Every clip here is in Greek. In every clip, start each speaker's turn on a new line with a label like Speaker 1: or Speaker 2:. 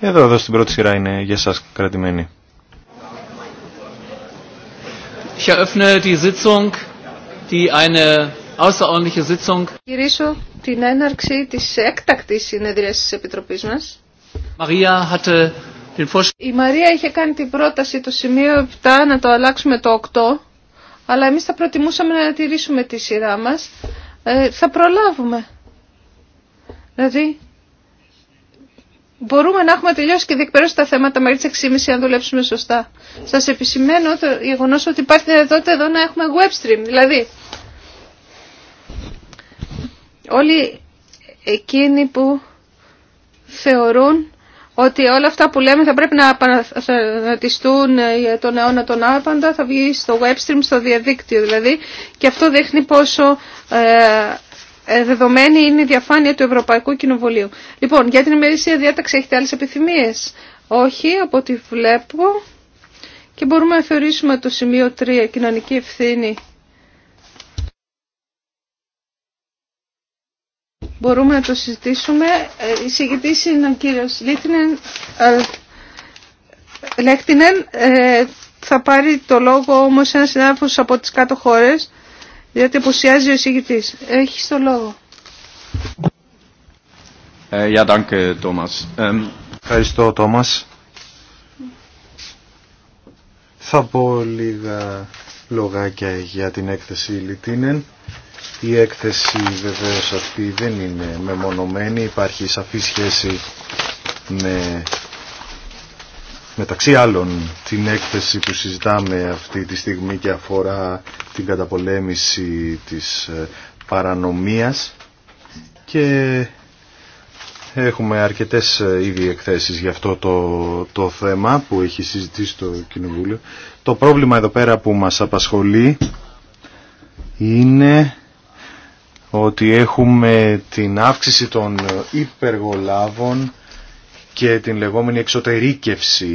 Speaker 1: Εδώ, εδώ στην πρώτη σειρά είναι για σας κρατημένη.
Speaker 2: Ich eröffne die Sitzung, die eine außerordentliche Sitzung.
Speaker 3: Κυρίσω την έναρξη της έκτακτης συνεδρίας της Επιτροπής μας.
Speaker 2: Maria hatte den
Speaker 3: Η Μαρία είχε κάνει την πρόταση το σημείο 7 να το αλλάξουμε το 8, αλλά εμείς θα προτιμούσαμε να τηρήσουμε τη σειρά μας. Ε, θα προλάβουμε. Δηλαδή, μπορούμε να έχουμε τελειώσει και διεκπαιρώσει τα θέματα μέχρι τις 6.30 αν δουλέψουμε σωστά. Σας επισημαίνω το γεγονός ότι υπάρχει δυνατότητα εδώ να έχουμε web stream. Δηλαδή, όλοι εκείνοι που θεωρούν ότι όλα αυτά που λέμε θα πρέπει να ανατιστούν για τον αιώνα τον άπαντα, θα βγει στο web stream, στο διαδίκτυο δηλαδή, και αυτό δείχνει πόσο ε, ε, δεδομένη είναι η διαφάνεια του Ευρωπαϊκού Κοινοβουλίου. Λοιπόν, για την ημερήσια διάταξη έχετε άλλες επιθυμίες. Όχι, από ό,τι βλέπω. Και μπορούμε να θεωρήσουμε το σημείο 3, κοινωνική ευθύνη. Μπορούμε να το συζητήσουμε. Ε, η συγκεκριτή είναι ο κύριος ε, Θα πάρει το λόγο όμως ένας συνάδελφος από τις κάτω χώρες διότι απουσιάζει ο εισηγητής. Έχει το λόγο.
Speaker 1: Ε, ευχαριστώ, Τόμας. Θα πω λίγα λογάκια για την έκθεση Λιτίνεν. Η έκθεση βεβαίως αυτή δεν είναι μεμονωμένη, υπάρχει σαφή σχέση με μεταξύ άλλων την έκθεση που συζητάμε αυτή τη στιγμή και αφορά την καταπολέμηση της ε, παρανομίας και έχουμε αρκετές ε, ήδη εκθέσεις για αυτό το, το θέμα που έχει συζητήσει το Κοινοβούλιο. Το πρόβλημα εδώ πέρα που μας απασχολεί είναι ότι έχουμε την αύξηση των ε, υπεργολάβων και την λεγόμενη εξωτερήκευση,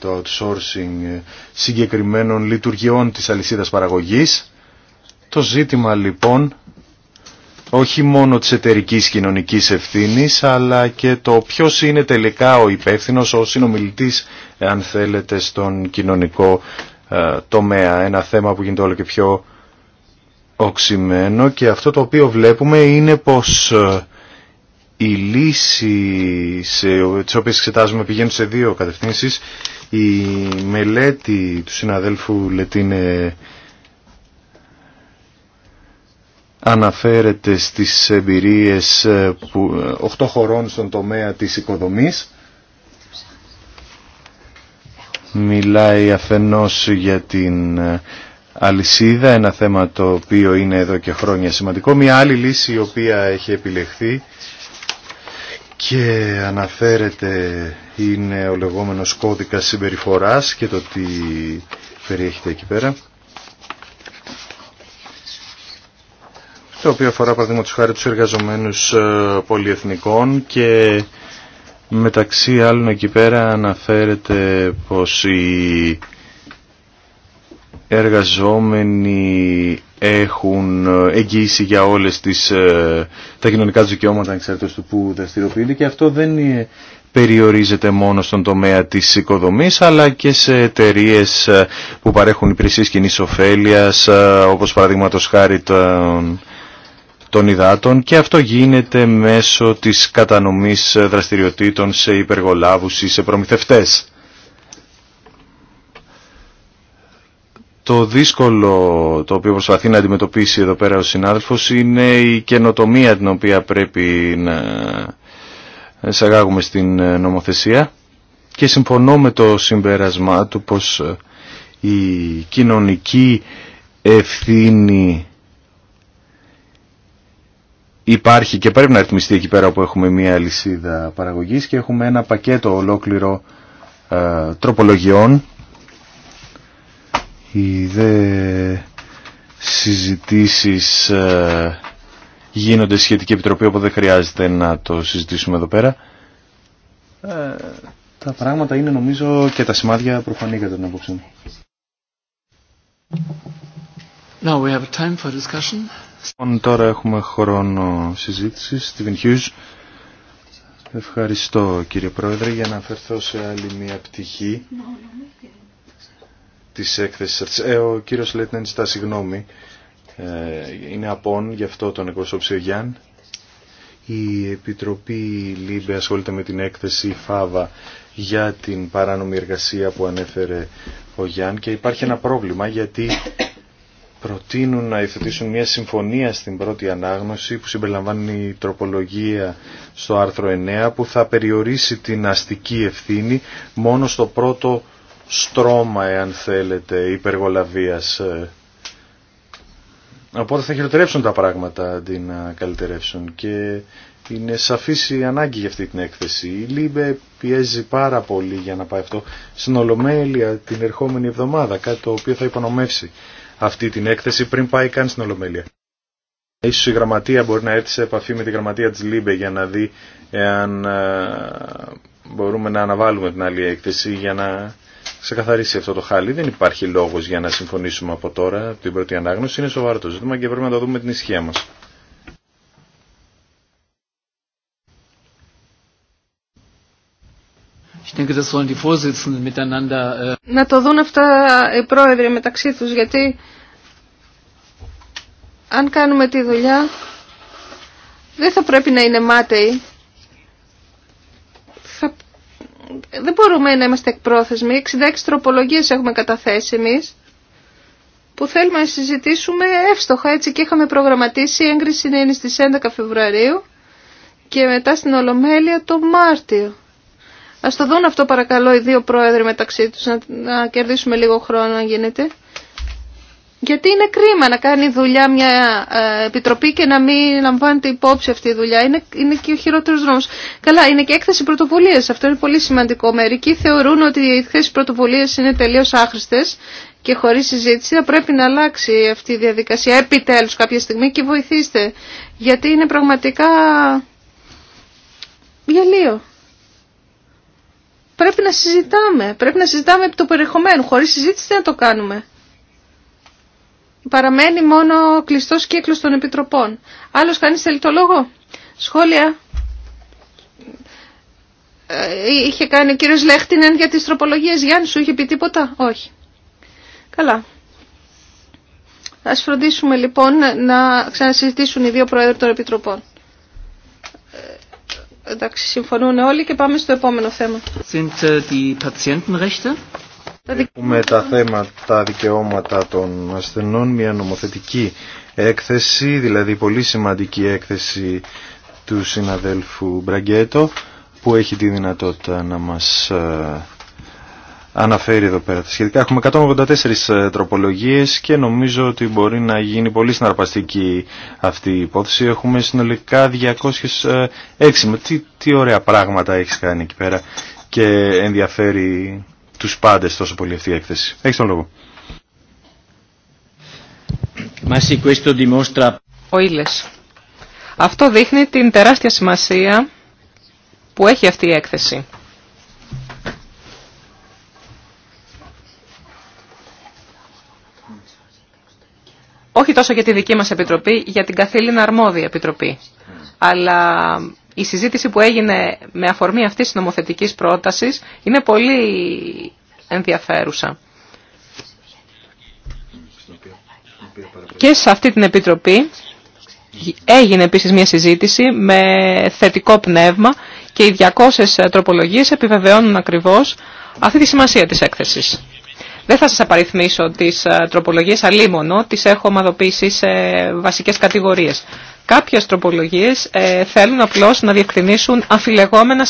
Speaker 1: το outsourcing συγκεκριμένων λειτουργιών της αλυσίδας παραγωγής. Το ζήτημα λοιπόν όχι μόνο της εταιρική κοινωνικής ευθύνης, αλλά και το ποιος είναι τελικά ο υπεύθυνος, ο συνομιλητής, αν θέλετε, στον κοινωνικό ε, τομέα. Ένα θέμα που γίνεται όλο και πιο οξυμένο και αυτό το οποίο βλέπουμε είναι πως ε, οι λύσεις τις οποίες εξετάζουμε πηγαίνουν σε δύο κατευθύνσεις. Η μελέτη του συναδέλφου Λετίνε αναφέρεται στις εμπειρίες ε, που, 8 ε, χωρών στον τομέα της οικοδομής. Μιλάει αφενός για την ε, αλυσίδα, ένα θέμα το οποίο είναι εδώ και χρόνια σημαντικό. Μια άλλη λύση η οποία έχει επιλεχθεί και αναφέρεται είναι ο λεγόμενος κώδικας συμπεριφοράς και το τι περιέχεται εκεί πέρα. Το οποίο αφορά παραδείγματος χάρη τους εργαζομένους ε, πολιεθνικών και μεταξύ άλλων εκεί πέρα αναφέρεται πως οι εργαζόμενοι έχουν ε, εγγύηση για όλες τις, ε, τα κοινωνικά τους δικαιώματα του που δραστηριοποιείται και αυτό δεν ε, περιορίζεται μόνο στον τομέα της οικοδομής αλλά και σε εταιρείε που παρέχουν υπηρεσίες κοινή ωφέλεια, όπως παραδείγματο χάρη των, των υδάτων και αυτό γίνεται μέσω της κατανομής δραστηριοτήτων σε υπεργολάβους ή σε προμηθευτές. Το δύσκολο το οποίο προσπαθεί να αντιμετωπίσει εδώ πέρα ο συνάδελφος είναι η καινοτομία την οποία πρέπει να εισαγάγουμε στην νομοθεσία και συμφωνώ με το συμπέρασμά του πως ε, η κοινωνική ευθύνη υπάρχει και πρέπει να ρυθμιστεί εκεί πέρα όπου έχουμε μία λυσίδα παραγωγής και έχουμε ένα πακέτο ολόκληρο ε, τροπολογιών οι δε συζητήσεις ε, γίνονται σχετική επιτροπή, όπου δεν χρειάζεται να το συζητήσουμε εδώ πέρα. Ε, τα πράγματα είναι νομίζω και τα σημάδια προφανή κατά την απόψη μου.
Speaker 2: Now we have time for discussion.
Speaker 1: Λοιπόν, τώρα έχουμε χρόνο συζήτησης. Steven Hughes. Ευχαριστώ κύριε Πρόεδρε για να αφαιρθώ σε άλλη μια πτυχή της έκθεσης αυτής. Ε, ο κύριος Λέτνεν ζητά συγγνώμη. Ε, είναι απόν, γι' αυτό τον εκπροσώψει ο Γιάν. Η Επιτροπή ΛΥΜΠΕ ασχολείται με την έκθεση ΦΑΒΑ για την παράνομη εργασία που ανέφερε ο Γιάν και υπάρχει ένα πρόβλημα γιατί προτείνουν να υιοθετήσουν μια συμφωνία στην πρώτη ανάγνωση που συμπεριλαμβάνει η τροπολογία στο άρθρο 9 που θα περιορίσει την αστική ευθύνη μόνο στο πρώτο στρώμα, εάν θέλετε, υπεργολαβίας. Οπότε ε, θα χειροτερέψουν τα πράγματα αντί να καλυτερεύσουν και είναι σαφής η ανάγκη για αυτή την έκθεση. Η Λίμπε πιέζει πάρα πολύ για να πάει αυτό στην Ολομέλεια την ερχόμενη εβδομάδα, κάτι το οποίο θα υπονομεύσει αυτή την έκθεση πριν πάει καν στην Ολομέλεια. Ίσως η γραμματεία μπορεί να έρθει σε επαφή με τη γραμματεία της Λίμπε για να δει εάν ε, μπορούμε να αναβάλουμε την άλλη έκθεση για να ξεκαθαρίσει αυτό το χάλι. Δεν υπάρχει λόγο για να συμφωνήσουμε από τώρα, από την πρώτη ανάγνωση. Είναι σοβαρό το ζήτημα και πρέπει να το δούμε την ισχύα μα.
Speaker 2: Äh,
Speaker 3: να το δουν αυτά οι πρόεδροι μεταξύ τους, γιατί αν κάνουμε τη δουλειά δεν θα πρέπει να είναι μάταιοι δεν μπορούμε να είμαστε εκπρόθεσμοι. 66 τροπολογίες έχουμε καταθέσει εμεί που θέλουμε να συζητήσουμε εύστοχα έτσι και είχαμε προγραμματίσει η έγκριση είναι στις 11 Φεβρουαρίου και μετά στην Ολομέλεια το Μάρτιο. Ας το δουν αυτό παρακαλώ οι δύο πρόεδροι μεταξύ τους να, να κερδίσουμε λίγο χρόνο αν γίνεται. Γιατί είναι κρίμα να κάνει δουλειά μια ε, επιτροπή και να μην λαμβάνεται υπόψη αυτή η δουλειά. Είναι, είναι και ο χειρότερο δρόμο. Καλά, είναι και έκθεση πρωτοβουλία. Αυτό είναι πολύ σημαντικό. Μερικοί θεωρούν ότι οι εκθέσεις πρωτοβουλία είναι τελείω άχρηστε και χωρί συζήτηση θα πρέπει να αλλάξει αυτή η διαδικασία επιτέλου κάποια στιγμή και βοηθήστε. Γιατί είναι πραγματικά γελίο. Πρέπει να συζητάμε. Πρέπει να συζητάμε επί το περιεχομένου. Χωρί συζήτηση δεν το κάνουμε. Παραμένει μόνο κλειστός κύκλος των επιτροπών. Άλλος κανείς θέλει το λόγο. Σχόλια. Ε, είχε κάνει ο κύριος Λέχτινεν για τις τροπολογίες Γιάννη, σου είχε πει τίποτα. Όχι. Καλά. Ας φροντίσουμε λοιπόν να ξανασυζητήσουν οι δύο πρόεδροι των επιτροπών. Ε, εντάξει, συμφωνούν όλοι και πάμε στο επόμενο θέμα.
Speaker 1: Sind
Speaker 2: ε, die
Speaker 1: Έχουμε τα θέματα, τα δικαιώματα των ασθενών, μια νομοθετική έκθεση, δηλαδή πολύ σημαντική έκθεση του συναδέλφου Μπραγκέτο, που έχει τη δυνατότητα να μας ε, αναφέρει εδώ πέρα. Σχετικά έχουμε 184 ε, τροπολογίες και νομίζω ότι μπορεί να γίνει πολύ συναρπαστική αυτή η υπόθεση. Έχουμε συνολικά 206. Ε, τι, τι ωραία πράγματα έχει κάνει εκεί πέρα και ενδιαφέρει τους πάντες τόσο πολύ αυτή η έκθεση. Έχεις τον λόγο.
Speaker 2: Ο
Speaker 4: Αυτό δείχνει την τεράστια σημασία που έχει αυτή η έκθεση. Όχι τόσο για τη δική μας Επιτροπή, για την καθήλυνα αρμόδια Επιτροπή. Αλλά η συζήτηση που έγινε με αφορμή αυτής της νομοθετικής πρότασης είναι πολύ ενδιαφέρουσα. Και σε αυτή την Επιτροπή έγινε επίσης μια συζήτηση με θετικό πνεύμα και οι 200 τροπολογίες επιβεβαιώνουν ακριβώς αυτή τη σημασία της έκθεσης. Δεν θα σας απαριθμίσω τις τροπολογίες αλίμονο, τις έχω ομαδοποιήσει σε βασικές κατηγορίες. Κάποιες τροπολογίες ε, θέλουν απλώς να διευκρινίσουν αφιλεγόμενα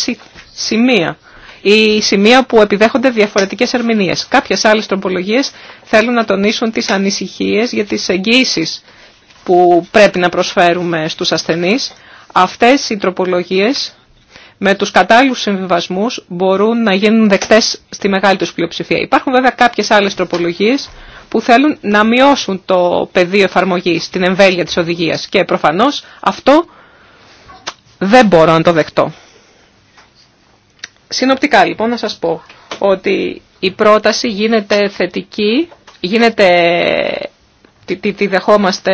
Speaker 4: σημεία ή σημεία που επιδέχονται διαφορετικές ερμηνείες. Κάποιες άλλες τροπολογίες θέλουν να τονίσουν τις ανησυχίες για τις εγγύησεις που πρέπει να προσφέρουμε στους ασθενείς. Αυτές οι τροπολογίες με τους κατάλληλους συμβιβασμούς μπορούν να γίνουν δεκτές στη μεγάλη τους πλειοψηφία. Υπάρχουν βέβαια κάποιες άλλες τροπολογίες που θέλουν να μειώσουν το πεδίο εφαρμογής, την εμβέλεια της οδηγίας. Και προφανώς αυτό δεν μπορώ να το δεχτώ. Συνοπτικά λοιπόν να σας πω ότι η πρόταση γίνεται θετική, γίνεται, τη, δεχόμαστε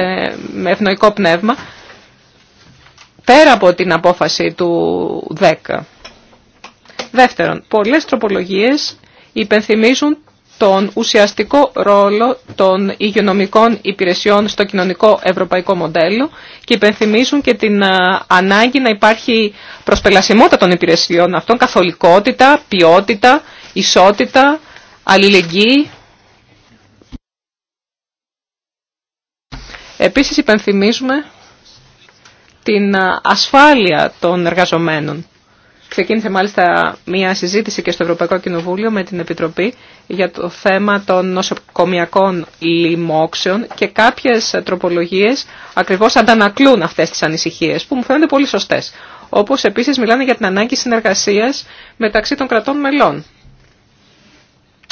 Speaker 4: με ευνοϊκό πνεύμα, πέρα από την απόφαση του 10. Δεύτερον, πολλές τροπολογίες υπενθυμίζουν τον ουσιαστικό ρόλο των υγειονομικών υπηρεσιών στο κοινωνικό ευρωπαϊκό μοντέλο και υπενθυμίζουν και την ε, ανάγκη να υπάρχει προσπελασιμότητα των υπηρεσιών αυτών, καθολικότητα, ποιότητα, ισότητα, αλληλεγγύη. Επίσης υπενθυμίζουμε την ε, ασφάλεια των εργαζομένων Ξεκίνησε μάλιστα μια συζήτηση και στο Ευρωπαϊκό Κοινοβούλιο με την Επιτροπή για το θέμα των νοσοκομιακών λοιμόξεων και κάποιες τροπολογίες ακριβώς αντανακλούν αυτές τις ανησυχίες που μου φαίνονται πολύ σωστές. Όπως επίσης μιλάνε για την ανάγκη συνεργασίας μεταξύ των κρατών μελών.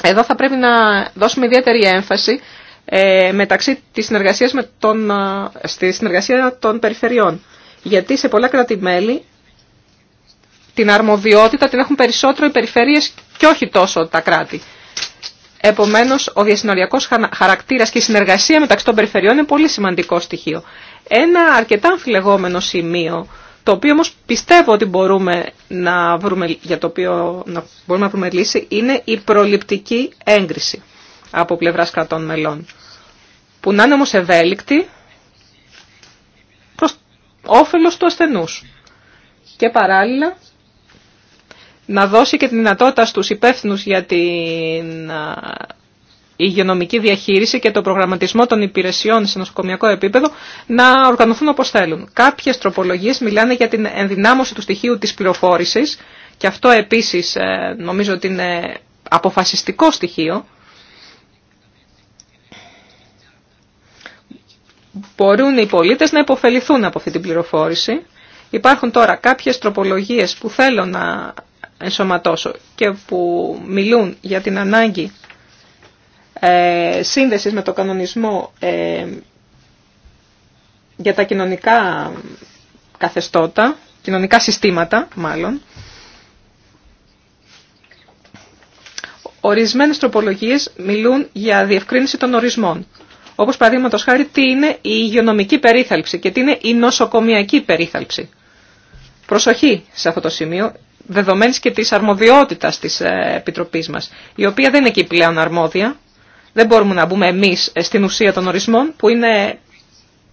Speaker 4: Εδώ θα πρέπει να δώσουμε ιδιαίτερη έμφαση ε, μεταξύ της συνεργασίας ε, συνεργασία των περιφερειών. Γιατί σε πολλά κράτη-μέλη την αρμοδιότητα την έχουν περισσότερο οι περιφέρειες και όχι τόσο τα κράτη. Επομένως, ο διασυνοριακός χαρακτήρας και η συνεργασία μεταξύ των περιφερειών είναι πολύ σημαντικό στοιχείο. Ένα αρκετά αμφιλεγόμενο σημείο, το οποίο όμως πιστεύω ότι μπορούμε να βρούμε, για το οποίο να μπορούμε να βρούμε λύση, είναι η προληπτική έγκριση από πλευρά κρατών μελών. Που να είναι όμω ευέλικτη προ όφελο του ασθενού. Και παράλληλα να δώσει και τη δυνατότητα στους υπεύθυνους για την υγειονομική διαχείριση και το προγραμματισμό των υπηρεσιών σε νοσοκομιακό επίπεδο να οργανωθούν όπως θέλουν. Κάποιες τροπολογίες μιλάνε για την ενδυνάμωση του στοιχείου της πληροφόρησης και αυτό επίσης ε, νομίζω ότι είναι αποφασιστικό στοιχείο. Μπορούν οι πολίτες να υποφεληθούν από αυτή την πληροφόρηση. Υπάρχουν τώρα κάποιες τροπολογίες που θέλω να ενσωματώσω και που μιλούν για την ανάγκη ε, σύνδεσης με το κανονισμό ε, για τα κοινωνικά καθεστώτα, κοινωνικά συστήματα μάλλον, ορισμένες τροπολογίες μιλούν για διευκρίνηση των ορισμών. Όπως παραδείγματο χάρη τι είναι η υγειονομική περίθαλψη και τι είναι η νοσοκομιακή περίθαλψη. Προσοχή σε αυτό το σημείο δεδομένης και της αρμοδιότητας της ε, Επιτροπής μας, η οποία δεν είναι εκεί πλέον αρμόδια. Δεν μπορούμε να μπούμε εμείς ε, στην ουσία των ορισμών, που είναι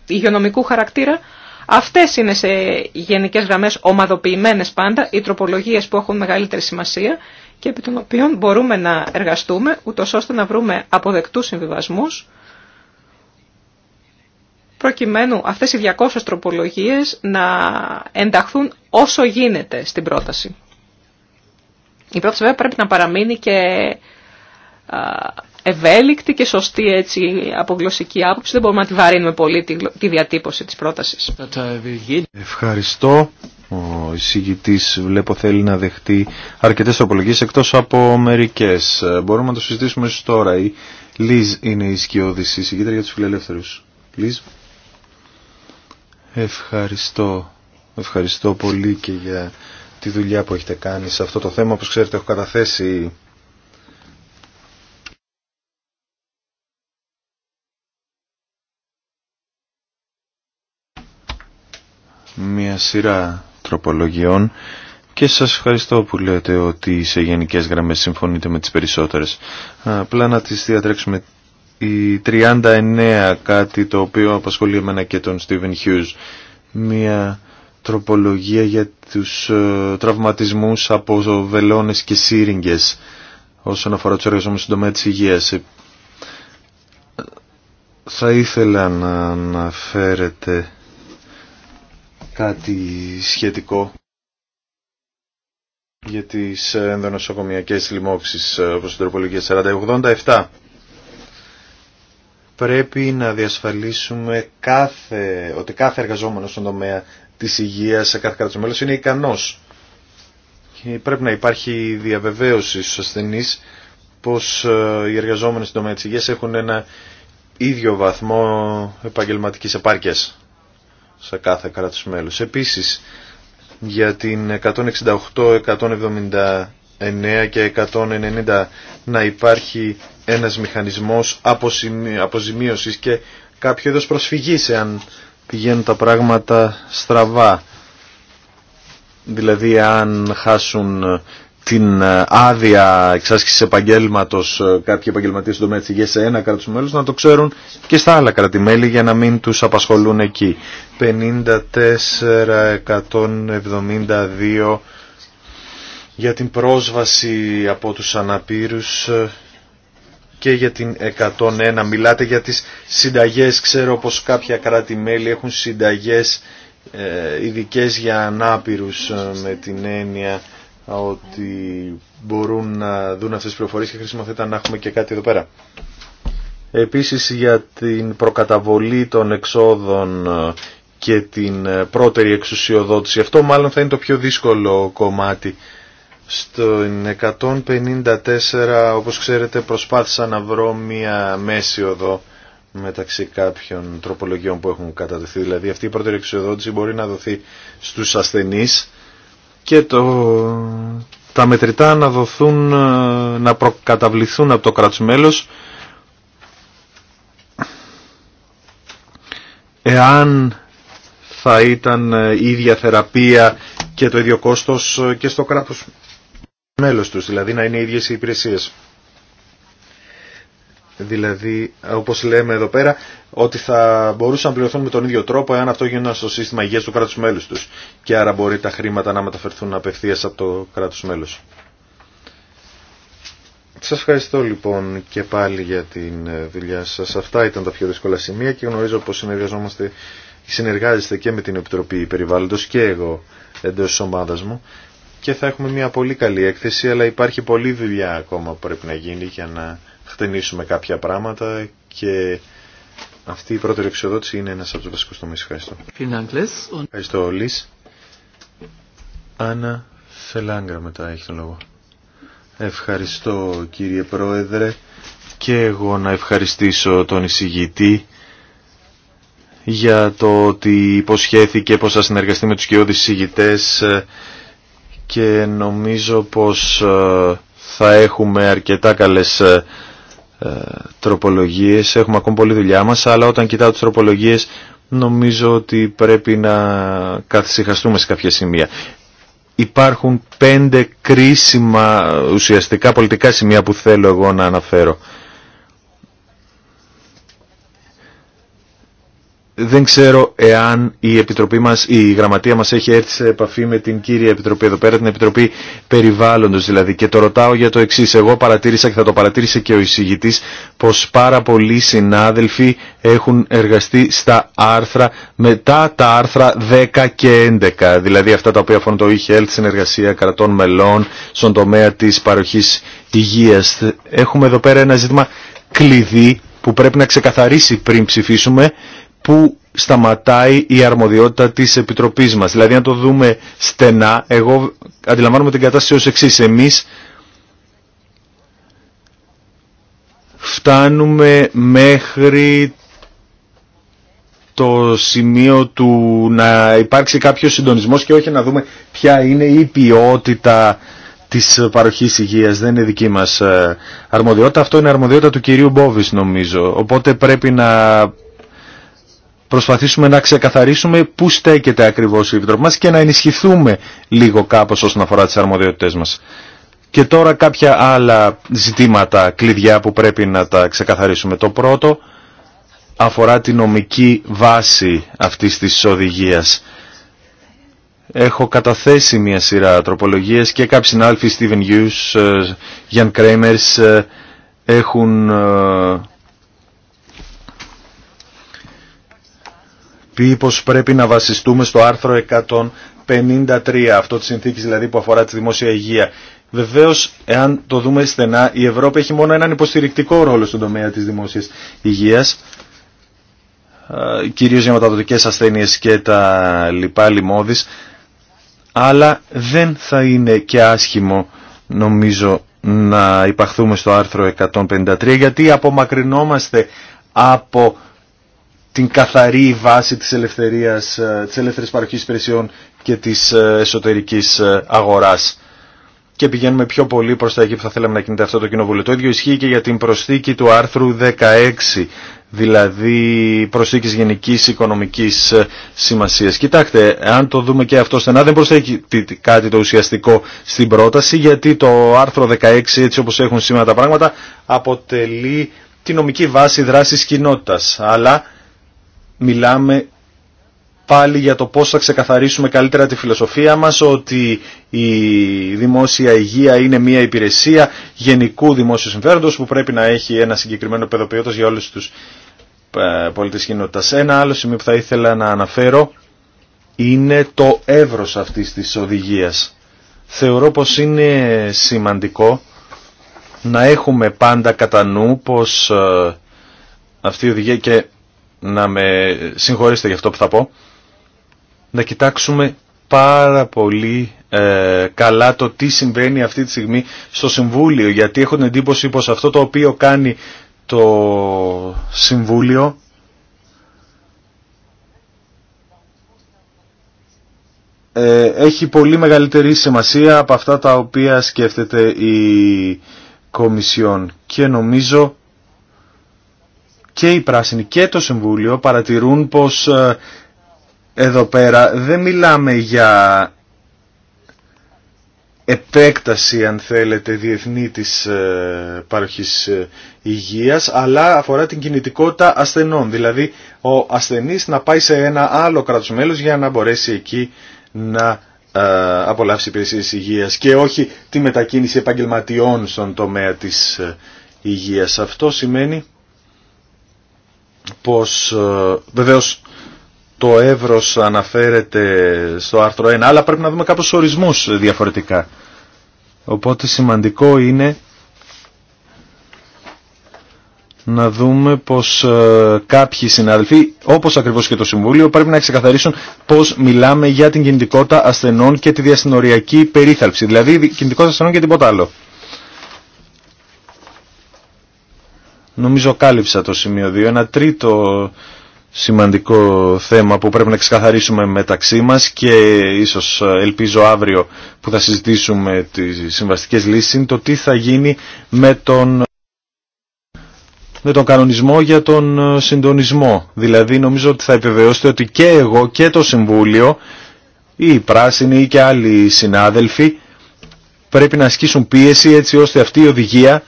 Speaker 4: υγειονομικού χαρακτήρα. Αυτές είναι σε γενικές γραμμές ομαδοποιημένες πάντα οι τροπολογίες που έχουν μεγαλύτερη σημασία και επί των οποίων μπορούμε να εργαστούμε, ούτω ώστε να βρούμε αποδεκτούς συμβιβασμούς, προκειμένου αυτές οι 200 τροπολογίες να ενταχθούν όσο γίνεται στην πρόταση. Η πρόταση βέβαια πρέπει να παραμείνει και ευέλικτη και σωστή έτσι από γλωσσική άποψη. Δεν μπορούμε να τη βαρύνουμε πολύ τη διατύπωση της πρότασης.
Speaker 1: Ευχαριστώ. Ο εισηγητής βλέπω θέλει να δεχτεί αρκετές τροπολογίες εκτός από μερικές. Μπορούμε να το συζητήσουμε τώρα. Η Λίζ είναι η σκιώδης εισηγήτρια για τους φιλελεύθερους. Λίζ. Ευχαριστώ. Ευχαριστώ πολύ και για τη δουλειά που έχετε κάνει σε αυτό το θέμα. Όπως ξέρετε έχω καταθέσει μια σειρά τροπολογιών και σας ευχαριστώ που λέτε ότι σε γενικές γραμμές συμφωνείτε με τις περισσότερες. Απλά να τις διατρέξουμε η 39 κάτι το οποίο απασχολεί εμένα και τον Στίβεν Χιούς. Μια τροπολογία για τους ε, τραυματισμούς από βελόνες και σύριγγες όσον αφορά τους εργαζόμενους στον τομέα της υγείας. Ε, θα ήθελα να αναφέρετε κάτι σχετικό για τις ενδονοσοκομιακές λοιμώξεις ε, όπως την τροπολογία 4087. Πρέπει να διασφαλίσουμε κάθε, ότι κάθε εργαζόμενο στον τομέα της υγείας σε κάθε κράτος μέλος είναι ικανός. Και πρέπει να υπάρχει διαβεβαίωση στους ασθενείς πως ε, οι εργαζόμενοι στην τομέα της υγείας έχουν ένα ίδιο βαθμό επαγγελματικής επάρκειας σε κάθε κράτος μέλος. Επίσης, για την 168, 179 και 190 να υπάρχει ένας μηχανισμός αποζημίωσης και κάποιο είδος προσφυγής εάν πηγαίνουν τα πράγματα στραβά. Δηλαδή αν χάσουν ε, την ε, άδεια εξάσκησης επαγγέλματος ε, κάποιοι επαγγελματίες στον τομέα της υγείας σε ένα κράτος μέλος να το ξέρουν και στα άλλα κράτη-μέλη για να μην τους απασχολούν 5472 για την πρόσβαση από τους αναπήρους και για την 101. Μιλάτε για τις συνταγές. Ξέρω πως κάποια κράτη-μέλη έχουν συνταγές ε, ειδικέ για ανάπηρους ε, με την έννοια ότι μπορούν να δουν αυτές τις προφορίες και χρησιμοποιείται να έχουμε και κάτι εδώ πέρα. Επίσης για την προκαταβολή των εξόδων ε, και την πρώτερη εξουσιοδότηση. Αυτό μάλλον θα είναι το πιο δύσκολο κομμάτι στο 154 όπως ξέρετε προσπάθησα να βρω μία μέση οδό μεταξύ κάποιων τροπολογιών που έχουν κατατεθεί. Δηλαδή αυτή η πρώτη εξοδότηση μπορεί να δοθεί στους ασθενείς και το... τα μετρητά να δοθούν, να προκαταβληθούν από το κράτος μέλος εάν θα ήταν η ίδια θεραπεία και το ίδιο κόστος και στο κράτος μέλος τους, δηλαδή να είναι οι ίδιες οι υπηρεσίες. Δηλαδή, όπως λέμε εδώ πέρα, ότι θα μπορούσαν να πληρωθούν με τον ίδιο τρόπο εάν αυτό γίνονταν στο σύστημα υγείας του κράτους μέλους τους. Και άρα μπορεί τα χρήματα να μεταφερθούν απευθείας από το κράτος μέλος. Σας ευχαριστώ λοιπόν και πάλι για την ε, δουλειά σας. Αυτά ήταν τα πιο δύσκολα σημεία και γνωρίζω πως συνεργάζεστε και με την Επιτροπή Περιβάλλοντος και εγώ εντός της ομάδας μου και θα έχουμε μια πολύ καλή έκθεση, αλλά υπάρχει πολλή δουλειά ακόμα που πρέπει να γίνει για να χτενίσουμε κάποια πράγματα και αυτή η πρώτη εξοδότηση είναι ένας από τους βασικούς τομείς. Ευχαριστώ. Ευχαριστώ, όλες. Άννα Φελάνγκρα μετά έχει τον λόγο. Ευχαριστώ κύριε Πρόεδρε και εγώ να ευχαριστήσω τον εισηγητή για το ότι υποσχέθηκε πως θα συνεργαστεί με τους κοιόδης εισηγητές ε, και νομίζω πως ε, θα έχουμε αρκετά καλές ε, ε, τροπολογίες. Έχουμε ακόμα πολλή δουλειά μας, αλλά όταν κοιτάω τις τροπολογίες νομίζω ότι πρέπει να καθυσυχαστούμε σε κάποια σημεία. Υπάρχουν πέντε κρίσιμα ουσιαστικά πολιτικά σημεία που θέλω εγώ να αναφέρω. δεν ξέρω εάν η Επιτροπή μας, η Γραμματεία μας έχει έρθει σε επαφή με την κύρια Επιτροπή εδώ πέρα, την Επιτροπή Περιβάλλοντος δηλαδή. Και το ρωτάω για το εξής. Εγώ παρατήρησα και θα το παρατήρησε και ο εισηγητής πως πάρα πολλοί συνάδελφοι έχουν εργαστεί στα άρθρα μετά τα άρθρα 10 και 11. Δηλαδή αυτά τα οποία αφορούν το e-health, συνεργασία κρατών μελών, στον τομέα της παροχής υγείας. Έχουμε εδώ πέρα ένα ζήτημα κλειδί που πρέπει να ξεκαθαρίσει πριν ψηφίσουμε που σταματάει η αρμοδιότητα της Επιτροπής μας. Δηλαδή αν το δούμε στενά, εγώ αντιλαμβάνομαι την κατάσταση ως εξής. Εμείς φτάνουμε μέχρι το σημείο του να υπάρξει κάποιος συντονισμός και όχι να δούμε ποια είναι η ποιότητα της παροχής υγείας. Δεν είναι δική μας ε, αρμοδιότητα. Αυτό είναι αρμοδιότητα του κυρίου Μπόβης νομίζω. Οπότε πρέπει να προσπαθήσουμε να ξεκαθαρίσουμε πού στέκεται ακριβώς η Επιτροπή μας και να ενισχυθούμε λίγο κάπως όσον αφορά τις αρμοδιότητές μας. Και τώρα κάποια άλλα ζητήματα, κλειδιά που πρέπει να τα ξεκαθαρίσουμε. Το πρώτο αφορά τη νομική βάση αυτής της οδηγίας. Έχω καταθέσει μια σειρά τροπολογίες και κάποιοι συνάλφοι Steven Hughes, Jan ε, Kremers ε, έχουν ε, πει πως πρέπει να βασιστούμε στο άρθρο 153, αυτό της συνθήκης δηλαδή που αφορά τη δημόσια υγεία. Βεβαίως, εάν το δούμε στενά, η Ευρώπη έχει μόνο έναν υποστηρικτικό ρόλο στον τομέα της δημόσιας υγείας, κυρίως για μεταδοτικές ασθένειες και τα λοιπά λοιμώδης, αλλά δεν θα είναι και άσχημο νομίζω να υπαχθούμε στο άρθρο 153 γιατί απομακρυνόμαστε από την καθαρή βάση της ελευθερίας, ε, της ελεύθερης παροχής υπηρεσιών και της ε, εσωτερικής ε, αγοράς. Και πηγαίνουμε πιο πολύ προς τα εκεί που θα θέλαμε να κινείται αυτό το κοινοβούλιο. Το ίδιο ισχύει και για την προσθήκη του άρθρου 16, δηλαδή προσθήκης γενικής οικονομικής σημασίας. Κοιτάξτε, αν το δούμε και αυτό στενά, δεν προσθέτει κάτι το ουσιαστικό στην πρόταση, γιατί το άρθρο 16, έτσι όπως έχουν σήμερα τα πράγματα, αποτελεί τη νομική βάση δράσης κοινότητας. Αλλά μιλάμε πάλι για το πώς θα ξεκαθαρίσουμε καλύτερα τη φιλοσοφία μας ότι η δημόσια υγεία είναι μια υπηρεσία γενικού δημόσιου συμφέροντος που πρέπει να έχει ένα συγκεκριμένο παιδοποιότητας για όλους τους ε, πολίτες κοινότητας. Ένα άλλο σημείο που θα ήθελα να αναφέρω είναι το εύρος αυτής της οδηγίας. Θεωρώ πως είναι σημαντικό να έχουμε πάντα κατά νου πως ε, αυτή η οδηγία και να με συγχωρήσετε για αυτό που θα πω, να κοιτάξουμε πάρα πολύ ε, καλά το τι συμβαίνει αυτή τη στιγμή στο Συμβούλιο, γιατί έχω την εντύπωση πως αυτό το οποίο κάνει το Συμβούλιο ε, έχει πολύ μεγαλύτερη σημασία από αυτά τα οποία σκέφτεται η Κομισιόν και νομίζω και οι πράσινοι και το Συμβούλιο παρατηρούν πως ε, εδώ πέρα δεν μιλάμε για επέκταση αν θέλετε διεθνή της ε, παροχής ε, υγείας αλλά αφορά την κινητικότητα ασθενών δηλαδή ο ασθενής να πάει σε ένα άλλο κράτος μέλος για να μπορέσει εκεί να απολαύσει υπηρεσίες υγείας και όχι τη μετακίνηση επαγγελματιών στον τομέα της υγείας. Αυτό σημαίνει πως ε, βεβαίως το εύρος αναφέρεται στο άρθρο 1, αλλά πρέπει να δούμε κάποιους ορισμούς διαφορετικά. Οπότε σημαντικό είναι να δούμε πως ε, κάποιοι συναδελφοί, όπως ακριβώς και το Συμβούλιο, πρέπει να ξεκαθαρίσουν πως μιλάμε για την κινητικότητα ασθενών και τη διασυνοριακή περίθαλψη. Δηλαδή κινητικότητα ασθενών και τίποτα άλλο. Νομίζω κάλυψα το σημείο 2. Ένα τρίτο σημαντικό θέμα που πρέπει να ξεκαθαρίσουμε μεταξύ μας και ίσως ελπίζω αύριο που θα συζητήσουμε τις συμβαστικές λύσεις είναι το τι θα γίνει με τον, με τον κανονισμό για τον συντονισμό. Δηλαδή νομίζω ότι θα επιβεβαιώσετε ότι και εγώ και το Συμβούλιο ή οι πράσινοι ή και άλλοι συνάδελφοι πρέπει να ασκήσουν πίεση έτσι ώστε αυτή η οδηγία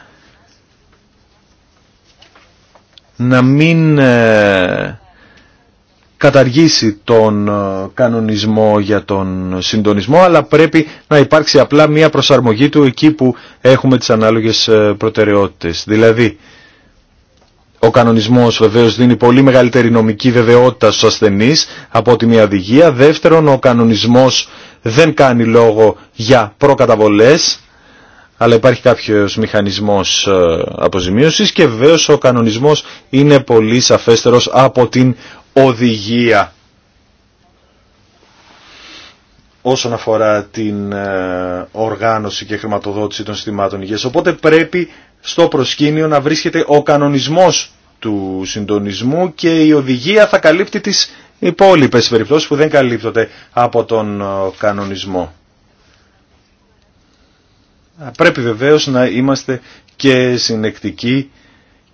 Speaker 1: να μην ε, καταργήσει τον ε, κανονισμό για τον συντονισμό, αλλά πρέπει να υπάρξει απλά μια προσαρμογή του εκεί που έχουμε τις ανάλογες ε, προτεραιότητες. Δηλαδή, ο κανονισμός βεβαίως δίνει πολύ μεγαλύτερη νομική βεβαιότητα στους ασθενείς από τη μια οδηγία. Δεύτερον, ο κανονισμός δεν κάνει λόγο για προκαταβολές αλλά υπάρχει κάποιος μηχανισμός ε, αποζημίωσης και βέβαια ο κανονισμός είναι πολύ σαφέστερος από την οδηγία. όσον αφορά την ε, οργάνωση και χρηματοδότηση των συστημάτων υγείας. Οπότε πρέπει στο προσκήνιο να βρίσκεται ο κανονισμός του συντονισμού και η οδηγία θα καλύπτει τις υπόλοιπες περιπτώσεις που δεν καλύπτονται από τον ε, κανονισμό. Πρέπει βεβαίως να είμαστε και συνεκτικοί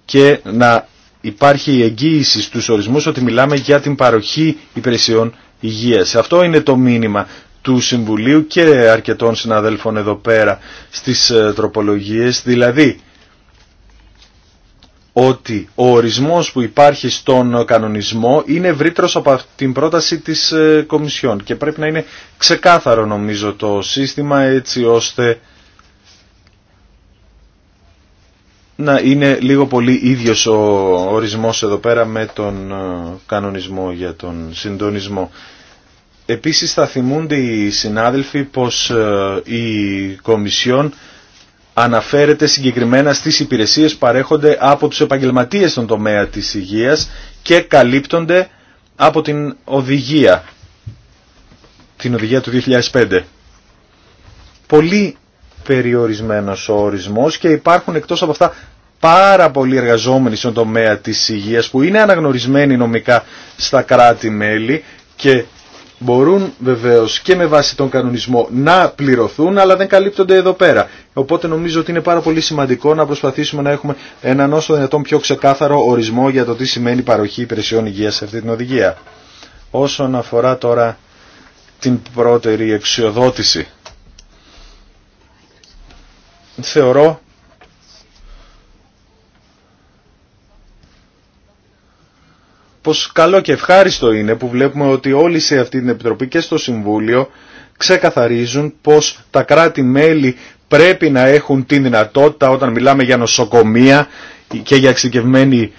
Speaker 1: και να υπάρχει η εγγύηση στους ορισμούς ότι μιλάμε για την παροχή υπηρεσιών υγείας. Αυτό είναι το μήνυμα του Συμβουλίου και αρκετών συναδέλφων εδώ πέρα στις ε, τροπολογίες, δηλαδή ότι ο ορισμός που υπάρχει στον κανονισμό είναι ευρύτερος από την πρόταση της ε, Κομισιόν και πρέπει να είναι ξεκάθαρο νομίζω το σύστημα έτσι ώστε να είναι λίγο πολύ ίδιος ο ορισμός εδώ πέρα με τον ε, κανονισμό για τον συντονισμό. Επίσης θα θυμούνται οι συνάδελφοι πως ε, η Κομισιόν αναφέρεται συγκεκριμένα στις υπηρεσίες που παρέχονται από τους επαγγελματίες στον τομέα της υγείας και καλύπτονται από την οδηγία, την οδηγία του 2005. Πολύ περιορισμένος ο ορισμός και υπάρχουν εκτός από αυτά πάρα πολλοί εργαζόμενοι στον τομέα της υγείας που είναι αναγνωρισμένοι νομικά στα κράτη-μέλη και μπορούν βεβαίως και με βάση τον κανονισμό να πληρωθούν αλλά δεν καλύπτονται εδώ πέρα. Οπότε νομίζω ότι είναι πάρα πολύ σημαντικό να προσπαθήσουμε να έχουμε έναν όσο δυνατόν πιο ξεκάθαρο ορισμό για το τι σημαίνει παροχή υπηρεσιών υγείας σε αυτή την οδηγία. Όσον αφορά τώρα την πρώτερη εξοδότηση θεωρώ πως καλό και ευχάριστο είναι που βλέπουμε ότι όλοι σε αυτή την Επιτροπή και στο Συμβούλιο ξεκαθαρίζουν πως τα κράτη-μέλη πρέπει να έχουν την δυνατότητα όταν μιλάμε για νοσοκομεία και για εξειδικευμένη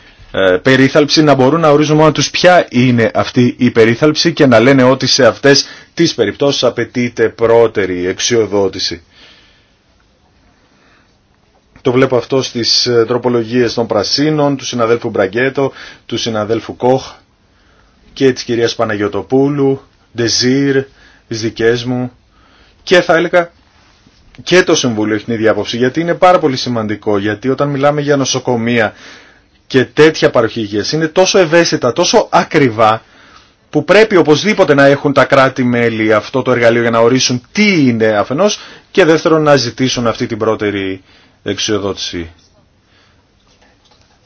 Speaker 1: ε, περίθαλψη να μπορούν να ορίζουν μόνο τους ποια είναι αυτή η περίθαλψη και να λένε ότι σε αυτές τις περιπτώσεις απαιτείται πρώτερη εξιοδότηση. Το βλέπω αυτό στις ε, τροπολογίες των Πρασίνων, του συναδέλφου Μπραγκέτο, του συναδέλφου Κοχ και της κυρίας Παναγιωτοπούλου, Ντεζίρ, τις δικές μου και θα έλεγα και το Συμβούλιο έχει την ίδια άποψη γιατί είναι πάρα πολύ σημαντικό γιατί όταν μιλάμε για νοσοκομεία και τέτοια παροχή υγείας είναι τόσο ευαίσθητα, τόσο ακριβά που πρέπει οπωσδήποτε να έχουν τα κράτη-μέλη αυτό το εργαλείο για να ορίσουν τι είναι αφενός και δεύτερον να ζητήσουν αυτή την πρώτερη εξοδότηση.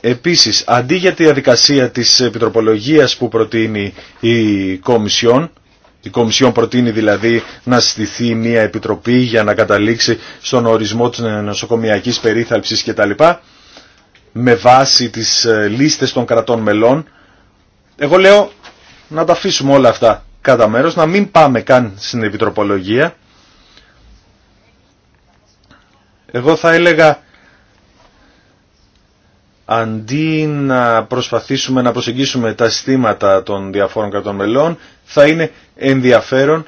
Speaker 1: Επίσης, αντί για τη διαδικασία της επιτροπολογίας που προτείνει η Κομισιόν, η Κομισιόν προτείνει δηλαδή να στηθεί μια επιτροπή για να καταλήξει στον ορισμό της νοσοκομιακής περίθαλψης κτλ. με βάση τις ε, λίστες των κρατών μελών. Εγώ λέω να τα αφήσουμε όλα αυτά κατά μέρος, να μην πάμε καν στην επιτροπολογία εγώ θα έλεγα αντί να προσπαθήσουμε να προσεγγίσουμε τα συστήματα των διαφόρων κρατών μελών, θα είναι ενδιαφέρον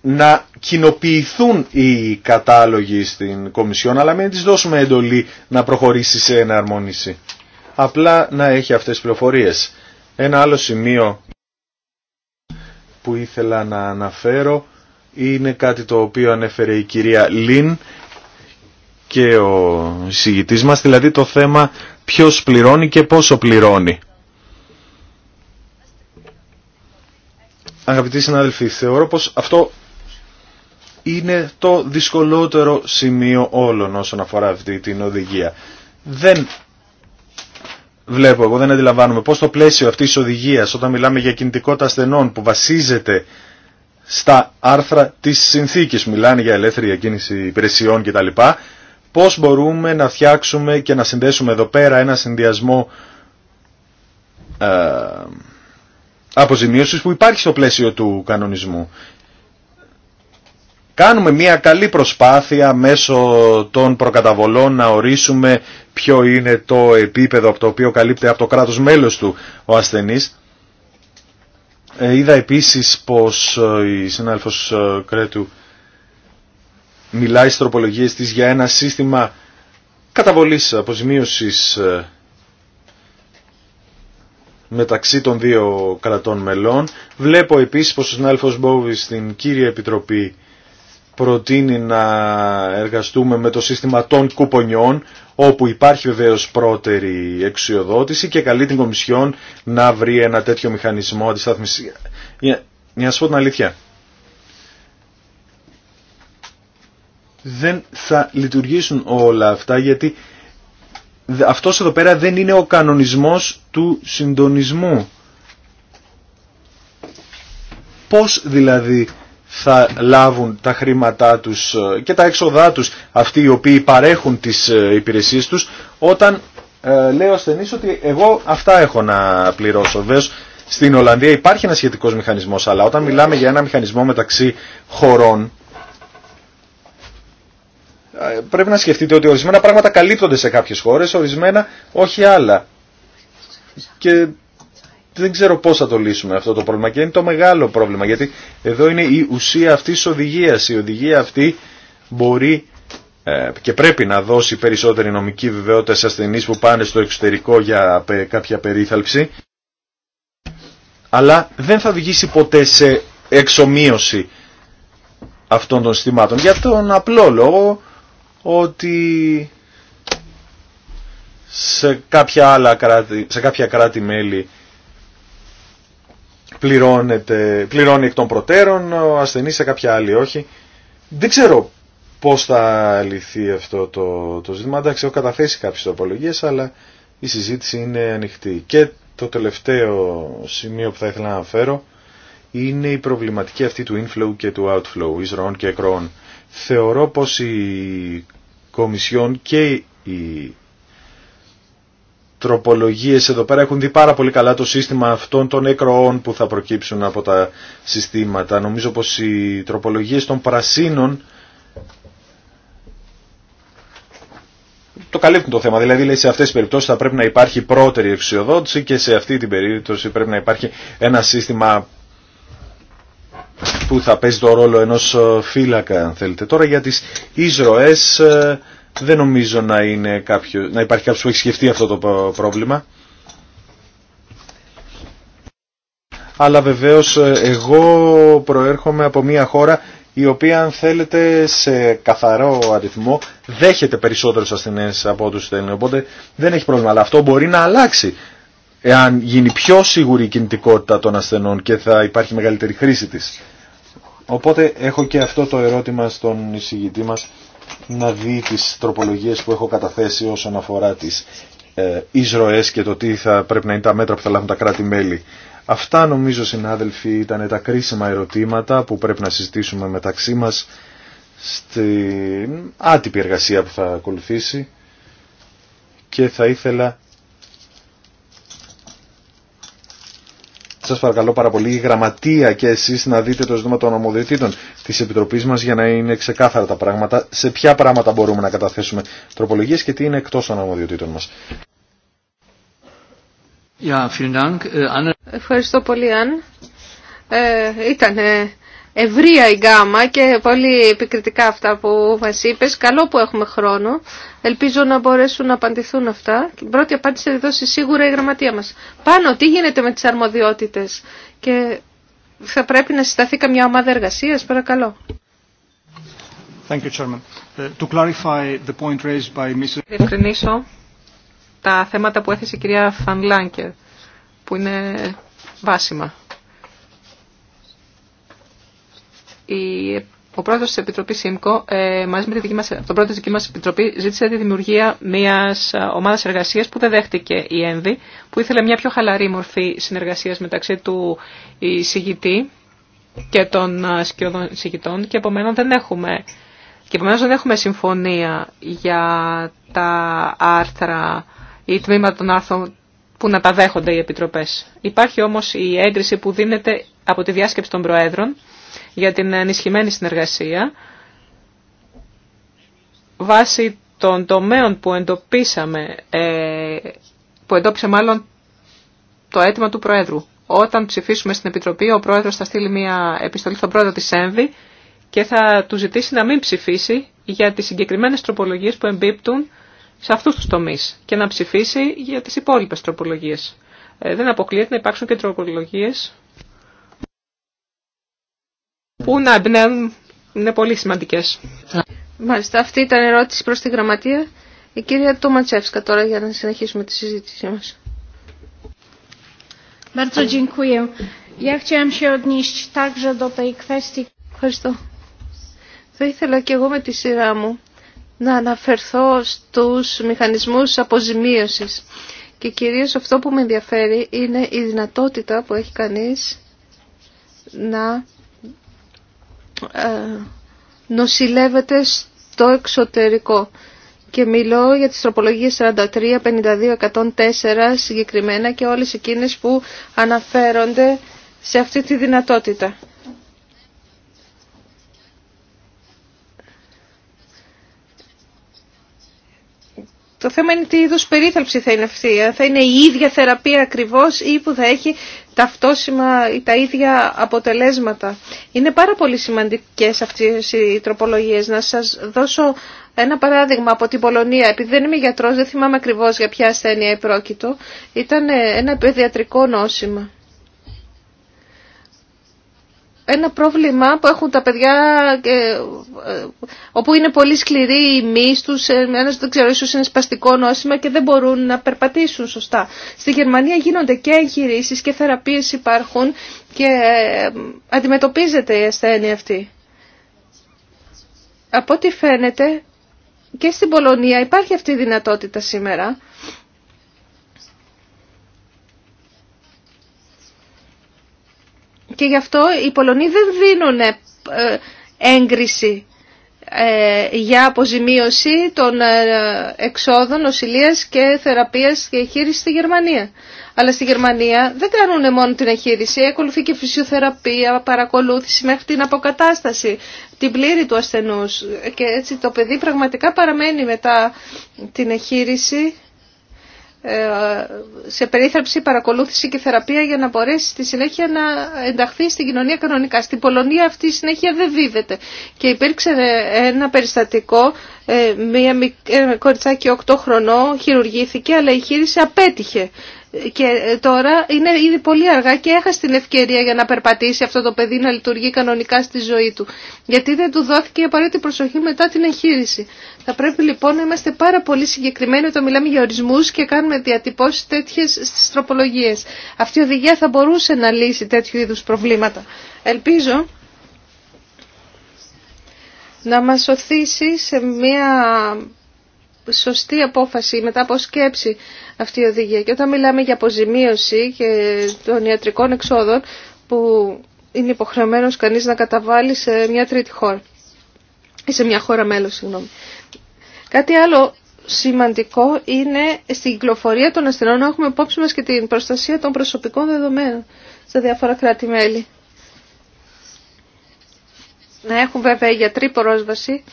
Speaker 1: να κοινοποιηθούν οι κατάλογοι στην Κομισιόν, αλλά μην τις δώσουμε εντολή να προχωρήσει σε εναρμόνιση. Απλά να έχει αυτές τις πληροφορίες. Ένα άλλο σημείο που ήθελα να αναφέρω είναι κάτι το οποίο ανέφερε η κυρία Λίν και ο εισηγητής μας, δηλαδή το θέμα ποιος πληρώνει και πόσο πληρώνει. Αγαπητοί συνάδελφοι, θεωρώ πως αυτό είναι το δυσκολότερο σημείο όλων όσον αφορά αυτή την οδηγία. Δεν βλέπω, εγώ δεν αντιλαμβάνομαι πώς το πλαίσιο αυτής της οδηγίας όταν μιλάμε για κινητικότητα ασθενών που βασίζεται στα άρθρα της συνθήκης, μιλάνε για ελεύθερη διακίνηση υπηρεσιών κτλ πώς μπορούμε να φτιάξουμε και να συνδέσουμε εδώ πέρα ένα συνδυασμό ε, αποζημίωσης που υπάρχει στο πλαίσιο του κανονισμού. Κάνουμε μια καλή προσπάθεια μέσω των προκαταβολών να ορίσουμε ποιο είναι το επίπεδο από το οποίο καλύπτεται από το κράτος μέλος του ο ασθενής. Ε, είδα επίσης πως ε, η συνάδελφος Κρέτου μιλάει στις τροπολογίες της για ένα σύστημα καταβολής αποζημίωσης ε, μεταξύ των δύο κρατών μελών. Βλέπω επίσης πως ο Σνάλφος Μπόβη στην κύρια επιτροπή προτείνει να εργαστούμε με το σύστημα των κουπονιών, όπου υπάρχει βεβαίω πρώτερη εξουσιοδότηση και καλεί την Κομισιόν να βρει ένα τέτοιο μηχανισμό αντιστάθμισης. Για, για να αλήθεια, δεν θα λειτουργήσουν όλα αυτά γιατί αυτός εδώ πέρα δεν είναι ο κανονισμός του συντονισμού. Πώς δηλαδή θα λάβουν τα χρήματά τους ε, και τα έξοδά τους αυτοί οι οποίοι παρέχουν τις ε, υπηρεσίες τους όταν ε, λέει ο ότι εγώ αυτά έχω να πληρώσω. Βέβαια στην Ολλανδία υπάρχει ένα σχετικός μηχανισμός αλλά όταν μιλάμε για ένα μηχανισμό μεταξύ χωρών ε, πρέπει να σκεφτείτε ότι ορισμένα πράγματα καλύπτονται σε κάποιες χώρες, ορισμένα όχι άλλα. Και δεν ξέρω πώς θα το λύσουμε αυτό το πρόβλημα και είναι το μεγάλο πρόβλημα γιατί εδώ είναι η ουσία αυτής της οδηγίας. Η οδηγία αυτή μπορεί ε, και πρέπει να δώσει περισσότερη νομική βεβαιότητα σε ασθενείς που πάνε στο εξωτερικό για κάποια περίθαλψη αλλά δεν θα οδηγήσει ποτέ σε εξομοίωση αυτών των συστημάτων για τον απλό λόγο ότι σε κάποια, άλλα κράτη, σε κάποια κράτη-μέλη πληρώνει εκ των προτέρων, ο ασθενής σε κάποια άλλη όχι. Δεν ξέρω πώς θα λυθεί αυτό το, το ζήτημα. Εντάξει, έχω καταθέσει κάποιες τροπολογίες, αλλά η συζήτηση είναι ανοιχτή. Και το τελευταίο σημείο που θα ήθελα να αναφέρω είναι η προβληματική αυτή του inflow και του outflow, εισρωών και εκρώων θεωρώ πως η Κομισιόν και οι τροπολογίες εδώ πέρα έχουν δει πάρα πολύ καλά το σύστημα αυτών των εκροών που θα προκύψουν από τα συστήματα. Νομίζω πως οι τροπολογίες των πρασίνων το καλύπτουν το θέμα. Δηλαδή λέει, σε αυτές τις περιπτώσεις θα πρέπει να υπάρχει πρώτερη εξουσιοδότηση και σε αυτή την περίπτωση πρέπει να υπάρχει ένα σύστημα που θα παίζει το ρόλο ενός ε, φύλακα αν θέλετε. Τώρα για τις εισρωές ε, δεν νομίζω να, είναι κάποιο, να υπάρχει κάποιος που έχει σκεφτεί αυτό το πρόβλημα. Αλλά βεβαίως ε, εγώ προέρχομαι από μια χώρα η οποία αν θέλετε σε καθαρό αριθμό δέχεται περισσότερους ασθενές από τους στέλνει. Οπότε δεν έχει πρόβλημα. Αλλά αυτό μπορεί να αλλάξει εάν γίνει πιο σίγουρη η κινητικότητα των ασθενών και θα υπάρχει μεγαλύτερη χρήση της. Οπότε έχω και αυτό το ερώτημα στον εισηγητή μας να δει τις τροπολογίες που έχω καταθέσει όσον αφορά τις ε, και το τι θα πρέπει να είναι τα μέτρα που θα λάβουν τα κράτη-μέλη. Αυτά νομίζω συνάδελφοι ήταν τα κρίσιμα ερωτήματα που πρέπει να συζητήσουμε μεταξύ μας στην άτυπη εργασία που θα ακολουθήσει και θα ήθελα Σα παρακαλώ πάρα πολύ η γραμματεία και εσείς να δείτε το ζήτημα των ομοδιοτήτων τη Επιτροπής μας για να είναι ξεκάθαρα τα πράγματα, σε ποια πράγματα μπορούμε να καταθέσουμε τροπολογίες και τι είναι εκτός των ομοδιοτήτων μα.
Speaker 2: Äh,
Speaker 3: Ευχαριστώ πολύ, Αν. Ε, ήταν ευρεία η γκάμα και πολύ επικριτικά αυτά που μας είπες. Καλό που έχουμε χρόνο. Ελπίζω να μπορέσουν να απαντηθούν αυτά. Η πρώτη απάντηση θα δώσει σίγουρα η γραμματεία μας. Πάνω, τι γίνεται με τις αρμοδιότητες και θα πρέπει να συσταθεί καμιά ομάδα εργασίας, παρακαλώ.
Speaker 1: Thank
Speaker 4: τα θέματα που έθεσε η κυρία Φανλάνκερ, που είναι βάσιμα. ο πρόεδρο τη Επιτροπή ΣΥΜΚΟ, ε, μαζί με τον πρόεδρο τη δική μα Επιτροπή, ζήτησε τη δημιουργία μια ε, ομάδα εργασία που δεν δέχτηκε η ΕΝΔΗ που ήθελε μια πιο χαλαρή μορφή συνεργασία μεταξύ του εισηγητή και των ε, σκιωδών εισηγητών και επομένω δεν έχουμε... Και επομένως δεν έχουμε συμφωνία για τα άρθρα ή τμήματα των άρθρων που να τα δέχονται οι επιτροπές. Υπάρχει όμως η έγκριση που δίνεται από τη διάσκεψη των Προέδρων για την ενισχυμένη συνεργασία βάσει των τομέων που εντοπίσαμε, ε, που εντόπισε μάλλον το αίτημα του Προέδρου. Όταν ψηφίσουμε στην Επιτροπή, ο Πρόεδρος θα στείλει μια επιστολή στον Πρόεδρο της ΕΜΒΗ και θα του ζητήσει να μην ψηφίσει για τις συγκεκριμένες τροπολογίες που εμπίπτουν σε αυτούς τους τομείς και να ψηφίσει για τις υπόλοιπες τροπολογίες. Ε, δεν αποκλείεται να υπάρξουν και τροπολογίες που να εμπνέουν είναι πολύ σημαντικές.
Speaker 3: Μάλιστα, αυτή ήταν η ερώτηση προς τη γραμματεία. Η κυρία Τοματσεύσκα τώρα για να συνεχίσουμε τη συζήτησή μας. Ευχαριστώ. Θα ήθελα και εγώ με τη σειρά μου να αναφερθώ στους μηχανισμούς αποζημίωσης. Και κυρίως αυτό που με ενδιαφέρει είναι η δυνατότητα που έχει κανείς να ε, νοσηλεύεται στο εξωτερικό. Και μιλώ για τις τροπολογίες 43, 52, 104 συγκεκριμένα και όλες εκείνες που αναφέρονται σε αυτή τη δυνατότητα. Το θέμα είναι τι είδους περίθαλψη θα είναι αυτή, ε? θα είναι η ίδια θεραπεία ακριβώς ή που θα έχει ταυτόσημα ή τα ίδια αποτελέσματα. Είναι πάρα πολύ σημαντικές αυτές οι τροπολογίες. Να σας δώσω ένα παράδειγμα από την Πολωνία. Επειδή δεν είμαι γιατρός, δεν θυμάμαι ακριβώς για ποια ασθένεια επρόκειτο. Ήταν ένα παιδιατρικό νόσημα ένα πρόβλημα που έχουν τα παιδιά ε, όπου είναι πολύ σκληροί οι μυς τους, ε, ένας δεν ξέρω ίσως είναι σπαστικό νόσημα και δεν μπορούν να περπατήσουν σωστά. Στη Γερμανία γίνονται και εγχειρήσεις και θεραπείες υπάρχουν και ε, αντιμετωπίζεται η ασθένεια αυτή. Από ό,τι φαίνεται και στην Πολωνία υπάρχει αυτή η δυνατότητα σήμερα Και γι' αυτό οι Πολωνοί δεν δίνουν ε, έγκριση ε, για αποζημίωση των ε, εξόδων νοσηλείας και θεραπείας και εγχείρηση στη Γερμανία. Αλλά στη Γερμανία δεν κάνουν μόνο την εγχείρηση, ακολουθεί και φυσιοθεραπεία, παρακολούθηση μέχρι την αποκατάσταση, την πλήρη του ασθενούς. Και έτσι το παιδί πραγματικά παραμένει μετά την εγχείρηση ε, σε περίθαλψη, παρακολούθηση και θεραπεία για να μπορέσει στη συνέχεια να ενταχθεί στην κοινωνία κανονικά. Στην Πολωνία αυτή η συνέχεια δεν δίδεται. Και υπήρξε ένα περιστατικό, ε, μια ε, κοριτσάκι 8 χρονών χειρουργήθηκε αλλά η χείριση απέτυχε. Και τώρα είναι ήδη πολύ αργά και έχασε την ευκαιρία για να περπατήσει αυτό το παιδί να λειτουργεί κανονικά στη ζωή του. Γιατί δεν του δόθηκε η απαραίτητη προσοχή μετά την εγχείρηση. Θα πρέπει λοιπόν να είμαστε πάρα πολύ συγκεκριμένοι όταν μιλάμε για ορισμού και κάνουμε διατυπώσει τέτοιε στι τροπολογίε. Αυτή η οδηγία θα μπορούσε να λύσει τέτοιου είδου προβλήματα. Ελπίζω να μας οθήσει σε μια σωστή απόφαση μετά από σκέψη αυτή η οδηγία. Και όταν μιλάμε για αποζημίωση και των ιατρικών εξόδων που είναι υποχρεωμένος κανείς να καταβάλει σε μια τρίτη χώρα ή σε μια χώρα μέλος, συγγνώμη. Κάτι άλλο σημαντικό είναι στην κυκλοφορία των ασθενών να έχουμε υπόψη μας και την προστασία των προσωπικών δεδομένων στα διάφορα κράτη-μέλη. Να έχουν βέβαια για γιατροί πρόσβαση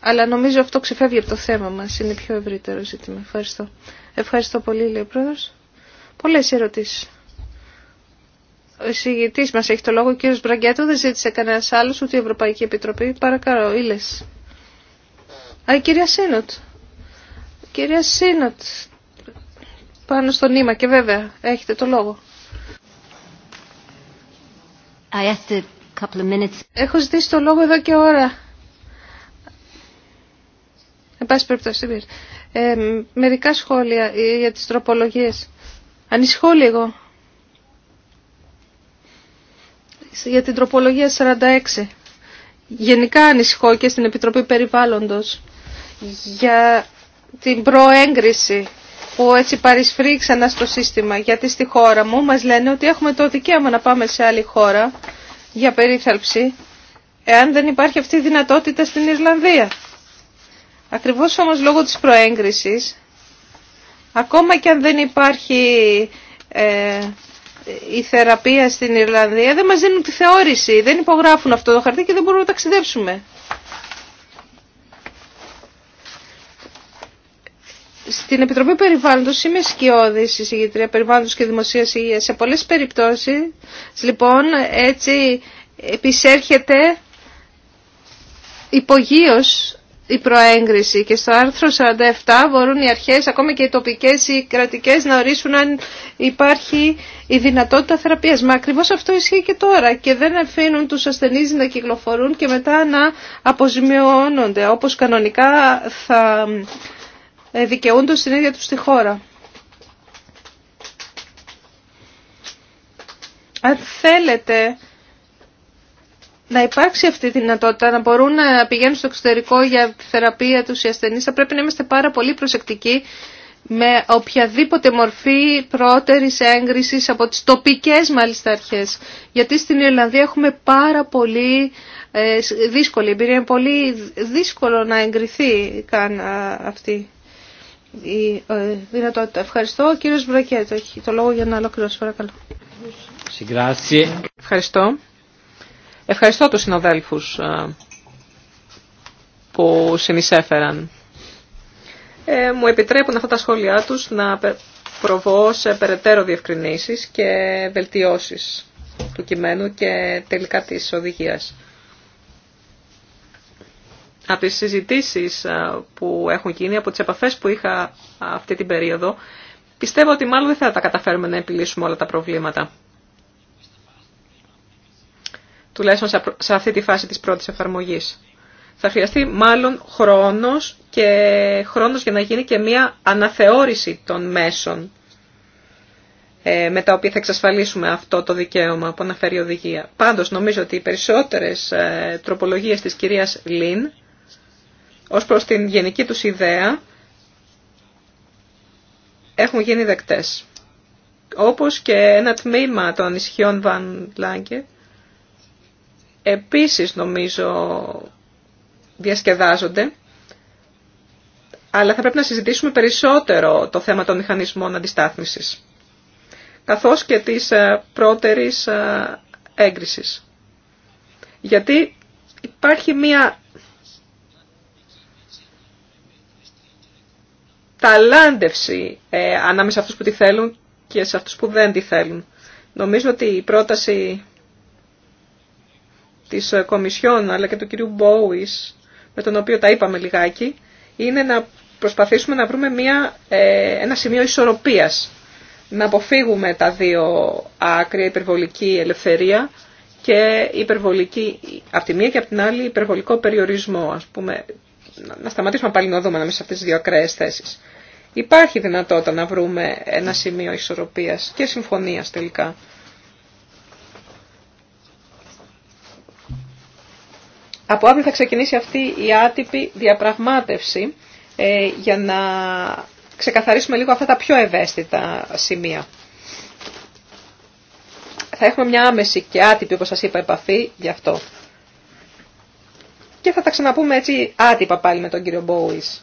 Speaker 3: αλλά νομίζω αυτό ξεφεύγει από το θέμα μας. Είναι πιο ευρύτερο ζήτημα. Ευχαριστώ. Ευχαριστώ πολύ, λέει ο Πρόεδρος. Πολλές ερωτήσεις. Ο εισηγητής μας έχει το λόγο. Ο κύριος Μπραγκέτο δεν ζήτησε κανένας άλλος, ούτε η Ευρωπαϊκή Επιτροπή. Παρακαλώ, ήλες. Α, η κυρία Σίνοτ. κυρία Σίνοτ. Πάνω στο νήμα και βέβαια έχετε το λόγο. Έχω ζητήσει το λόγο εδώ και ώρα. Εν πάση περιπτώσει, ε, μερικά σχόλια ε, για τις τροπολογίες. Ανησυχώ λίγο για την τροπολογία 46. Γενικά ανησυχώ και στην Επιτροπή Περιβάλλοντος για την προέγκριση που έτσι παρισφρεί ξανά στο σύστημα. Γιατί στη χώρα μου μας λένε ότι έχουμε το δικαίωμα να πάμε σε άλλη χώρα για περίθαλψη εάν δεν υπάρχει αυτή η δυνατότητα στην Ιρλανδία. Ακριβώς όμως λόγω της προέγκρισης, ακόμα και αν δεν υπάρχει ε, η θεραπεία στην Ιρλανδία, δεν μας δίνουν τη θεώρηση, δεν υπογράφουν αυτό το χαρτί και δεν μπορούμε να ταξιδέψουμε. Στην Επιτροπή Περιβάλλοντος είμαι η εισηγητρία περιβάλλοντος και δημοσίας υγείας. Σε πολλές περιπτώσεις, λοιπόν, έτσι επισέρχεται υπογείως η προέγκριση και στο άρθρο 47 μπορούν οι αρχές, ακόμα και οι τοπικές ή οι κρατικές, να ορίσουν αν υπάρχει η δυνατότητα θεραπείας. Μα ακριβώ αυτό ισχύει και τώρα και δεν αφήνουν τους ασθενείς να κυκλοφορούν και μετά να αποζημιώνονται, όπως κανονικά θα ε, δικαιούνται στην ίδια τους τη χώρα. Αν θέλετε να υπάρξει αυτή η δυνατότητα, να μπορούν να πηγαίνουν στο εξωτερικό για τη θεραπεία τους οι ασθενείς, θα πρέπει να είμαστε πάρα πολύ προσεκτικοί με οποιαδήποτε μορφή πρώτερης έγκρισης από τις τοπικές μάλιστα αρχές. Γιατί στην Ιρλανδία έχουμε πάρα πολύ ε, δύσκολη εμπειρία, είναι πολύ δύσκολο να εγκριθεί καν αυτή η ε, δυνατότητα. Ευχαριστώ. Ο κύριος Μπρακέτ, έχει το λόγο για να ολοκληρώσει. Παρακαλώ.
Speaker 4: Ευχαριστώ. Ευχαριστώ τους συνοδέλφους ε, που συνεισέφεραν. Ε, μου επιτρέπουν αυτά τα σχόλιά τους να προβώ σε περαιτέρω διευκρινήσεις και βελτιώσεις του κειμένου και τελικά της οδηγίας. Από τις συζητήσεις ε, που έχουν γίνει, από τις επαφές που είχα αυτή την περίοδο, πιστεύω ότι μάλλον δεν θα τα καταφέρουμε να επιλύσουμε όλα τα προβλήματα τουλάχιστον σε αυτή τη φάση της πρώτης εφαρμογής. Θα χρειαστεί μάλλον χρόνος και χρόνος για να γίνει και μία αναθεώρηση των μέσων ε, με τα οποία θα εξασφαλίσουμε αυτό το δικαίωμα που αναφέρει η οδηγία. Πάντως νομίζω ότι οι περισσότερες ε, τροπολογίες της κυρίας Λίν ως προς την γενική τους ιδέα έχουν γίνει δεκτές. Όπως και ένα τμήμα των ισχυών Βαν Λάγκε επίσης νομίζω διασκεδάζονται, αλλά θα πρέπει να συζητήσουμε περισσότερο το θέμα των μηχανισμών αντιστάθμισης, καθώς και της ε, πρώτερης ε, έγκρισης. Γιατί υπάρχει μία ταλάντευση ε, ανάμεσα σε αυτούς που τη θέλουν και σε αυτούς που δεν τη θέλουν. Νομίζω ότι η πρόταση της ε, Κομισιόν αλλά και του κυρίου Μπόουις με τον οποίο τα είπαμε λιγάκι είναι να προσπαθήσουμε να βρούμε μια, ε, ένα σημείο ισορροπίας να αποφύγουμε τα δύο άκρια υπερβολική ελευθερία και υπερβολική, από τη μία και από την άλλη υπερβολικό περιορισμό, ας πούμε, να σταματήσουμε πάλι να δούμε μέσα σε αυτές τις δύο ακραίες θέσεις. Υπάρχει δυνατότητα να βρούμε ένα σημείο ισορροπίας και συμφωνίας τελικά. Από αύριο θα ξεκινήσει αυτή η άτυπη διαπραγμάτευση ε, για να ξεκαθαρίσουμε λίγο αυτά τα πιο ευαίσθητα σημεία. Θα έχουμε μια άμεση και άτυπη, όπως σας είπα, επαφή γι' αυτό. Και θα τα ξαναπούμε έτσι άτυπα πάλι με τον κύριο Μπόουις.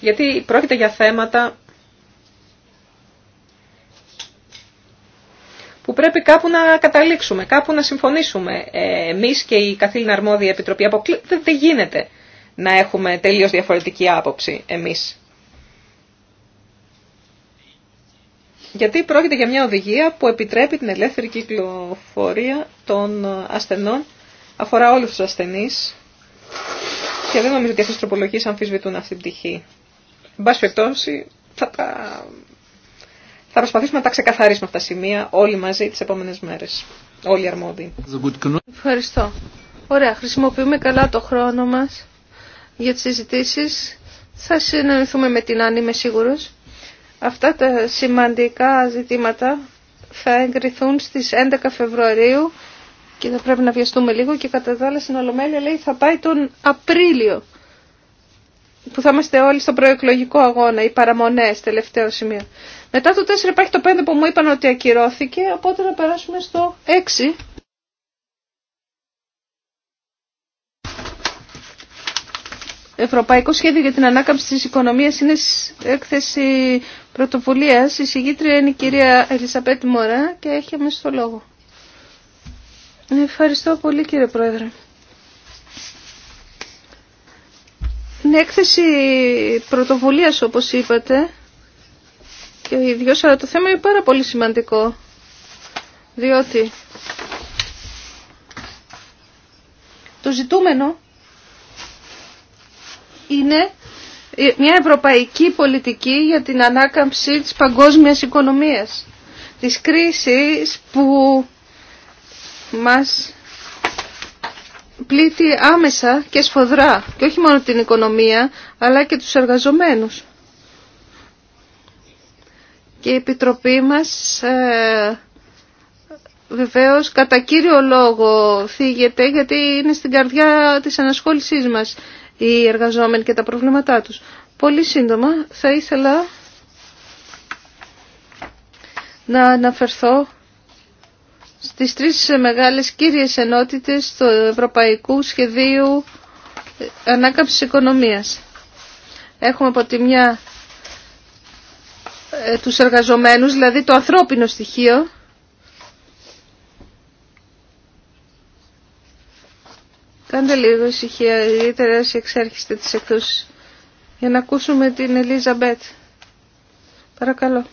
Speaker 4: Γιατί πρόκειται για θέματα που πρέπει κάπου να καταλήξουμε, κάπου να συμφωνήσουμε. Ε, εμείς και η καθήλυνα αρμόδια επιτροπή αποκλεί... δεν γίνεται να έχουμε τελείως διαφορετική άποψη εμείς. Γιατί πρόκειται για μια οδηγία που επιτρέπει την ελεύθερη κυκλοφορία των ασθενών, αφορά όλους τους ασθενείς και δεν νομίζω ότι αυτές τις τροπολογίες αμφισβητούν αυτή την πτυχή. Εν θα τα θα προσπαθήσουμε να τα ξεκαθαρίσουμε αυτά τα
Speaker 3: σημεία όλοι
Speaker 4: μαζί τις επόμενες μέρες. Όλοι οι αρμόδιοι.
Speaker 3: Ευχαριστώ. Ωραία, χρησιμοποιούμε καλά το χρόνο μας για τις συζητήσεις. Θα συναντηθούμε με την Άννη, είμαι σίγουρος. Αυτά τα σημαντικά ζητήματα θα εγκριθούν στις 11 Φεβρουαρίου και θα πρέπει να βιαστούμε λίγο και κατά τα άλλα στην Ολομέλεια λέει θα πάει τον Απρίλιο που θα είμαστε όλοι στον προεκλογικό αγώνα, οι παραμονέ τελευταίο σημείο. Μετά το 4 υπάρχει το 5 που μου είπαν ότι ακυρώθηκε, οπότε να περάσουμε στο 6. Ευρωπαϊκό Σχέδιο για την Ανάκαμψη της Οικονομίας είναι έκθεση πρωτοβουλίας. Η συγγήτρια είναι η κυρία Ελισαπέτη Μωρά και έχει αμέσως το λόγο. Ευχαριστώ πολύ κύριε Πρόεδρε. Είναι έκθεση πρωτοβουλίας όπως είπατε και ο δυο, αλλά το θέμα είναι πάρα πολύ σημαντικό διότι το ζητούμενο είναι μια ευρωπαϊκή πολιτική για την ανάκαμψη της παγκόσμιας οικονομίας, της κρίσης που μας πλήττει άμεσα και σφοδρά και όχι μόνο την οικονομία αλλά και τους εργαζομένους. Και η Επιτροπή μας ε, βεβαίως κατά κύριο λόγο θίγεται γιατί είναι στην καρδιά της ανασχόλησής μας οι εργαζόμενοι και τα προβλήματά τους. Πολύ σύντομα θα ήθελα να αναφερθώ στις τρεις μεγάλες κύριες ενότητες του Ευρωπαϊκού Σχεδίου Ανάκαμψης Οικονομίας. Έχουμε από τη μια ε, τους εργαζομένους, δηλαδή το ανθρώπινο στοιχείο, Κάντε λίγο ησυχία, ιδιαίτερα όσοι εξέρχεστε τις εκδόσεις, για να ακούσουμε την Ελίζα Μπέτ. Παρακαλώ.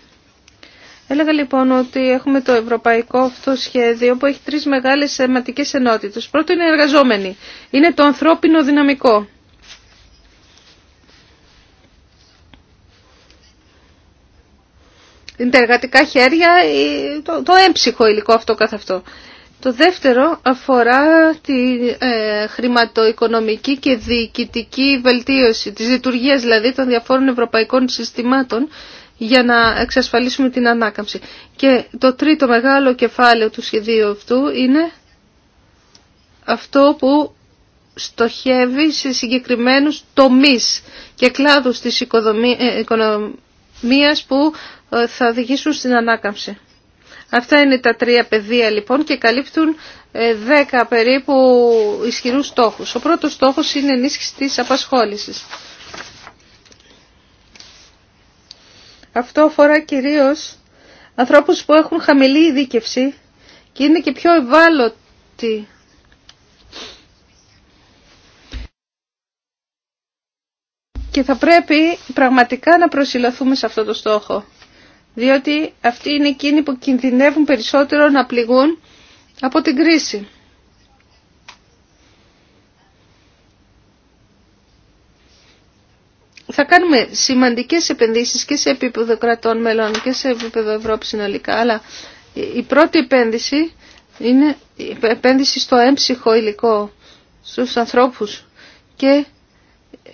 Speaker 3: Έλεγα λοιπόν ότι έχουμε το ευρωπαϊκό αυτό σχέδιο που έχει τρεις μεγάλες θεματικές ενότητες. Πρώτο είναι οι εργαζόμενοι. Είναι το ανθρώπινο δυναμικό. Είναι τα εργατικά χέρια, το, το έμψυχο υλικό αυτό καθ' αυτό. Το δεύτερο αφορά τη ε, χρηματοοικονομική και διοικητική βελτίωση της λειτουργίας δηλαδή των διαφόρων ευρωπαϊκών συστημάτων για να εξασφαλίσουμε την ανάκαμψη. Και το τρίτο μεγάλο κεφάλαιο του σχεδίου αυτού είναι αυτό που στοχεύει σε συγκεκριμένους τομείς και κλάδους της ε, οικονομίας που ε, θα οδηγήσουν στην ανάκαμψη. Αυτά είναι τα τρία πεδία λοιπόν και καλύπτουν ε, δέκα περίπου ισχυρούς στόχους. Ο πρώτος στόχος είναι ενίσχυση της απασχόλησης. Αυτό αφορά κυρίως ανθρώπους που έχουν χαμηλή ειδίκευση και είναι και πιο ευάλωτοι. Και θα πρέπει πραγματικά να προσιλωθούμε σε αυτό το στόχο. Διότι αυτοί είναι εκείνοι που κινδυνεύουν περισσότερο να πληγούν από την κρίση. θα κάνουμε σημαντικές επενδύσεις και σε επίπεδο κρατών μελών και σε επίπεδο Ευρώπη συνολικά, αλλά η πρώτη επένδυση είναι η επένδυση στο έμψυχο υλικό, στους ανθρώπους και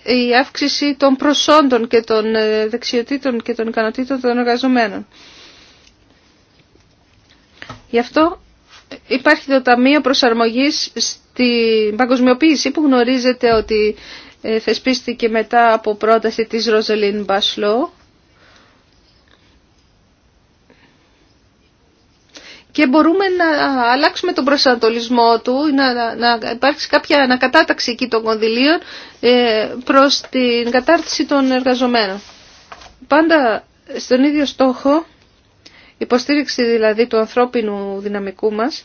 Speaker 3: η αύξηση των προσόντων και των ε, δεξιοτήτων και των ικανοτήτων των εργαζομένων. Γι' αυτό υπάρχει το Ταμείο Προσαρμογής στην Παγκοσμιοποίηση που γνωρίζετε ότι ε, θεσπίστηκε μετά από πρόταση της Ροζελίν Μπασλό και μπορούμε να αλλάξουμε τον προσανατολισμό του, να, να υπάρξει κάποια ανακατάταξη εκεί των κονδυλίων ε, προς την κατάρτιση των εργαζομένων. Πάντα στον ίδιο στόχο, υποστήριξη δηλαδή του ανθρώπινου δυναμικού μας,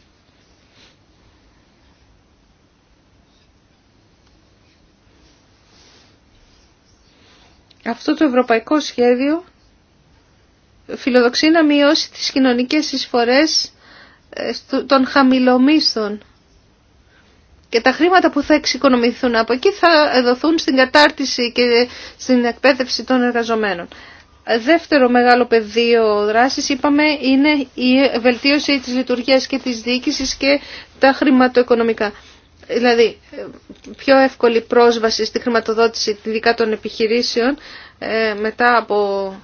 Speaker 3: αυτό το ευρωπαϊκό σχέδιο φιλοδοξεί να μειώσει τις κοινωνικές εισφορές ε, των χαμηλομίσθων. Και τα χρήματα που θα εξοικονομηθούν από εκεί θα δοθούν στην κατάρτιση και στην εκπαίδευση των εργαζομένων. Δεύτερο μεγάλο πεδίο δράσης, είπαμε, είναι η βελτίωση της λειτουργίας και της διοίκησης και τα χρηματοοικονομικά δηλαδή πιο εύκολη πρόσβαση στη χρηματοδότηση ειδικά των επιχειρήσεων ε, μετά από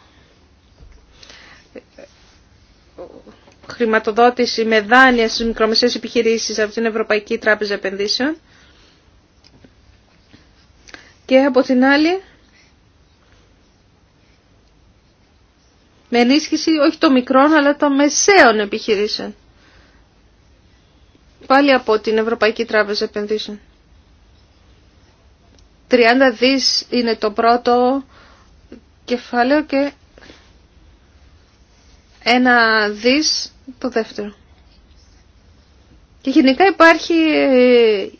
Speaker 3: χρηματοδότηση με δάνεια στις μικρομεσαίες επιχειρήσεις από την Ευρωπαϊκή Τράπεζα Επενδύσεων και από την άλλη με ενίσχυση όχι των μικρών αλλά των μεσαίων επιχειρήσεων πάλι από την Ευρωπαϊκή Τράπεζα Επενδύσεων. 30 δις είναι το πρώτο κεφάλαιο και ένα δις το δεύτερο. Και γενικά υπάρχει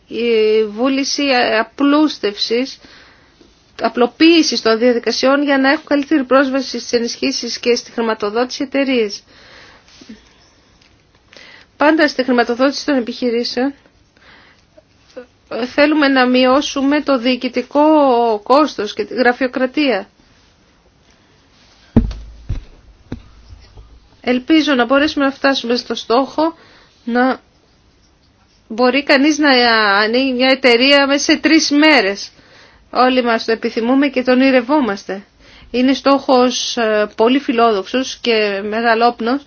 Speaker 3: η βούληση απλούστευσης, απλοποίησης των διαδικασιών για να έχουν καλύτερη πρόσβαση στις ενισχύσεις και στη χρηματοδότηση εταιρείε. Πάντα στη χρηματοδότηση των επιχειρήσεων θέλουμε να μειώσουμε το διοικητικό κόστος και τη γραφειοκρατία. Ελπίζω να μπορέσουμε να φτάσουμε στο στόχο να μπορεί κανείς να ανοίγει μια εταιρεία μέσα σε τρεις μέρες. Όλοι μας το επιθυμούμε και τον ηρευόμαστε. Είναι στόχος ε, πολύ φιλόδοξος και μεγαλόπνος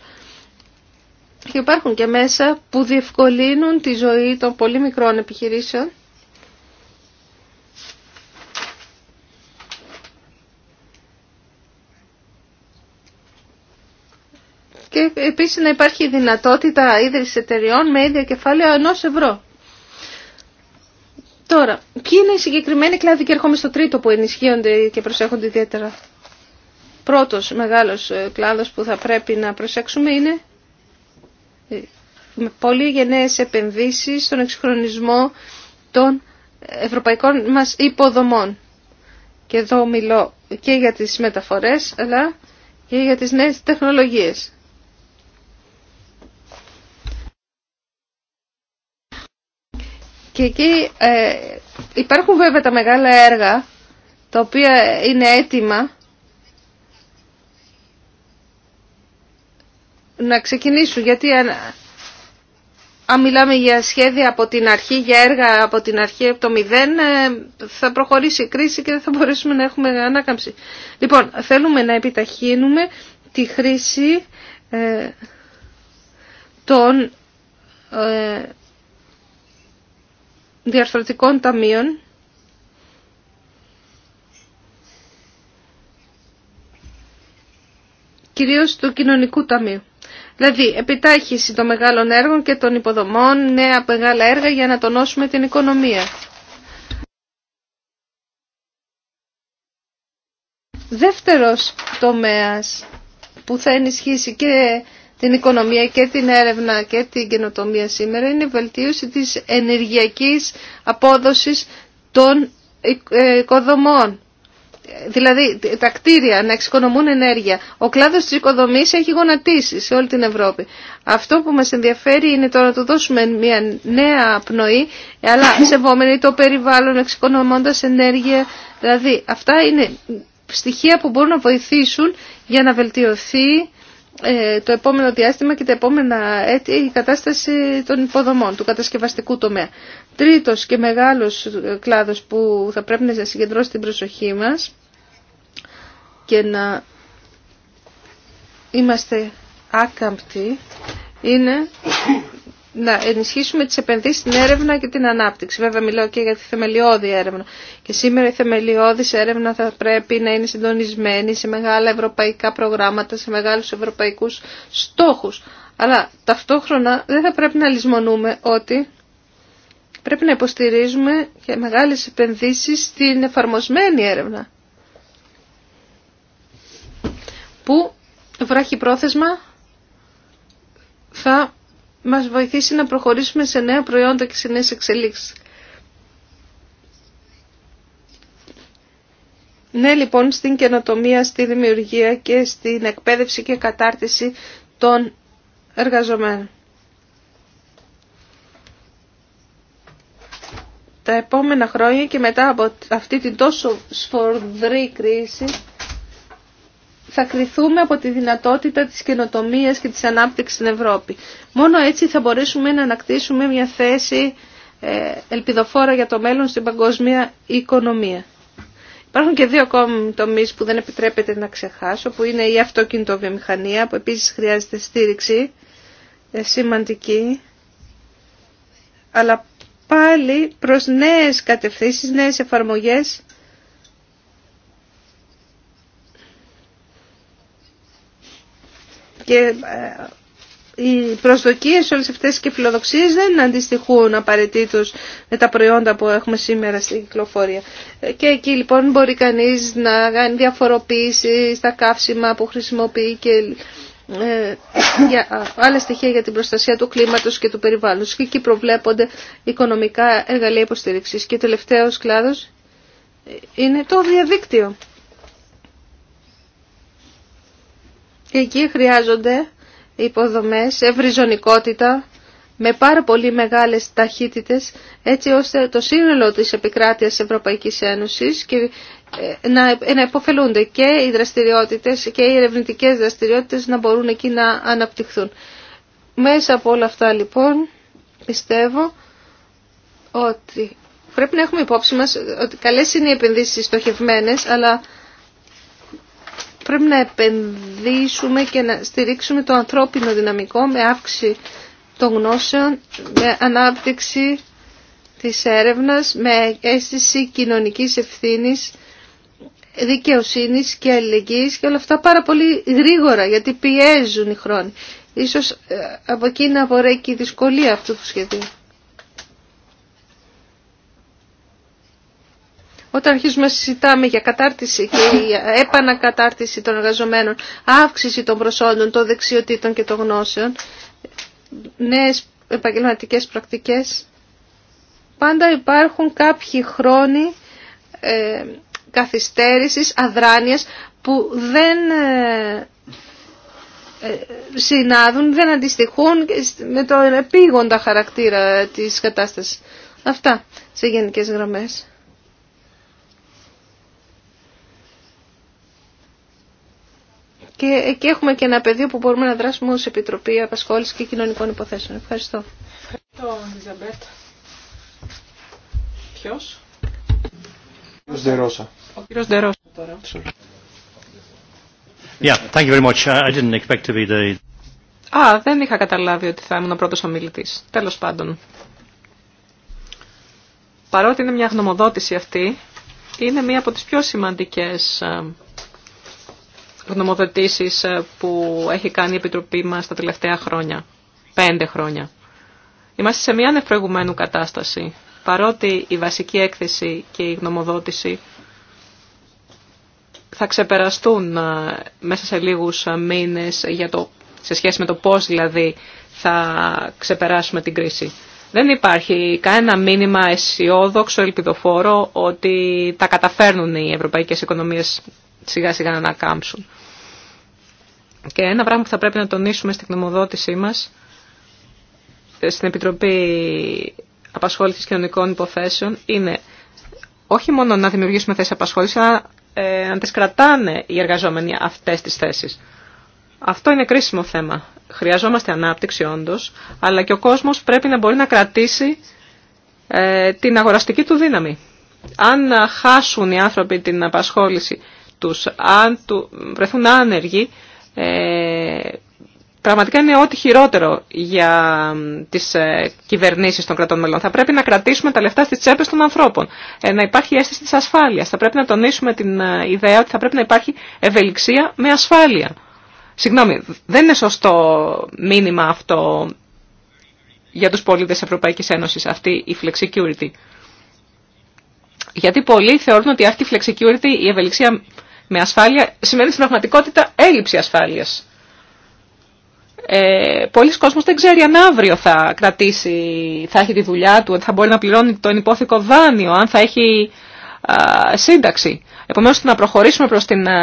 Speaker 3: και υπάρχουν και μέσα που διευκολύνουν τη ζωή των πολύ μικρών επιχειρήσεων. Και επίσης να υπάρχει δυνατότητα ίδρυσης εταιριών με ίδια κεφάλαιο ενό ευρώ. Τώρα, ποιοι είναι οι συγκεκριμένοι κλάδοι και έρχομαι στο τρίτο που ενισχύονται και προσέχονται ιδιαίτερα. Πρώτος μεγάλος ε, κλάδος που θα πρέπει να προσέξουμε είναι με πολύ γενναίες επενδύσεις στον εξυγχρονισμό των ευρωπαϊκών μας υποδομών. Και εδώ μιλώ και για τις μεταφορές, αλλά και για τις νέες τεχνολογίες. Και εκεί ε, υπάρχουν βέβαια τα μεγάλα έργα, τα οποία είναι έτοιμα να ξεκινήσουν. Γιατί αν, μιλάμε για σχέδια από την αρχή, για έργα από την αρχή, από το μηδέν, ε, θα προχωρήσει η κρίση και δεν θα μπορέσουμε να έχουμε ανάκαμψη. Λοιπόν, θέλουμε να επιταχύνουμε τη χρήση ε, των ε, διαρθρωτικών ταμείων κυρίως του κοινωνικού ταμείου. Δηλαδή, επιτάχυση των μεγάλων έργων και των υποδομών, νέα μεγάλα έργα για να τονώσουμε την οικονομία. Δεύτερος τομέας που θα ενισχύσει και την οικονομία και την έρευνα και την καινοτομία σήμερα είναι η βελτίωση της ενεργειακής απόδοσης των οικοδομών δηλαδή τα κτίρια να εξοικονομούν ενέργεια. Ο κλάδος της οικοδομής έχει γονατίσει σε όλη την Ευρώπη. Αυτό που μας ενδιαφέρει είναι τώρα να του δώσουμε μια νέα πνοή, αλλά σεβόμενοι το περιβάλλον, εξοικονομώντας ενέργεια. Δηλαδή αυτά είναι στοιχεία που μπορούν να βοηθήσουν για να βελτιωθεί ε, το επόμενο διάστημα και τα επόμενα έτη η κατάσταση των υποδομών, του κατασκευαστικού τομέα. Τρίτος και μεγάλος κλάδος που θα πρέπει να συγκεντρώσει την προσοχή μας και να είμαστε άκαμπτοι είναι να ενισχύσουμε τις επενδύσεις στην έρευνα και την ανάπτυξη. Βέβαια μιλάω και για τη θεμελιώδη έρευνα. Και σήμερα η θεμελιώδη έρευνα θα πρέπει να είναι συντονισμένη σε μεγάλα ευρωπαϊκά προγράμματα, σε μεγάλους ευρωπαϊκούς στόχους. Αλλά ταυτόχρονα δεν θα πρέπει να λησμονούμε ότι πρέπει να υποστηρίζουμε και μεγάλες επενδύσεις στην εφαρμοσμένη έρευνα. Που βράχει πρόθεσμα θα μας βοηθήσει να προχωρήσουμε σε νέα προϊόντα και σε νέες εξελίξεις. Ναι, λοιπόν, στην καινοτομία, στη δημιουργία και στην εκπαίδευση και κατάρτιση των εργαζομένων. Τα επόμενα χρόνια και μετά από αυτή την τόσο σφορδρή κρίση θα κριθούμε από τη δυνατότητα της καινοτομίας και της ανάπτυξης στην Ευρώπη. Μόνο έτσι θα μπορέσουμε να ανακτήσουμε μια θέση ε, ελπιδοφόρα για το μέλλον στην παγκόσμια οικονομία. Υπάρχουν και δύο ακόμη τομεί που δεν επιτρέπεται να ξεχάσω, που είναι η αυτοκινητοβιομηχανία, που επίσης χρειάζεται στήριξη ε, σημαντική, αλλά πάλι προς νέες κατευθύνσεις, νέες εφαρμογές Και ε, οι προσδοκίες όλες αυτές και οι φιλοδοξίες δεν αντιστοιχούν απαραίτητο με τα προϊόντα που έχουμε σήμερα στην κυκλοφορία. Ε, και εκεί λοιπόν μπορεί κανείς να κάνει διαφοροποίηση στα καύσιμα που χρησιμοποιεί και ε, για άλλα στοιχεία για την προστασία του κλίματος και του περιβάλλοντος. Και εκεί προβλέπονται οικονομικά εργαλεία υποστήριξης. Και τελευταίος κλάδος είναι το διαδίκτυο. Και εκεί χρειάζονται υποδομές, ευρυζωνικότητα, με πάρα πολύ μεγάλες ταχύτητες, έτσι ώστε το σύνολο της επικράτειας της Ευρωπαϊκής Ένωσης και ε, να, ε, να υποφελούνται και οι δραστηριότητες και οι ερευνητικές δραστηριότητες να μπορούν εκεί να αναπτυχθούν. Μέσα από όλα αυτά λοιπόν πιστεύω ότι πρέπει να έχουμε υπόψη μας ότι καλές είναι οι επενδύσεις στοχευμένες, αλλά πρέπει να επενδύσουμε και να στηρίξουμε το ανθρώπινο δυναμικό με αύξηση των γνώσεων, με ανάπτυξη της έρευνας, με αίσθηση κοινωνικής ευθύνης, δικαιοσύνης και αλληλεγγύης και όλα αυτά πάρα πολύ γρήγορα γιατί πιέζουν οι χρόνοι. Ίσως ε, από εκεί να απορρέει και η δυσκολία αυτού του σχεδίου. Όταν αρχίζουμε να συζητάμε για κατάρτιση και επανακατάρτιση των εργαζομένων, αύξηση των προσόντων, των δεξιοτήτων και των γνώσεων, νέες επαγγελματικές πρακτικές, πάντα υπάρχουν κάποιοι χρόνοι ε, καθυστέρησης, αδράνειας που δεν ε, ε, συνάδουν, δεν αντιστοιχούν με τον επίγοντα χαρακτήρα της κατάστασης. Αυτά σε γενικές γραμμές. Και εκεί έχουμε και ένα πεδίο που μπορούμε να δράσουμε ως Επιτροπή Απασχόλησης και Κοινωνικών Υποθέσεων. Ευχαριστώ. Ευχαριστώ, Ιζαμπέτ.
Speaker 4: Ποιος? Ο
Speaker 1: κύριος Δέροσα. Ο κύριος
Speaker 4: Δέροσα. τώρα.
Speaker 3: Yeah, thank you very much. Uh, I didn't expect to be the...
Speaker 4: Α, δεν είχα καταλάβει ότι θα ήμουν ο πρώτος ομιλητής. Τέλος πάντων. Παρότι είναι μια γνωμοδότηση αυτή, είναι μία από τις πιο σημαντικές ε, γνωμοδοτήσεις ε, που έχει κάνει η Επιτροπή μας τα τελευταία χρόνια, πέντε χρόνια. Είμαστε σε μια ανεπροηγουμένου κατάσταση, παρότι η βασική έκθεση και η γνωμοδότηση θα ξεπεραστούν ε, μέσα σε λίγους ε, μήνες για το, σε σχέση με το πώς δηλαδή θα ξεπεράσουμε την κρίση. Δεν υπάρχει κανένα μήνυμα αισιόδοξο, ελπιδοφόρο ότι τα καταφέρνουν οι ευρωπαϊκές οικονομίες σιγά σιγά να ανακάμψουν. Και ένα πράγμα που θα πρέπει να τονίσουμε στην γνωμοδότησή μας, στην Επιτροπή Απασχόλησης Κοινωνικών Υποθέσεων, είναι όχι μόνο να δημιουργήσουμε θέσεις απασχόλησης, αλλά ε, να τις κρατάνε οι εργαζόμενοι αυτές τις θέσεις. Αυτό είναι κρίσιμο θέμα. Χρειαζόμαστε ανάπτυξη όντως, αλλά και ο κόσμος πρέπει να μπορεί να κρατήσει ε, την αγοραστική του δύναμη. Αν χάσουν οι άνθρωποι την απασχόληση τους αν του, βρεθούν άνεργοι, ε, πραγματικά είναι ό,τι χειρότερο για τις ε, κυβερνήσεις των κρατών μελών. Θα πρέπει να κρατήσουμε τα λεφτά στις τσέπες των ανθρώπων, ε, να υπάρχει αίσθηση της ασφάλειας. Θα πρέπει να τονίσουμε την ε, ιδέα ότι θα πρέπει να υπάρχει ευελιξία με ασφάλεια. Συγγνώμη, δεν είναι σωστό μήνυμα αυτό για τους πολίτες Ευρωπαϊκής Ένωσης, αυτή η flexicurity. Γιατί πολλοί θεωρούν ότι αυτή η flexicurity, η ευελιξία με ασφάλεια σημαίνει στην πραγματικότητα έλλειψη ασφάλειας. Ε, πολλοί κόσμος δεν ξέρει αν αύριο θα κρατήσει, θα έχει τη δουλειά του, αν θα μπορεί να πληρώνει το ενυπόθηκο δάνειο, αν θα έχει σύνταξη. Επομένως, να προχωρήσουμε προς την α,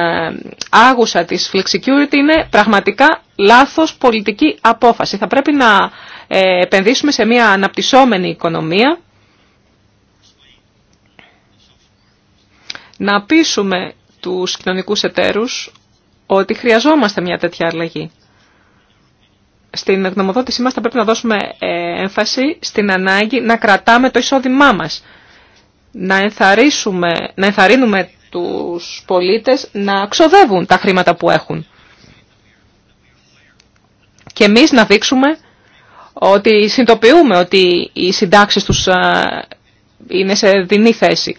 Speaker 4: άγουσα της flexicurity είναι πραγματικά λάθος πολιτική απόφαση. Θα πρέπει να ε, επενδύσουμε σε μια αναπτυσσόμενη οικονομία, να πείσουμε τους κοινωνικούς εταίρους ότι χρειαζόμαστε μια τέτοια αλλαγή. Στην γνωμοδότησή μας θα πρέπει να δώσουμε ε, έμφαση στην ανάγκη να κρατάμε το εισόδημά μας. Να, ενθαρρύνουμε, να ενθαρρύνουμε τους πολίτες να ξοδεύουν τα χρήματα που έχουν. Και εμείς να δείξουμε ότι συντοποιούμε ότι οι συντάξεις τους ε, είναι σε δινή θέση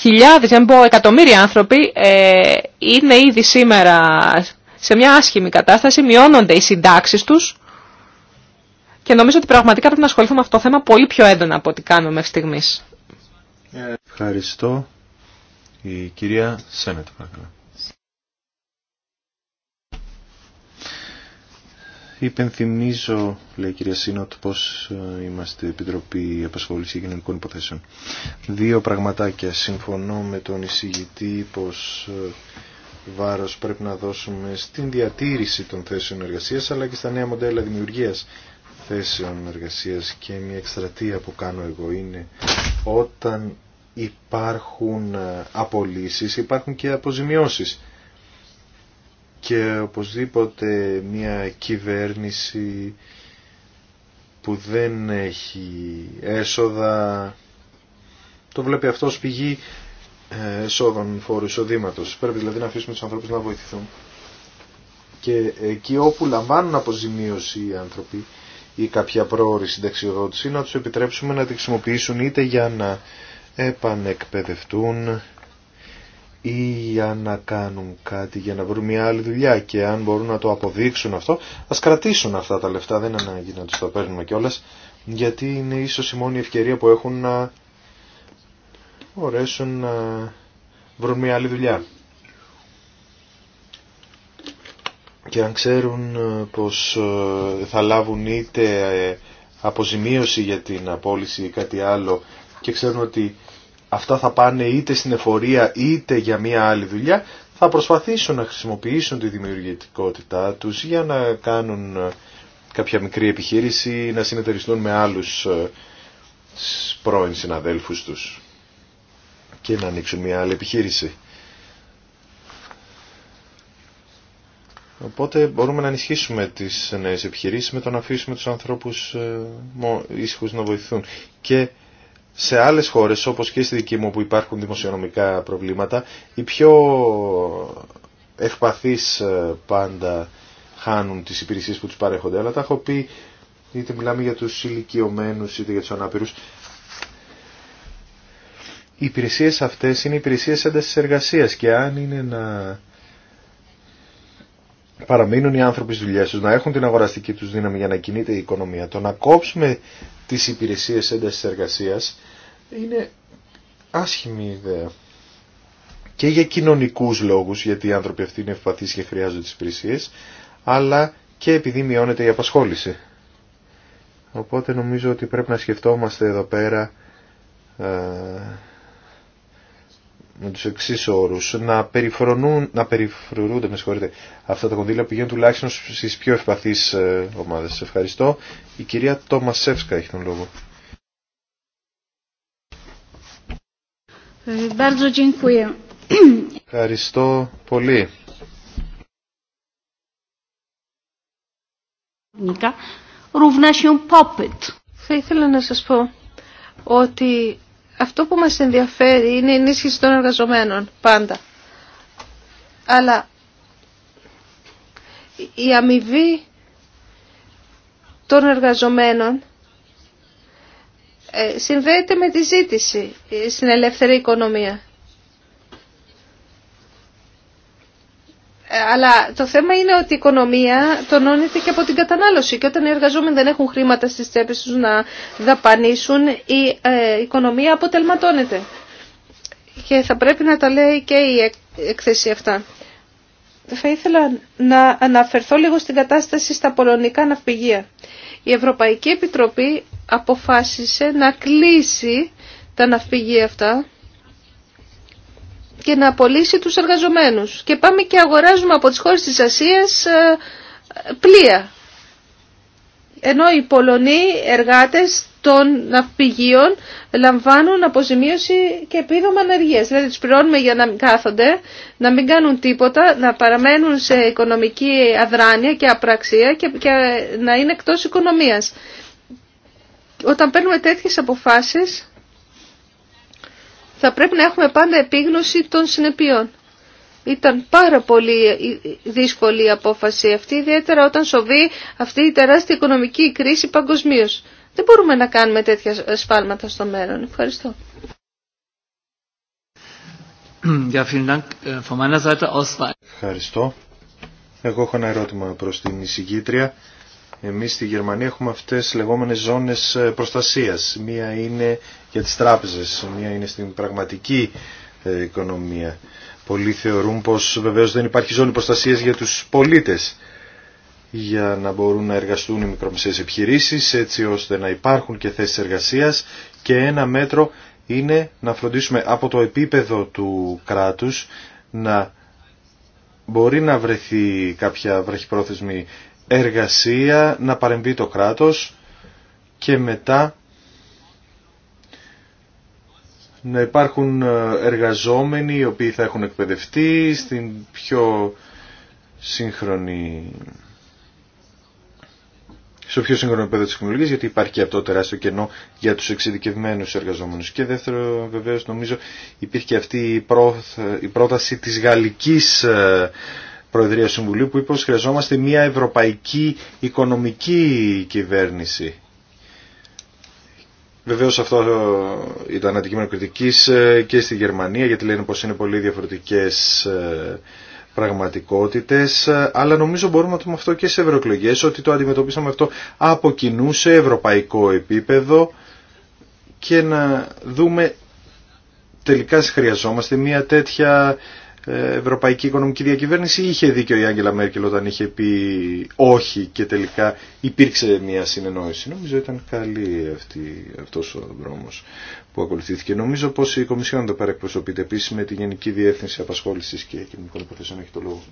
Speaker 4: χιλιάδες, δεν πω εκατομμύρια άνθρωποι ε, είναι ήδη σήμερα σε μια άσχημη κατάσταση, μειώνονται οι συντάξει τους και νομίζω ότι πραγματικά πρέπει να ασχοληθούμε με αυτό το θέμα πολύ πιο έντονα από ό,τι κάνουμε μέχρι στιγμής.
Speaker 1: Ευχαριστώ. Η κυρία Σένετ, παρακαλώ. Υπενθυμίζω, λέει η κυρία Σίνωτ, πως ε, είμαστε Επιτροπή Απασχόληση Κοινωνικών Υποθέσεων. Δύο πραγματάκια. Συμφωνώ με τον εισηγητή πως ε, βάρος πρέπει να δώσουμε στην διατήρηση των θέσεων εργασίας αλλά και στα νέα μοντέλα δημιουργίας θέσεων εργασίας και μια εκστρατεία που κάνω εγώ είναι όταν υπάρχουν ε, απολύσεις υπάρχουν και αποζημιώσεις και οπωσδήποτε μια κυβέρνηση που δεν έχει έσοδα το βλέπει αυτό ως πηγή εσόδων φόρου εισοδήματος. Πρέπει δηλαδή να αφήσουμε τους ανθρώπους να βοηθηθούν. Και εκεί όπου λαμβάνουν αποζημίωση οι άνθρωποι ή κάποια πρόορη συνταξιοδότηση να τους επιτρέψουμε να τη χρησιμοποιήσουν είτε για να επανεκπαιδευτούν ή για να κάνουν κάτι για να βρουν μια άλλη δουλειά και αν μπορούν να το αποδείξουν αυτό ας κρατήσουν αυτά τα λεφτά δεν είναι ανάγκη να τους τα παίρνουμε κιόλα, γιατί είναι ίσως η μόνη ευκαιρία που έχουν να μπορέσουν να βρουν μια άλλη δουλειά και αν ξέρουν ε, πως ε, θα λάβουν είτε ε, αποζημίωση για την απόλυση ή κάτι άλλο και ξέρουν ότι αυτά θα πάνε είτε στην εφορία είτε για μια άλλη δουλειά, θα προσπαθήσουν να χρησιμοποιήσουν τη δημιουργητικότητά τους για να κάνουν ε, κάποια μικρή επιχείρηση, να συνεταιριστούν με άλλους ε, πρώην συναδέλφους τους και να ανοίξουν μια άλλη επιχείρηση. Οπότε μπορούμε να ενισχύσουμε τις νέες επιχειρήσεις με το να αφήσουμε τους ανθρώπους ε, ήσυχους να βοηθούν. Και σε άλλες χώρες όπως και στη δική μου που υπάρχουν δημοσιονομικά προβλήματα οι πιο ευπαθείς ε, πάντα χάνουν τις υπηρεσίες που τους παρέχονται αλλά τα έχω πει είτε μιλάμε για τους ηλικιωμένου είτε για τους ανάπηρους οι υπηρεσίες αυτές είναι υπηρεσίες έντασης εργασίας και αν είναι να παραμείνουν οι άνθρωποι στις δουλειές τους, να έχουν την αγοραστική τους δύναμη για να κινείται η οικονομία. Το να κόψουμε τις υπηρεσίες έντασης εργασίας είναι άσχημη ιδέα. Και για κοινωνικούς λόγους, γιατί οι άνθρωποι αυτοί είναι ευπαθείς και χρειάζονται τις υπηρεσίες, αλλά και επειδή μειώνεται η απασχόληση. Οπότε νομίζω ότι πρέπει να σκεφτόμαστε εδώ πέρα... Ε, με τους εξή όρους, να, περιφρονούν, να περιφρονούνται, με συγχωρείτε, αυτά τα κονδύλια που πηγαίνουν τουλάχιστον στις πιο ευπαθείς ε, ομάδες. ευχαριστώ. Η κυρία Τόμασεύσκα έχει τον λόγο.
Speaker 2: Ε,
Speaker 1: ευχαριστώ πολύ.
Speaker 3: Θα ήθελα να σας πω ότι αυτό που μας ενδιαφέρει είναι η ενίσχυση των εργαζομένων, πάντα. Αλλά η αμοιβή των εργαζομένων ε, συνδέεται με τη ζήτηση ε, στην ελεύθερη οικονομία. Ε, αλλά το θέμα είναι ότι η οικονομία τονώνεται και από την κατανάλωση και όταν οι εργαζόμενοι δεν έχουν χρήματα στις τσέπες τους να δαπανίσουν η ε, οικονομία αποτελματώνεται. Και θα πρέπει να τα λέει και η έκθεση αυτά. Θα ήθελα να αναφερθώ λίγο στην κατάσταση στα πολωνικά ναυπηγεία. Η Ευρωπαϊκή Επιτροπή αποφάσισε να κλείσει τα ναυπηγεία αυτά και να απολύσει τους εργαζομένους. Και πάμε και αγοράζουμε από τις χώρες της Ασίας ε, πλοία. Ενώ οι Πολωνοί εργάτες των ναυπηγείων λαμβάνουν αποζημίωση και επίδομα ανεργίας. Δηλαδή τους πληρώνουμε για να μην κάθονται, να μην κάνουν τίποτα, να παραμένουν σε οικονομική αδράνεια και απραξία και, να είναι εκτός οικονομίας. Όταν παίρνουμε τέτοιες αποφάσεις θα πρέπει να έχουμε πάντα επίγνωση των συνεπειών. Ήταν πάρα πολύ δύσκολη η απόφαση αυτή, ιδιαίτερα όταν σοβεί αυτή η τεράστια οικονομική κρίση παγκοσμίω. Δεν μπορούμε να κάνουμε τέτοια σφάλματα στο μέλλον.
Speaker 2: Ευχαριστώ. Äh,
Speaker 1: Ευχαριστώ. Εγώ έχω ένα ερώτημα προς την εισηγήτρια. Εμείς στη Γερμανία έχουμε αυτές τις λεγόμενες ζώνες ε, προστασίας. Μία είναι για τις τράπεζες, μία είναι στην πραγματική ε, οικονομία. Πολλοί θεωρούν πως βεβαίως δεν υπάρχει ζώνη προστασίας για τους πολίτες για να μπορούν να εργαστούν οι μικρομεσαίες επιχειρήσεις έτσι ώστε να υπάρχουν και θέσεις εργασίας και ένα μέτρο είναι να φροντίσουμε από το επίπεδο του κράτους να μπορεί να βρεθεί κάποια βραχυπρόθεσμη εργασία, να παρεμβεί το κράτος και μετά να υπάρχουν ε, εργαζόμενοι οι οποίοι θα έχουν εκπαιδευτεί στην πιο σύγχρονη στο πιο σύγχρονο επίπεδο της τεχνολογίας, γιατί υπάρχει και αυτό το τεράστιο κενό για τους εξειδικευμένους εργαζόμενους. Και δεύτερο, βεβαίως, νομίζω υπήρχε και αυτή η πρόταση της γαλλικής ε, Προεδρίας Συμβουλίου που είπε ότι χρειαζόμαστε μια ευρωπαϊκή οικονομική κυβέρνηση Βεβαίως αυτό ήταν αντικείμενο κριτικής ε, και στη Γερμανία γιατί λένε πως είναι πολύ διαφορετικές ε, πραγματικότητες αλλά νομίζω μπορούμε να το πούμε αυτό και σε ευρωεκλογέ, ότι το αντιμετωπίσαμε αυτό από κοινού σε ευρωπαϊκό επίπεδο και να δούμε τελικά χρειαζόμαστε μια τέτοια Ευρωπαϊκή Οικονομική Διακυβέρνηση είχε δίκιο η Άγγελα Μέρκελ όταν είχε πει όχι και τελικά υπήρξε μια συνεννόηση. Νομίζω ήταν καλή αυτή, αυτός ο δρόμος που ακολουθήθηκε. Νομίζω πως η Κομισιόν το παρεκπροσωπείται επίση με τη Γενική Διεύθυνση Απασχόλησης και Κοινωνικών Υποθέσεων έχει το λόγο.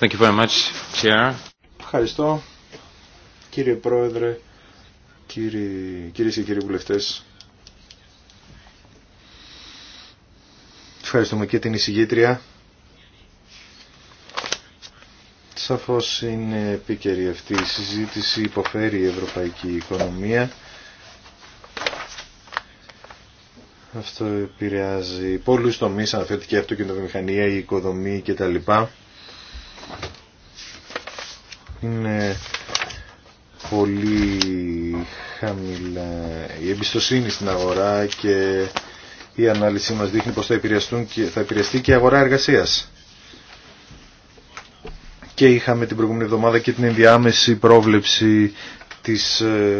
Speaker 1: Thank you very much, Ευχαριστώ κύριε Πρόεδρε, κύριε και κύριοι βουλευτές. Ευχαριστούμε και την εισηγήτρια. Σαφώς είναι επίκαιρη αυτή η συζήτηση, υποφέρει η ευρωπαϊκή οικονομία. Αυτό επηρεάζει πολλούς τομείς, αναφέρεται και αυτοκινητοβιομηχανία, η οικοδομή κτλ. Είναι πολύ χαμηλά η εμπιστοσύνη στην αγορά και η ανάλυση μας δείχνει πως θα, επηρεαστούν και, θα επηρεαστεί και η αγορά εργασίας. Και είχαμε την προηγούμενη εβδομάδα και την ενδιάμεση πρόβλεψη της ε,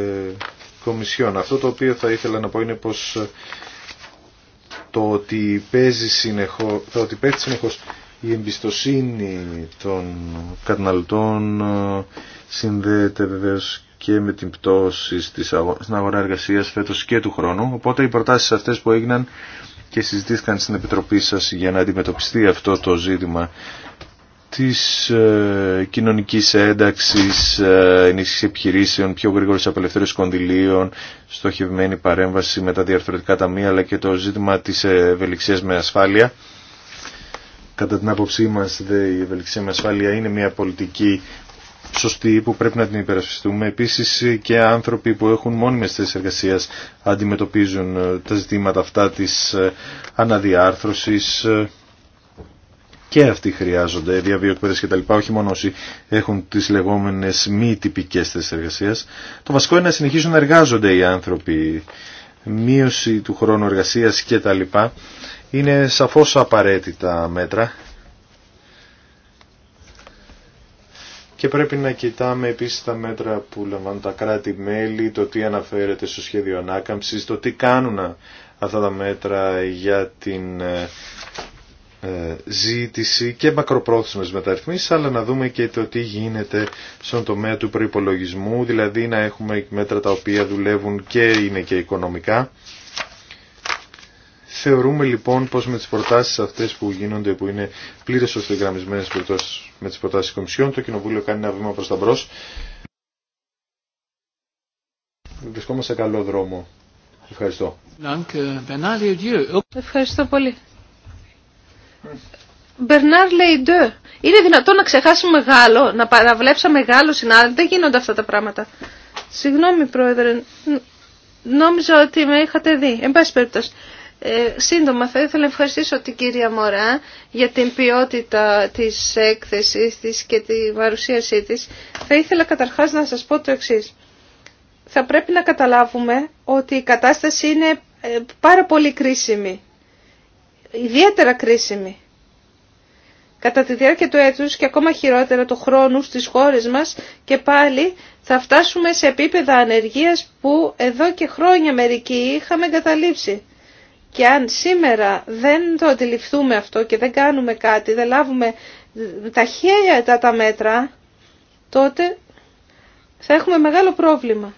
Speaker 1: Κομισιόν. Αυτό το οποίο θα ήθελα να πω είναι πως ε, το ότι παίζει συνεχώς, το ότι παίζει συνεχώς η εμπιστοσύνη των καταναλωτών ε, συνδέεται βεβαίως και με την πτώση στην αγορά εργασίας φέτος και του χρόνου. Οπότε οι προτάσεις αυτές που έγιναν και συζητήθηκαν στην Επιτροπή σας για να αντιμετωπιστεί αυτό το ζήτημα της ε, κοινωνικής ένταξης, ε, ενίσχυσης επιχειρήσεων, πιο γρήγορης απελευθέρωσης κονδυλίων, στοχευμένη παρέμβαση με τα διαρθρωτικά ταμεία, αλλά και το ζήτημα της ευελιξίας με ασφάλεια. Κατά την άποψή μας, η ευελιξία με ασφάλεια είναι μια πολιτική σωστή που πρέπει να την υπερασπιστούμε. Επίσης και άνθρωποι που έχουν μόνιμες θέσει εργασία αντιμετωπίζουν ε, τα ζητήματα αυτά της ε, αναδιάρθρωσης ε, και αυτοί χρειάζονται και τα λοιπά Όχι μόνο όσοι έχουν τις λεγόμενες μη τυπικέ θέσει εργασία. Το βασικό είναι να συνεχίσουν να εργάζονται οι άνθρωποι. Μείωση του χρόνου εργασίας λοιπά, Είναι σαφώ απαραίτητα μέτρα Και πρέπει να κοιτάμε επίσης τα μέτρα που λαμβάνουν τα κράτη-μέλη, το τι αναφέρεται στο σχέδιο ανάκαμψης, το τι κάνουν αυτά τα μέτρα για την ε, ε, ζήτηση και μακροπρόθεσμες μεταρρυθμίσεις αλλά να δούμε και το τι γίνεται στον τομέα του προϋπολογισμού δηλαδή να έχουμε μέτρα τα οποία δουλεύουν και είναι και οικονομικά Θεωρούμε λοιπόν πως με τις προτάσεις αυτές που γίνονται, που είναι πλήρως ευθυγραμμισμένες με τις προτάσεις Κομισιόν, το Κοινοβούλιο κάνει ένα βήμα προς τα μπρος. Βρισκόμαστε σε καλό δρόμο.
Speaker 2: Ευχαριστώ. Ευχαριστώ πολύ.
Speaker 3: Μπερνάρ ντε. Είναι δυνατόν να ξεχάσουμε μεγάλο, να παραβλέψαμε μεγάλο συνάδελφο. Δεν γίνονται αυτά τα πράγματα. Συγγνώμη, Πρόεδρε. Νόμιζα ότι με είχατε δει. Εν πάση περιπτώσει. Ε, σύντομα θα ήθελα να ευχαριστήσω την κυρία Μωρά για την ποιότητα της έκθεσης της και τη παρουσίασή της. Θα ήθελα καταρχάς να σας πω το εξή: Θα πρέπει να καταλάβουμε ότι η κατάσταση είναι ε, πάρα πολύ κρίσιμη. Ιδιαίτερα κρίσιμη. Κατά τη διάρκεια του έτους και ακόμα χειρότερα του χρόνου στις χώρες μας και πάλι θα φτάσουμε σε επίπεδα ανεργίας που εδώ και χρόνια μερικοί είχαμε εγκαταλείψει. Και αν σήμερα δεν το αντιληφθούμε αυτό και δεν κάνουμε κάτι, δεν λάβουμε τα χέρια τα μέτρα, τότε θα έχουμε μεγάλο πρόβλημα.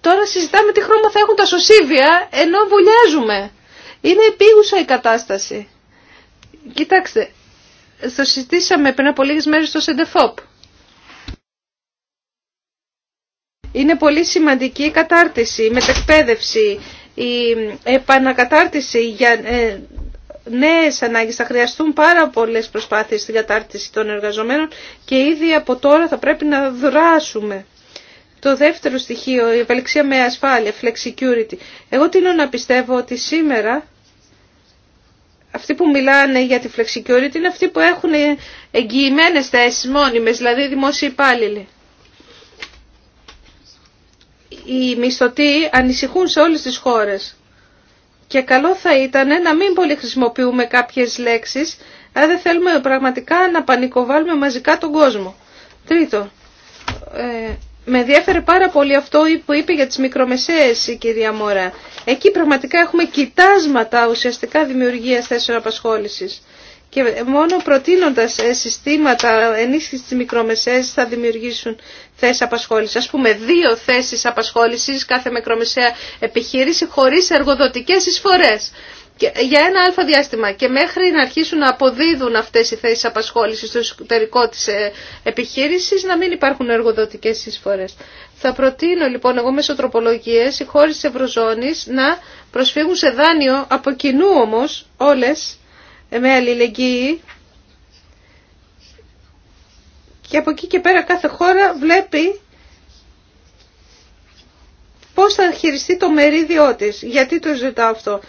Speaker 3: Τώρα συζητάμε τι χρώμα θα έχουν τα σωσίβια ενώ βουλιάζουμε. Είναι επίγουσα η κατάσταση. Κοιτάξτε, το συζητήσαμε πριν από λίγες μέρες στο ΣΕΝΤΕΦΟΠ. Είναι πολύ σημαντική η κατάρτιση, η μετεκπαίδευση, η επανακατάρτιση για ε, νέες ανάγκες θα χρειαστούν πάρα πολλές προσπάθειες στην κατάρτιση των εργαζομένων και ήδη από τώρα θα πρέπει να δράσουμε. Το δεύτερο στοιχείο, η ευελιξία με ασφάλεια, flexicurity. Εγώ τίνω να πιστεύω ότι σήμερα αυτοί που μιλάνε για τη flexicurity είναι αυτοί που έχουν εγγυημένες θέσεις μόνιμες, δηλαδή δημόσιοι υπάλληλοι οι μισθωτοί ανησυχούν σε όλες τις χώρες. Και καλό θα ήταν να μην πολύ χρησιμοποιούμε κάποιες λέξεις, αν δεν θέλουμε πραγματικά να πανικοβάλουμε μαζικά τον κόσμο. Τρίτο, ε, με ενδιαφέρε πάρα πολύ αυτό που είπε για τις μικρομεσαίες η κυρία Μόρα. Εκεί πραγματικά έχουμε κοιτάσματα ουσιαστικά δημιουργίας θέσεων απασχόλησης. Και μόνο προτείνοντας ε, συστήματα ενίσχυσης της μικρομεσαίας θα δημιουργήσουν θέσεις απασχόλησης. Ας πούμε δύο θέσεις απασχόλησης κάθε μικρομεσαία επιχείρηση χωρίς εργοδοτικές εισφορές. για ένα αλφα διάστημα και μέχρι να αρχίσουν να αποδίδουν αυτές οι θέσεις απασχόλησης στο εσωτερικό της ε, επιχείρησης να μην υπάρχουν εργοδοτικές εισφορές. Θα προτείνω λοιπόν εγώ μέσω τροπολογίες οι χώρες της Ευρωζώνης να προσφύγουν σε δάνειο από κοινού όμως όλες ε, με αλληλεγγύη και από εκεί και πέρα κάθε χώρα βλέπει πώς θα χειριστεί το μερίδιό της. Γιατί το ζητάω αυτό.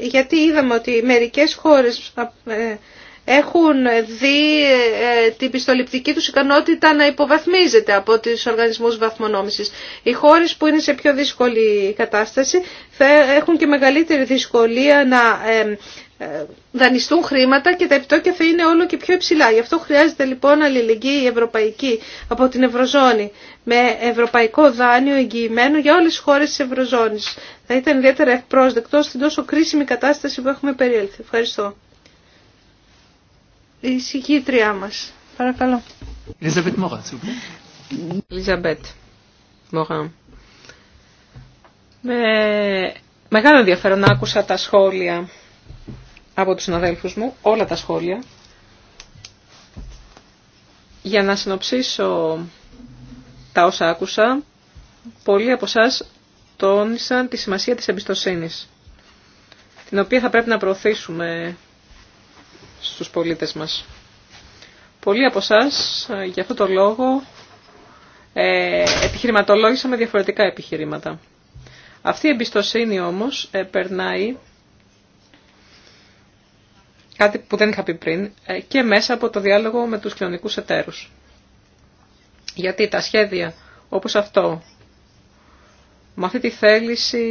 Speaker 3: Γιατί είδαμε ότι μερικές χώρες ε, έχουν δει ε, την πιστοληπτική τους ικανότητα να υποβαθμίζεται από τους οργανισμούς βαθμονόμησης. Οι χώρες που είναι σε πιο δύσκολη κατάσταση θα έχουν και μεγαλύτερη δυσκολία να ε, δανειστούν χρήματα και τα επιτόκια θα είναι όλο και πιο υψηλά. Γι' αυτό χρειάζεται λοιπόν αλληλεγγύη ευρωπαϊκή από την Ευρωζώνη με ευρωπαϊκό δάνειο εγγυημένο για όλες τις χώρες της Ευρωζώνης. Θα ήταν ιδιαίτερα ευπρόσδεκτο στην τόσο κρίσιμη κατάσταση που έχουμε περιέλθει. Ευχαριστώ. Η συγκήτριά μας. Παρακαλώ. Ελίζαμπετ Με
Speaker 4: μεγάλο ενδιαφέρον άκουσα τα σχόλια από τους συναδέλφους μου όλα τα σχόλια. Για να συνοψίσω τα όσα άκουσα, πολλοί από εσά τόνισαν τη σημασία της εμπιστοσύνης, την οποία θα πρέπει να προωθήσουμε στους πολίτες μας. Πολλοί από εσά ε, για αυτό το λόγο ε, επιχειρηματολόγησαν με διαφορετικά επιχειρήματα. Αυτή η εμπιστοσύνη όμως ε, περνάει κάτι που δεν είχα πει πριν, ε, και μέσα από το διάλογο με τους κοινωνικούς εταίρους. Γιατί τα σχέδια όπως αυτό, με αυτή τη θέληση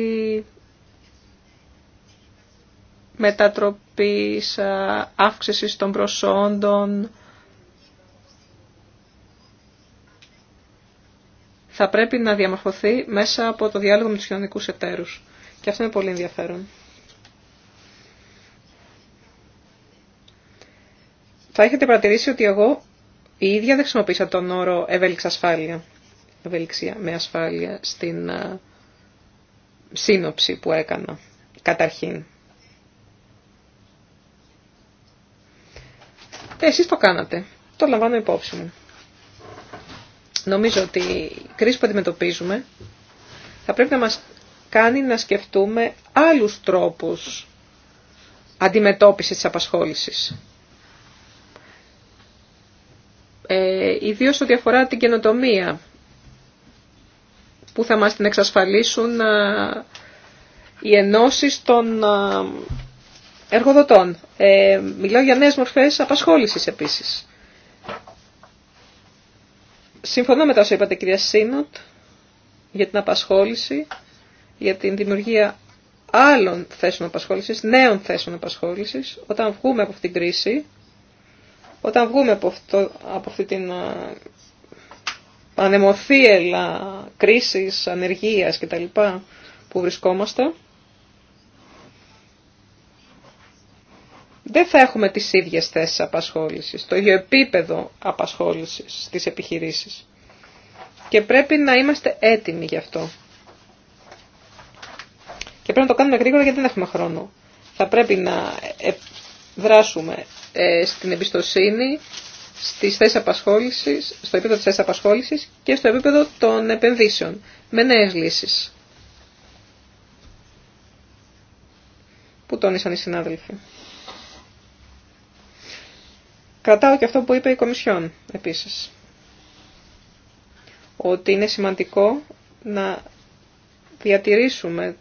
Speaker 4: μετατροπής, ε, αύξησης των προσόντων, θα πρέπει να διαμορφωθεί μέσα από το διάλογο με τους κοινωνικούς εταίρους. Και αυτό είναι πολύ ενδιαφέρον. Θα έχετε παρατηρήσει ότι εγώ η ίδια δεν χρησιμοποίησα τον όρο ευέλιξη ασφάλεια. Ευέλιξία με ασφάλεια στην ε, σύνοψη που έκανα. Καταρχήν. Ε, εσείς το κάνατε. Το λαμβάνω υπόψη μου. Νομίζω ότι η κρίση που αντιμετωπίζουμε θα πρέπει να μας κάνει να σκεφτούμε άλλους τρόπους αντιμετώπισης της απασχόλησης ε, ιδίως ό,τι αφορά την καινοτομία που θα μας την εξασφαλίσουν α, ε, οι ενώσεις των ε, εργοδοτών. Ε, μιλάω για νέες μορφές απασχόλησης επίσης. Συμφωνώ με τα όσα είπατε κυρία Σίνοτ για την απασχόληση, για την δημιουργία άλλων θέσεων απασχόλησης, νέων θέσεων απασχόλησης, όταν βγούμε από αυτήν την κρίση, όταν βγούμε από, αυτό, αυτή την ε, ανεμοθύελα κρίσης, ανεργίας κτλ. που βρισκόμαστε, δεν θα έχουμε τις ίδιες θέσεις απασχόλησης, το ίδιο επίπεδο απασχόλησης στις επιχειρήσεις. Και πρέπει να είμαστε έτοιμοι γι' αυτό. Και πρέπει να το κάνουμε γρήγορα γιατί δεν έχουμε χρόνο. Θα πρέπει να ε, δράσουμε ε, στην εμπιστοσύνη, στις θέσεις απασχόλησης, στο επίπεδο της θέσης απασχόλησης και στο επίπεδο των επενδύσεων, με νέες λύσεις. Που τόνισαν οι συνάδελφοι. Κρατάω και αυτό που είπε η Κομισιόν επίσης. Ότι είναι σημαντικό να διατηρήσουμε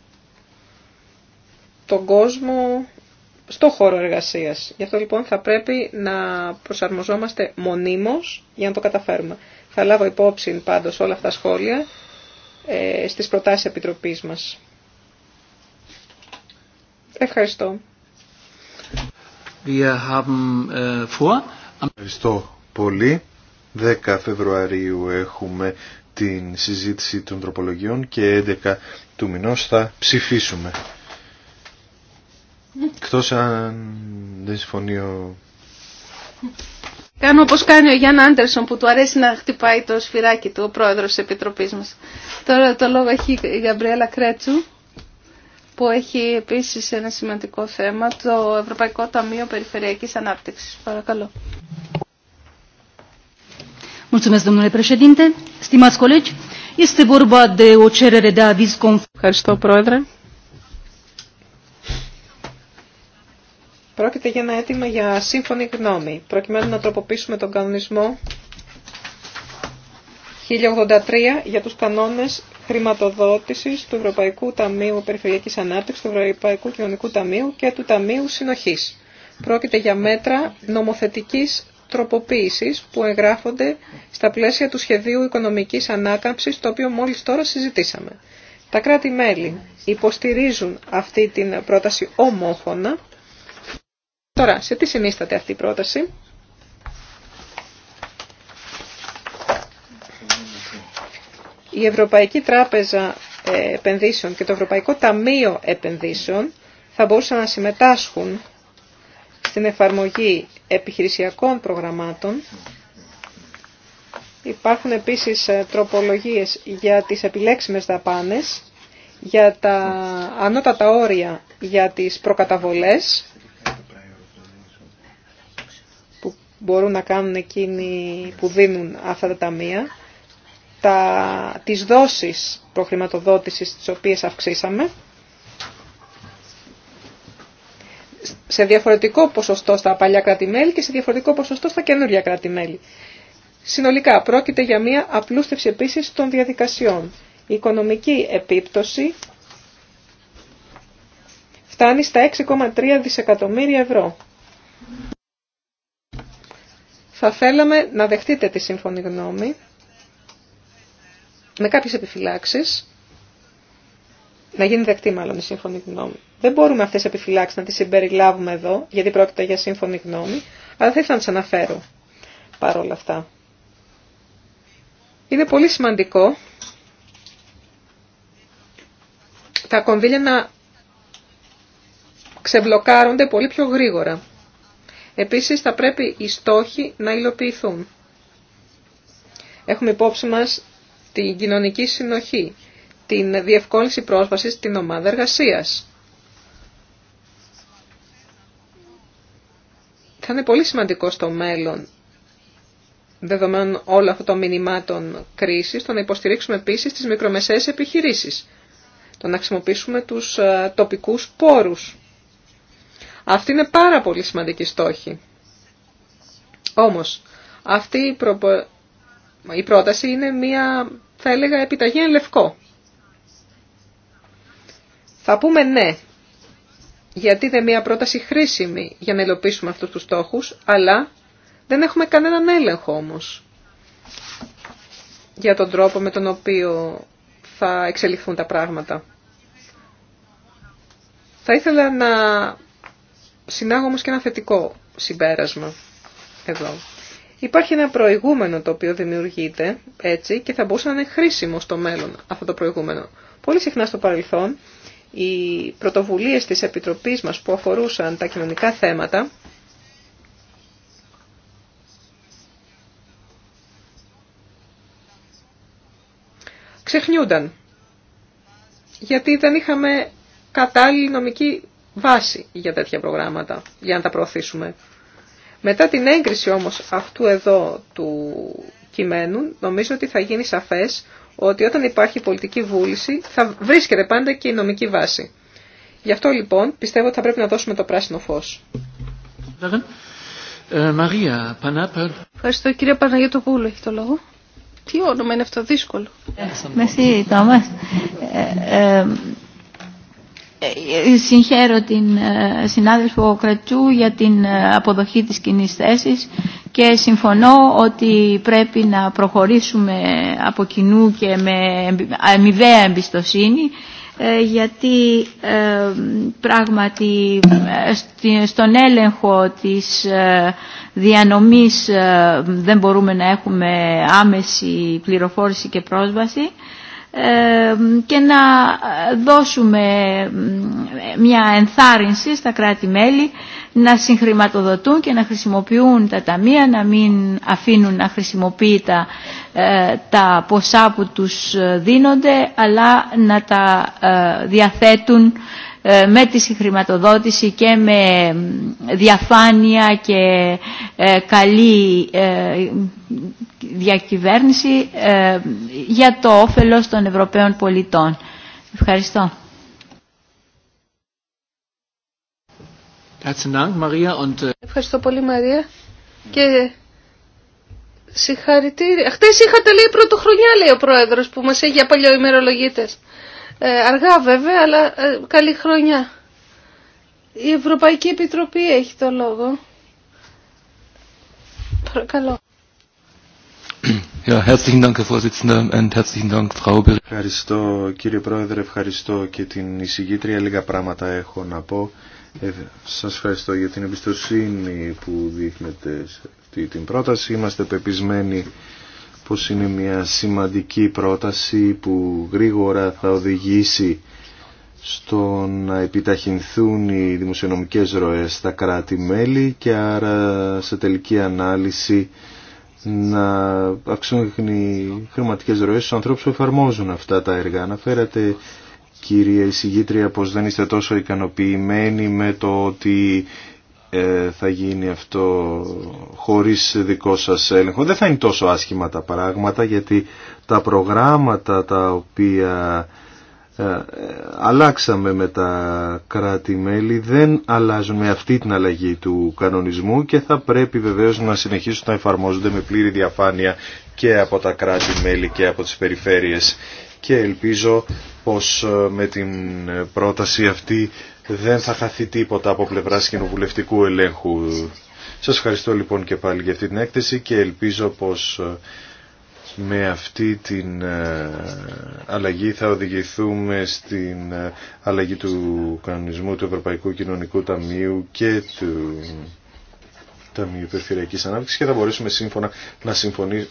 Speaker 4: τον κόσμο στο χώρο εργασίας. Γι' αυτό λοιπόν θα πρέπει να προσαρμοζόμαστε μονίμως για να το καταφέρουμε. Θα λάβω υπόψη πάντως όλα αυτά τα σχόλια ε, στις προτάσεις επιτροπής μας. Ευχαριστώ.
Speaker 2: Äh,
Speaker 1: Ευχαριστώ πολύ. 10 Φεβρουαρίου έχουμε την συζήτηση των τροπολογιών και 11 του μηνός θα ψηφίσουμε. Εκτός αν δεν συμφωνεί ο...
Speaker 3: Κάνω όπως κάνει ο Γιάννα Άντερσον που του αρέσει να χτυπάει το σφυράκι του, ο Πρόεδρο τη Επιτροπής μας. Τώρα το λόγο έχει η Γαμπριέλα Κρέτσου που έχει επίσης ένα σημαντικό θέμα, το Ευρωπαϊκό Ταμείο Περιφερειακής Ανάπτυξης. Παρακαλώ. Ευχαριστώ, Πρόεδρε.
Speaker 4: Πρόκειται για ένα αίτημα για σύμφωνη γνώμη, προκειμένου να τροποποιήσουμε τον κανονισμό 1083 για τους κανόνες χρηματοδότησης του Ευρωπαϊκού Ταμείου Περιφερειακής Ανάπτυξης, του Ευρωπαϊκού Κοινωνικού Ταμείου και του Ταμείου Συνοχής. Πρόκειται για μέτρα νομοθετικής τροποποίησης που εγγράφονται στα πλαίσια του σχεδίου οικονομικής ανάκαμψης, το οποίο μόλις τώρα συζητήσαμε. Τα κράτη-μέλη υποστηρίζουν αυτή την πρόταση ομόφωνα Τώρα, σε τι συνίσταται αυτή η πρόταση. Η Ευρωπαϊκή Τράπεζα ε, Επενδύσεων και το Ευρωπαϊκό Ταμείο Επενδύσεων θα μπορούσαν να συμμετάσχουν στην εφαρμογή επιχειρησιακών προγραμμάτων. Υπάρχουν επίσης ε, τροπολογίες για τις επιλέξιμες δαπάνες, για τα ανώτατα όρια για τις προκαταβολές μπορούν να κάνουν εκείνοι που δίνουν αυτά τα ταμεία, τα, τις δόσεις προχρηματοδότησης τις οποίες αυξήσαμε, σε διαφορετικό ποσοστό στα παλιά κράτη-μέλη και σε διαφορετικό ποσοστό στα καινούργια κράτη-μέλη. Συνολικά πρόκειται για μια απλούστευση επίσης των διαδικασιών. Η οικονομική επίπτωση φτάνει στα 6,3 δισεκατομμύρια ευρώ θα θέλαμε να δεχτείτε τη σύμφωνη γνώμη με κάποιες επιφυλάξεις, να γίνει δεκτή μάλλον η σύμφωνη γνώμη. Δεν μπορούμε αυτές τις επιφυλάξεις να τις συμπεριλάβουμε εδώ, γιατί πρόκειται για σύμφωνη γνώμη, αλλά θα ήθελα να τις αναφέρω παρόλα αυτά. Είναι πολύ σημαντικό τα κονδύλια να ξεμπλοκάρονται πολύ πιο γρήγορα. Επίσης θα πρέπει οι στόχοι να υλοποιηθούν. Έχουμε υπόψη μας την κοινωνική συνοχή, την διευκόλυνση πρόσβασης στην ομάδα εργασίας. Θα είναι πολύ σημαντικό στο μέλλον, δεδομένων όλων αυτών των μηνυμάτων κρίσης, το να υποστηρίξουμε επίσης τις μικρομεσαίες επιχειρήσεις, το να χρησιμοποιήσουμε τους ε, τοπικούς πόρους αυτή είναι πάρα πολύ σημαντική στόχη. Όμως, αυτή η, πρόταση είναι μία, θα έλεγα, επιταγή εν λευκό. Θα πούμε ναι, γιατί είναι μία πρόταση χρήσιμη για να υλοποιήσουμε αυτούς τους στόχους, αλλά δεν έχουμε κανέναν έλεγχο όμως για τον τρόπο με τον οποίο θα εξελιχθούν τα πράγματα. Θα ήθελα να συνάγω όμως και ένα θετικό συμπέρασμα εδώ. Υπάρχει ένα προηγούμενο το οποίο δημιουργείται έτσι και θα μπορούσε να είναι χρήσιμο στο μέλλον αυτό το προηγούμενο. Πολύ συχνά στο παρελθόν οι πρωτοβουλίες της Επιτροπής μας που αφορούσαν τα κοινωνικά θέματα ξεχνιούνταν γιατί δεν είχαμε κατάλληλη νομική βάση για τέτοια προγράμματα, για να τα προωθήσουμε. Μετά την έγκριση όμως αυτού εδώ του κειμένου, νομίζω ότι θα γίνει σαφές ότι όταν υπάρχει πολιτική βούληση θα βρίσκεται πάντα και η νομική βάση. Γι' αυτό λοιπόν πιστεύω ότι θα πρέπει να δώσουμε το πράσινο φως.
Speaker 2: Μαρία
Speaker 3: Ευχαριστώ κύριε Παναγιώτοπούλου, έχει το λόγο. Τι όνομα είναι αυτό δύσκολο. Μεσή,
Speaker 2: Τόμας. Ε, ε, ε, συγχαίρω την ε, συνάδελφο Κρατσού για την ε, αποδοχή της κοινή θέση και συμφωνώ ότι πρέπει να προχωρήσουμε από κοινού και με αμοιβαία εμπιστοσύνη γιατί πράγματι στον έλεγχο της διανομής δεν μπορούμε να έχουμε άμεση πληροφόρηση και πρόσβαση και να δώσουμε μια ενθάρρυνση στα κράτη-μέλη να συγχρηματοδοτούν και να χρησιμοποιούν τα ταμεία, να μην αφήνουν να χρησιμοποιείται ε, τα ποσά που τους ε, δίνονται, αλλά να τα ε, διαθέτουν ε, με τη συγχρηματοδότηση και με διαφάνεια και ε, καλή ε, διακυβέρνηση για το όφελος των Ευρωπαίων πολιτών. Ευχαριστώ. Äh, Ευχαριστώ
Speaker 3: πολύ Μαρία και συγχαρητήρια. Χτες είχατε λέει πρωτοχρονιά λέει ο πρόεδρος που μας έχει για ε, αργά βέβαια, αλλά ε, καλή χρονιά. Η Ευρωπαϊκή Επιτροπή έχει το λόγο. Παρακαλώ.
Speaker 1: Ευχαριστώ κύριε Πρόεδρε, ευχαριστώ και την εισηγήτρια. Λίγα πράγματα έχω να πω. Ε, σας ευχαριστώ για την εμπιστοσύνη που δείχνετε σε αυτή την πρόταση. Είμαστε πεπισμένοι πως είναι μια σημαντική πρόταση που γρήγορα θα οδηγήσει στο να επιταχυνθούν οι δημοσιονομικές ροές στα κράτη-μέλη και άρα σε τελική ανάλυση να αυξούν οι χρηματικές ροές στους ανθρώπους που εφαρμόζουν αυτά τα έργα. Αναφέρατε κύριε εισηγήτρια πως δεν είστε τόσο ικανοποιημένοι με το ότι ε, θα γίνει αυτό χωρίς δικό σας έλεγχο. Δεν θα είναι τόσο άσχημα τα πράγματα γιατί τα προγράμματα τα οποία ε, αλλάξαμε με τα κράτη-μέλη δεν αλλάζουν με αυτή την αλλαγή του κανονισμού και θα πρέπει βεβαίως να συνεχίσουν να εφαρμόζονται με πλήρη διαφάνεια και από τα κράτη-μέλη και από τις περιφέρειες και ελπίζω πως ε, με την πρόταση αυτή δεν θα χαθεί τίποτα από πλευράς κοινοβουλευτικού ελέγχου. Σας ευχαριστώ λοιπόν και πάλι για αυτή την έκθεση και ελπίζω πως ε, με αυτή την ε, αλλαγή θα οδηγηθούμε στην ε, αλλαγή του κανονισμού του Ευρωπαϊκού Κοινωνικού Ταμείου και του Ταμείου Περιφερειακής Ανάπτυξης και θα μπορέσουμε σύμφωνα να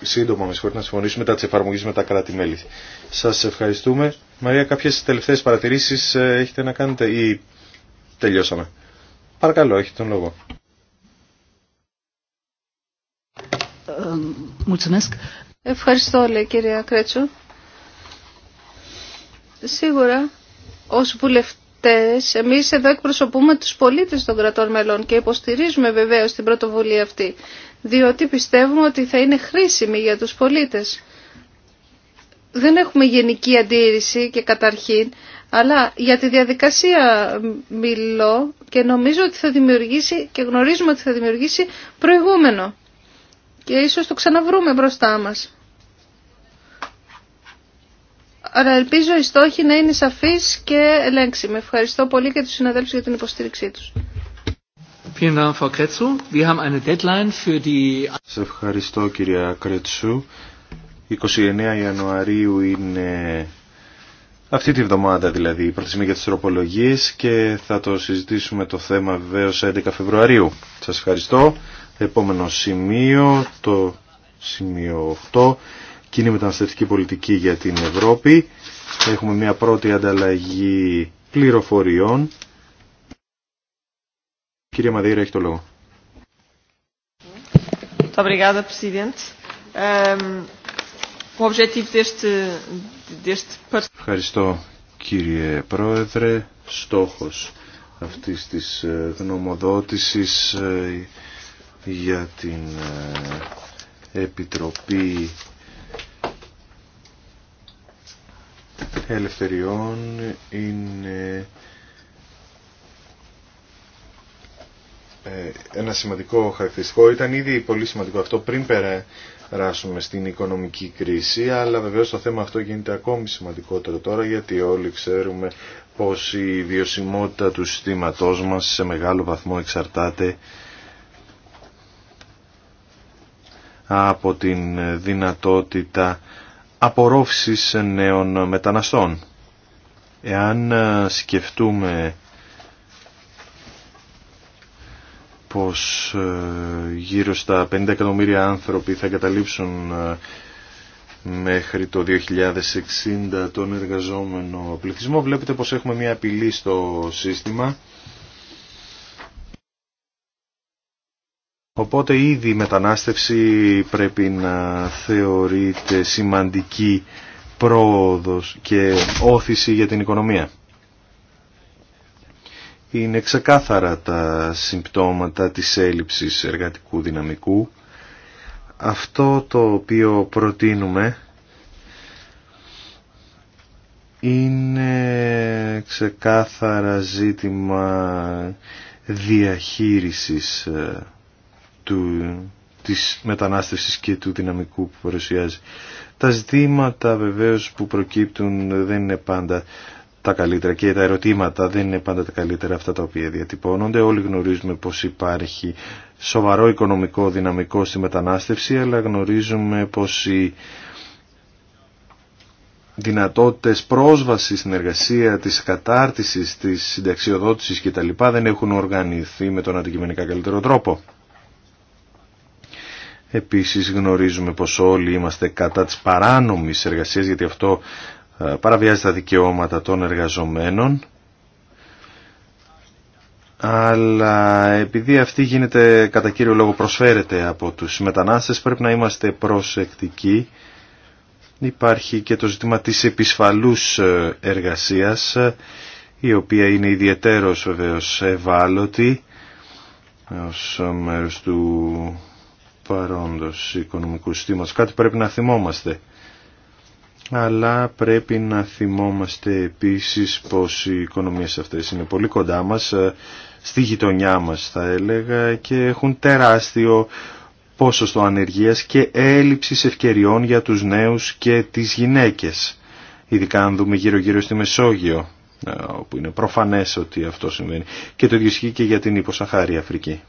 Speaker 1: σύντομα με να συμφωνήσουμε τα τις με τα κράτη-μέλη. Σας ευχαριστούμε. Μαρία, κάποιες τελευταίες παρατηρήσεις έχετε να κάνετε ή τελειώσαμε. Παρακαλώ, έχει τον λόγο.
Speaker 3: Ευχαριστώ, λέει κυρία Κρέτσο. Σίγουρα, ως βουλευτές, εμείς εδώ εκπροσωπούμε τους πολίτες των κρατών μελών και υποστηρίζουμε βεβαίως την πρωτοβουλία αυτή, διότι πιστεύουμε ότι θα είναι χρήσιμη για τους πολίτες. Δεν έχουμε γενική αντίρρηση και καταρχήν, αλλά για τη διαδικασία μιλώ και νομίζω ότι θα δημιουργήσει και γνωρίζουμε ότι θα δημιουργήσει προηγούμενο. Και ίσως το ξαναβρούμε μπροστά μας. Αλλά ελπίζω η στόχοι να είναι σαφείς και ελέγξιμοι. Ευχαριστώ πολύ και τους συναδέλφους για την υποστήριξή τους.
Speaker 1: Σε ευχαριστώ κυρία Κρέτσου. 29 Ιανουαρίου είναι αυτή τη βδομάδα δηλαδή η προθεσμία για τις τροπολογίες και θα το συζητήσουμε το θέμα βεβαίω 11 Φεβρουαρίου. Σας ευχαριστώ. Επόμενο σημείο, το σημείο 8, κοινή μεταναστευτική πολιτική για την Ευρώπη. Έχουμε μια πρώτη ανταλλαγή πληροφοριών. Κυρία Μαδίρα, έχει το λόγο. Ευχαριστώ κύριε Πρόεδρε. Στόχος αυτής της ε, γνωμοδότησης ε, για την ε, Επιτροπή Ελευθεριών είναι ένα σημαντικό χαρακτηριστικό. Ήταν ήδη πολύ σημαντικό αυτό πριν πέρα ράσουμε στην οικονομική κρίση, αλλά βεβαίως το θέμα αυτό γίνεται ακόμη σημαντικότερο τώρα γιατί όλοι ξέρουμε πως η βιωσιμότητα του συστήματός μας σε μεγάλο βαθμό εξαρτάται από την δυνατότητα απορρόφησης νέων μεταναστών. Εάν σκεφτούμε πως ε, γύρω στα 50 εκατομμύρια άνθρωποι θα καταλήψουν ε, μέχρι το 2060 τον εργαζόμενο πληθυσμό. Βλέπετε πως έχουμε μια απειλή στο σύστημα. Οπότε ήδη η μετανάστευση πρέπει να θεωρείται σημαντική πρόοδος και όθηση για την οικονομία είναι ξεκάθαρα τα συμπτώματα της έλλειψης εργατικού δυναμικού. Αυτό το οποίο προτείνουμε είναι ξεκάθαρα ζήτημα διαχείρισης ε, του, της μετανάστευσης και του δυναμικού που παρουσιάζει. Τα ζητήματα βεβαίως που προκύπτουν δεν είναι πάντα τα καλύτερα και τα ερωτήματα δεν είναι πάντα τα καλύτερα αυτά τα οποία διατυπώνονται. Όλοι γνωρίζουμε πως υπάρχει σοβαρό οικονομικό δυναμικό στη μετανάστευση αλλά γνωρίζουμε πως οι δυνατότητες πρόσβασης στην εργασία, της κατάρτισης, της συνταξιοδότησης κτλ. δεν έχουν οργανηθεί με τον αντικειμενικά καλύτερο τρόπο. Επίσης γνωρίζουμε πως όλοι είμαστε κατά της παράνομης εργασίας γιατί αυτό ε, παραβιάζει τα δικαιώματα των εργαζομένων αλλά επειδή αυτή γίνεται κατά κύριο λόγο προσφέρεται από τους μετανάστες πρέπει να είμαστε προσεκτικοί υπάρχει και το ζήτημα της επισφαλούς ε, εργασίας ε, η οποία είναι ιδιαιτέρως βεβαίως ευάλωτη ως μέρος του παρόντος οικονομικού συστήματος κάτι πρέπει να θυμόμαστε αλλά πρέπει να θυμόμαστε επίσης πως οι οικονομίες αυτές είναι πολύ κοντά μας, ε, στη γειτονιά μας θα έλεγα και έχουν τεράστιο στο ανεργίας και έλλειψης ευκαιριών για τους νέους και τις γυναίκες. Ειδικά αν δούμε γύρω-γύρω στη Μεσόγειο, ε, όπου είναι προφανές ότι αυτό συμβαίνει. Και το ίδιο ισχύει και για την υποσαχάρη Αφρική.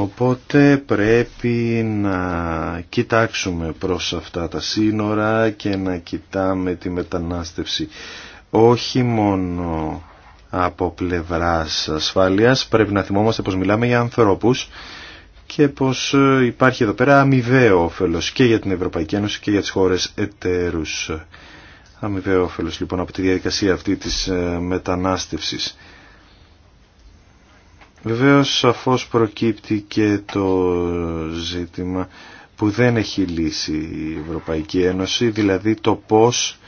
Speaker 1: Οπότε πρέπει να κοιτάξουμε προς αυτά τα σύνορα και να κοιτάμε τη μετανάστευση όχι μόνο από πλευράς ασφάλειας, πρέπει να θυμόμαστε πως μιλάμε για ανθρώπους και πως υπάρχει εδώ πέρα αμοιβαίο όφελος και για την Ευρωπαϊκή Ένωση και για τις χώρες εταίρους. Αμοιβαίο όφελος λοιπόν από τη διαδικασία αυτή της ε, μετανάστευσης. Βεβαίως σαφώς προκύπτει και το ζήτημα που δεν έχει λύσει η Ευρωπαϊκή Ένωση, δηλαδή το πώς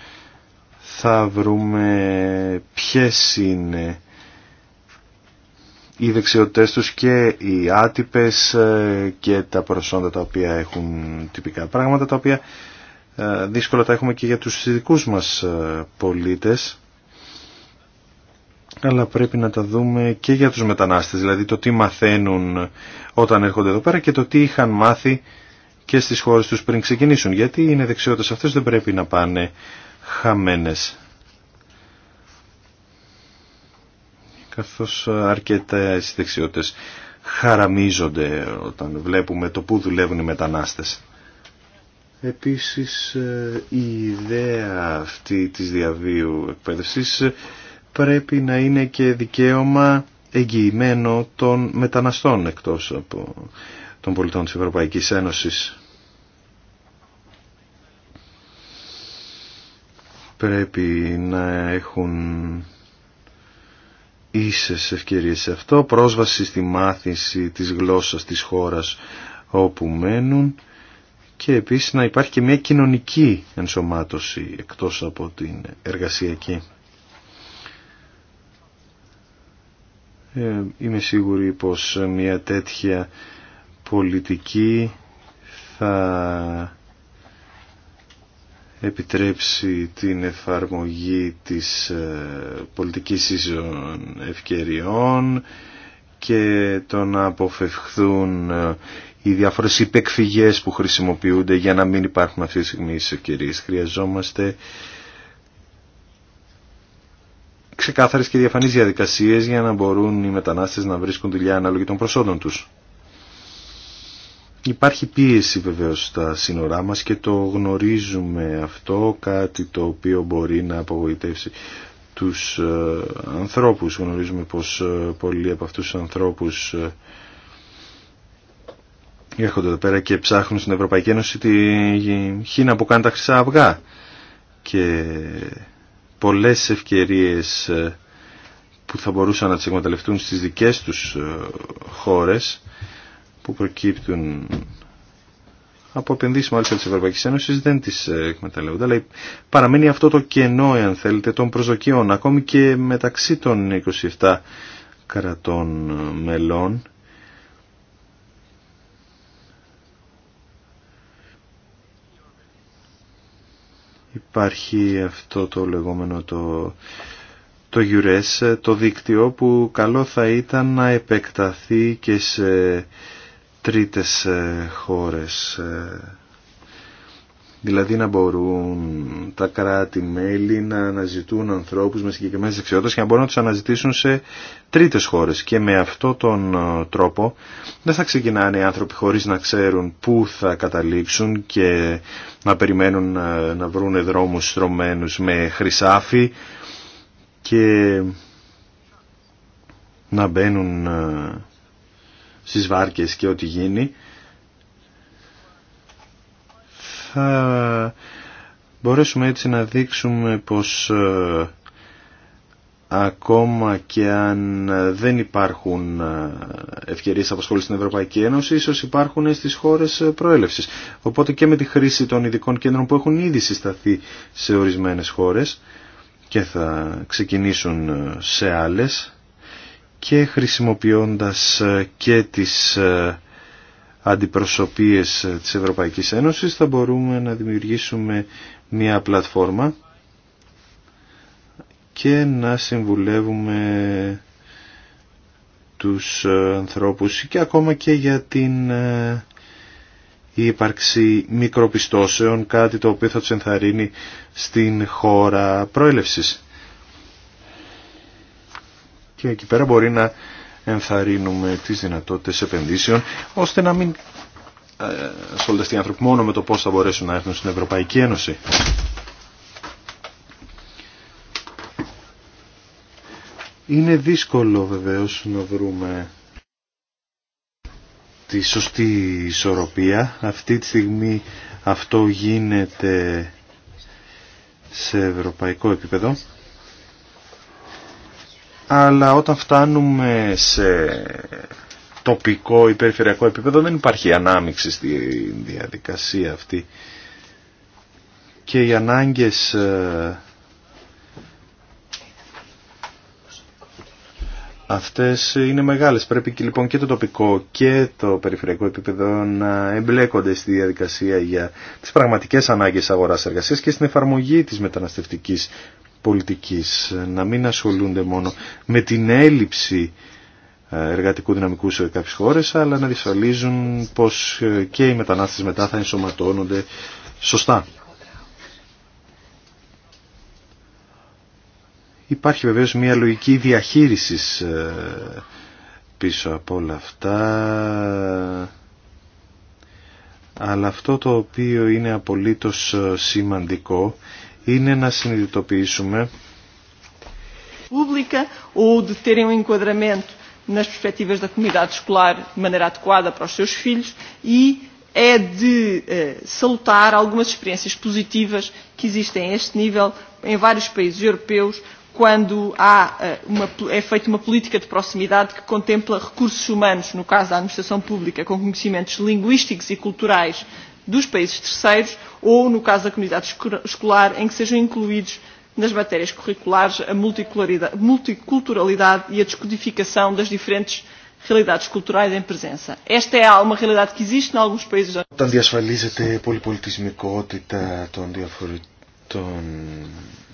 Speaker 1: θα βρούμε ποιες είναι οι δεξιότητες τους και οι άτυπες ε, και τα προσόντα τα οποία έχουν τυπικά πράγματα, τα οποία ε, δύσκολα τα έχουμε και για τους δικούς μας ε, πολίτες αλλά πρέπει να τα δούμε και για τους μετανάστες, δηλαδή το τι μαθαίνουν όταν έρχονται εδώ πέρα και το τι είχαν μάθει και στις χώρες τους πριν ξεκινήσουν, γιατί είναι δεξιότητες αυτές δεν πρέπει να πάνε χαμένες. Καθώς αρκετά οι δεξιότητες χαραμίζονται όταν βλέπουμε το πού δουλεύουν οι μετανάστες. Επίσης ε, η ιδέα αυτή της διαβίου εκπαίδευσης πρέπει να είναι και δικαίωμα εγγυημένο των μεταναστών εκτός από των πολιτών της Ευρωπαϊκής Ένωσης. Πρέπει να έχουν ίσες ευκαιρίες σε αυτό, πρόσβαση στη μάθηση της γλώσσας της χώρας όπου μένουν και επίσης να υπάρχει και μια κοινωνική ενσωμάτωση εκτός από την εργασιακή. Ε, είμαι σίγουρη πως μια τέτοια πολιτική θα επιτρέψει την εφαρμογή της ε, πολιτικής ίσων ευκαιριών και το να αποφευχθούν ε, οι διάφορες υπεκφυγές που χρησιμοποιούνται για να μην υπάρχουν αυτή τη στιγμή Χρειαζόμαστε ξεκάθαρες και διαφανείς διαδικασίες για να μπορούν οι μετανάστες να βρίσκουν δουλειά ανάλογη των προσόντων τους. Υπάρχει πίεση βεβαίως στα σύνορά μας και το γνωρίζουμε αυτό, κάτι το οποίο μπορεί να απογοητεύσει τους ε, ανθρώπους. Γνωρίζουμε πως ε, πολλοί από αυτούς τους ανθρώπους ε, έρχονται εδώ πέρα και ψάχνουν στην Ευρωπαϊκή Ένωση τη Χίνα που κάνει τα χρυσά αυγά. Και πολλές ευκαιρίες ε, που θα μπορούσαν να τις εκμεταλλευτούν στις δικές τους ε, χώρες που προκύπτουν από επενδύσεις μάλιστα της Ευρωπαϊκής Ένωσης δεν τις ε, εκμεταλλεύονται αλλά παραμένει αυτό το κενό αν θέλετε των προσδοκιών ακόμη και μεταξύ των 27 κρατών μελών υπάρχει αυτό το λεγόμενο το, το το δίκτυο που καλό θα ήταν να επεκταθεί και σε τρίτες ε, χώρες. Ε, Δηλαδή να μπορούν τα κράτη-μέλη να αναζητούν ανθρώπους με συγκεκριμένες δεξιότητες και να μπορούν να τους αναζητήσουν σε τρίτες χώρες. Και με αυτό τον ε, τρόπο δεν θα ξεκινάνε οι άνθρωποι χωρίς να ξέρουν πού θα καταλήξουν και να περιμένουν ε, να, να βρουν δρόμους στρωμένους με χρυσάφι και να μπαίνουν ε, στις βάρκες και ό,τι γίνει θα μπορέσουμε έτσι να δείξουμε πως ε, ακόμα και αν δεν υπάρχουν ε, ευκαιρίες απασχόλησης στην Ευρωπαϊκή Ένωση, ίσως υπάρχουν στις χώρες ε, προέλευσης. Οπότε και με τη χρήση των ειδικών κέντρων που έχουν ήδη συσταθεί σε ορισμένες χώρες και θα ξεκινήσουν σε άλλες και χρησιμοποιώντας και τις αντιπροσωπείες ε, της Ευρωπαϊκής Ένωσης θα μπορούμε να δημιουργήσουμε μια πλατφόρμα και να συμβουλεύουμε τους ε, ανθρώπους και ακόμα και για την ε, ύπαρξη μικροπιστώσεων, κάτι το οποίο θα του ενθαρρύνει στην χώρα προέλευσης. Και εκεί πέρα μπορεί να ενθαρρύνουμε τις δυνατότητες επενδύσεων ώστε να μην ε, ασχολούνται οι άνθρωποι μόνο με το πώς θα μπορέσουν να έρθουν στην Ευρωπαϊκή Ένωση. Είναι δύσκολο βεβαίως να βρούμε τη σωστή ισορροπία. Αυτή τη στιγμή αυτό γίνεται σε ευρωπαϊκό επίπεδο αλλά όταν φτάνουμε σε τοπικό ή περιφερειακό επίπεδο δεν υπάρχει ανάμειξη στη διαδικασία αυτή και οι ανάγκες ε, αυτές είναι μεγάλες. Πρέπει και λοιπόν και το τοπικό και το περιφερειακό επίπεδο να εμπλέκονται στη διαδικασία για τις πραγματικές ανάγκες αγοράς εργασίας και στην εφαρμογή της μεταναστευτικής πολιτικής, να μην ασχολούνται μόνο με την έλλειψη ε, εργατικού δυναμικού σε κάποιες χώρες, αλλά να δυσφαλίζουν πως ε, και οι μετανάστες μετά θα ενσωματώνονται σωστά. Υπάρχει βεβαίως μια λογική διαχείριση ε, πίσω από όλα αυτά, αλλά αυτό το οποίο είναι απολύτως σημαντικό είναι να συνειδητοποιήσουμε
Speaker 2: pública
Speaker 4: ou de terem um enquadramento nas perspectivas da comunidade escolar de maneira adequada para os seus filhos e é de salutar algumas experiências positivas que existem a este nível em vários países europeus quando há uma, é feita uma política de proximidade que contempla recursos humanos, no caso da administração pública, com conhecimentos linguísticos e culturais dos países terceiros ou, no caso da comunidade escolar, em que sejam incluídos nas matérias curriculares a multiculturalidade e a descodificação das diferentes realidades culturais em presença. Esta é uma realidade que existe em alguns países. Όταν
Speaker 1: διασφαλίζεται a πολυπολιτισμικότητα των, διαφορε...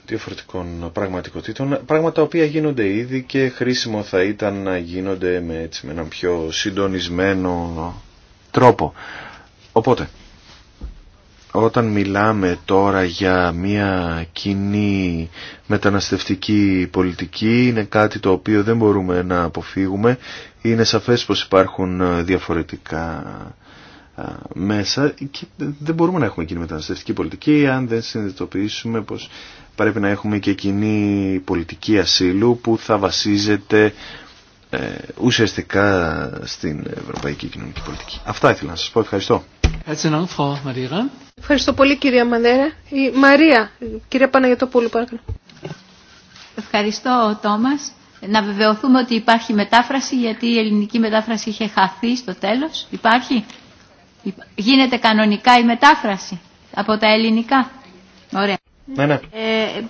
Speaker 1: διαφορετικών πραγματικοτήτων, πράγματα τα οποία γίνονται ήδη και χρήσιμο θα ήταν να γίνονται με, έτσι, με έναν πιο συντονισμένο τρόπο. Οπότε, όταν μιλάμε τώρα για μια κοινή μεταναστευτική πολιτική είναι κάτι το οποίο δεν μπορούμε να αποφύγουμε. Είναι σαφές πως υπάρχουν ε, διαφορετικά ε, μέσα και δεν μπορούμε να έχουμε κοινή μεταναστευτική πολιτική αν δεν συνειδητοποιήσουμε πως πρέπει να έχουμε και κοινή πολιτική ασύλου που θα βασίζεται ε, ουσιαστικά στην ευρωπαϊκή κοινωνική πολιτική. Αυτά ήθελα να σας πω. Ευχαριστώ.
Speaker 3: Ευχαριστώ πολύ κυρία Μανέρα. Η Μαρία, κυρία Παναγιωτοπούλου παρακαλώ.
Speaker 2: Ευχαριστώ Τόμας. Να βεβαιωθούμε ότι υπάρχει μετάφραση γιατί η ελληνική μετάφραση είχε χαθεί στο τέλος. Υπάρχει. Γίνεται κανονικά η μετάφραση από τα ελληνικά. Ωραία. Ναι, ναι. Ε, ε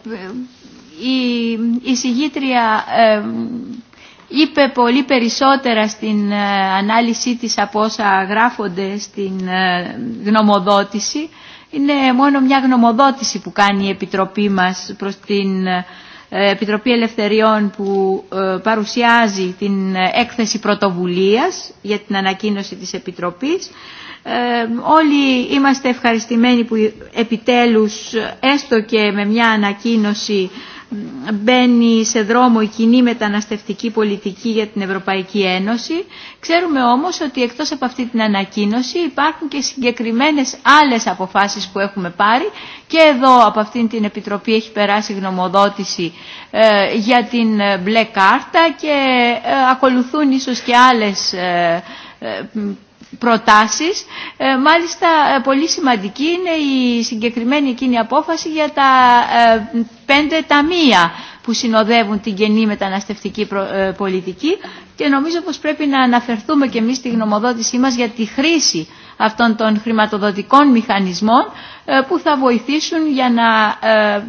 Speaker 2: η, η συγγήτρια ε, είπε πολύ περισσότερα στην ε, ανάλυση της από όσα γράφονται στην ε, γνωμοδότηση. Είναι μόνο μια γνωμοδότηση που κάνει η Επιτροπή μας προς την ε, Επιτροπή Ελευθεριών που παρουσιάζει την έκθεση πρωτοβουλίας για την ανακοίνωση της Επιτροπής. Όλοι είμαστε ευχαριστημένοι που επιτέλους έστω και με μια ανακοίνωση μπαίνει σε δρόμο η κοινή μεταναστευτική πολιτική για την Ευρωπαϊκή Ένωση. Ξέρουμε όμως ότι εκτός από αυτή την ανακοίνωση υπάρχουν και συγκεκριμένες άλλες αποφάσεις που έχουμε πάρει και εδώ από αυτήν την Επιτροπή έχει περάσει γνωμοδότηση ε, για την ε, μπλε κάρτα και ε, ακολουθούν ίσως και άλλες προτάσεις. Ε, μάλιστα ε, πολύ σημαντική είναι η συγκεκριμένη εκείνη απόφαση για τα ε, πέντε ταμεία που συνοδεύουν την καινή μεταναστευτική ε, πολιτική και νομίζω πως πρέπει να αναφερθούμε και εμείς στη γνωμοδότησή μας για τη χρήση αυτών των χρηματοδοτικών μηχανισμών ε, που θα βοηθήσουν για να ε,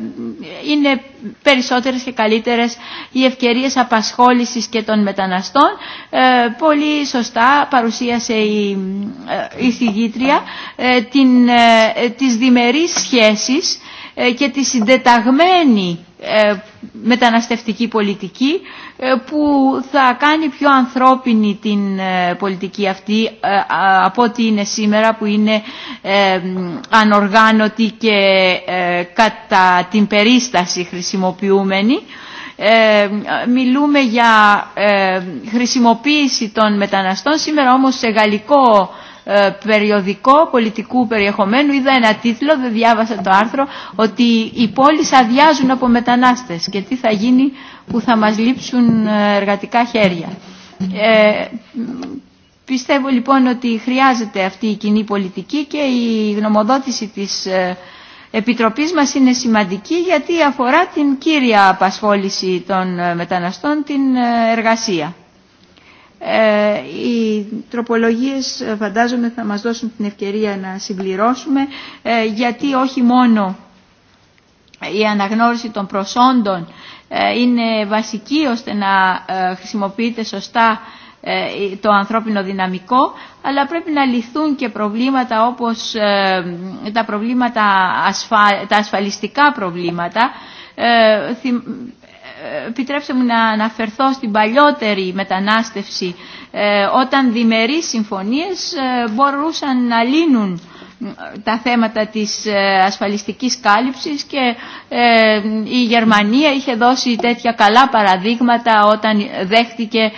Speaker 2: είναι περισσότερες και καλύτερες οι ευκαιρίες απασχόλησης και των μεταναστών. Ε, πολύ σωστά παρουσίασε η, η της την, τις σχέσεις ε, και τη συντεταγμένη ε, μεταναστευτική πολιτική ε, που θα κάνει πιο ανθρώπινη την πολιτική αυτή από ό,τι είναι σήμερα που είναι ανοργάνωτη και κατά την περίσταση χρησιμοποιούμενη. Μιλούμε για χρησιμοποίηση των μεταναστών σήμερα όμως σε γαλλικό ε, περιοδικό πολιτικού περιεχομένου είδα ένα τίτλο, δεν διάβασα το άρθρο ότι οι πόλεις αδειάζουν από μετανάστες και τι θα γίνει που θα μας λείψουν ε, εργατικά χέρια. Ε, πιστεύω λοιπόν ότι χρειάζεται αυτή η κοινή πολιτική και η γνωμοδότηση της ε, Επιτροπής μας είναι σημαντική γιατί αφορά την κύρια απασχόληση των μεταναστών, την εργασία. Ε, οι τροπολογίες ε, φαντάζομαι θα μας δώσουν την ευκαιρία να συμπληρώσουμε ε, γιατί όχι μόνο η αναγνώριση των προσόντων είναι βασική ώστε να χρησιμοποιείται σωστά το ανθρώπινο δυναμικό αλλά πρέπει να λυθούν και προβλήματα όπως τα, προβλήματα, τα ασφαλιστικά προβλήματα επιτρέψτε μου να αναφερθώ στην παλιότερη μετανάστευση ε, όταν διμερείς συμφωνίες ε, μπορούσαν να λύνουν τα θέματα της ε, ασφαλιστικής κάλυψης και η Γερμανία είχε δώσει τέτοια καλά παραδείγματα όταν δέχτηκε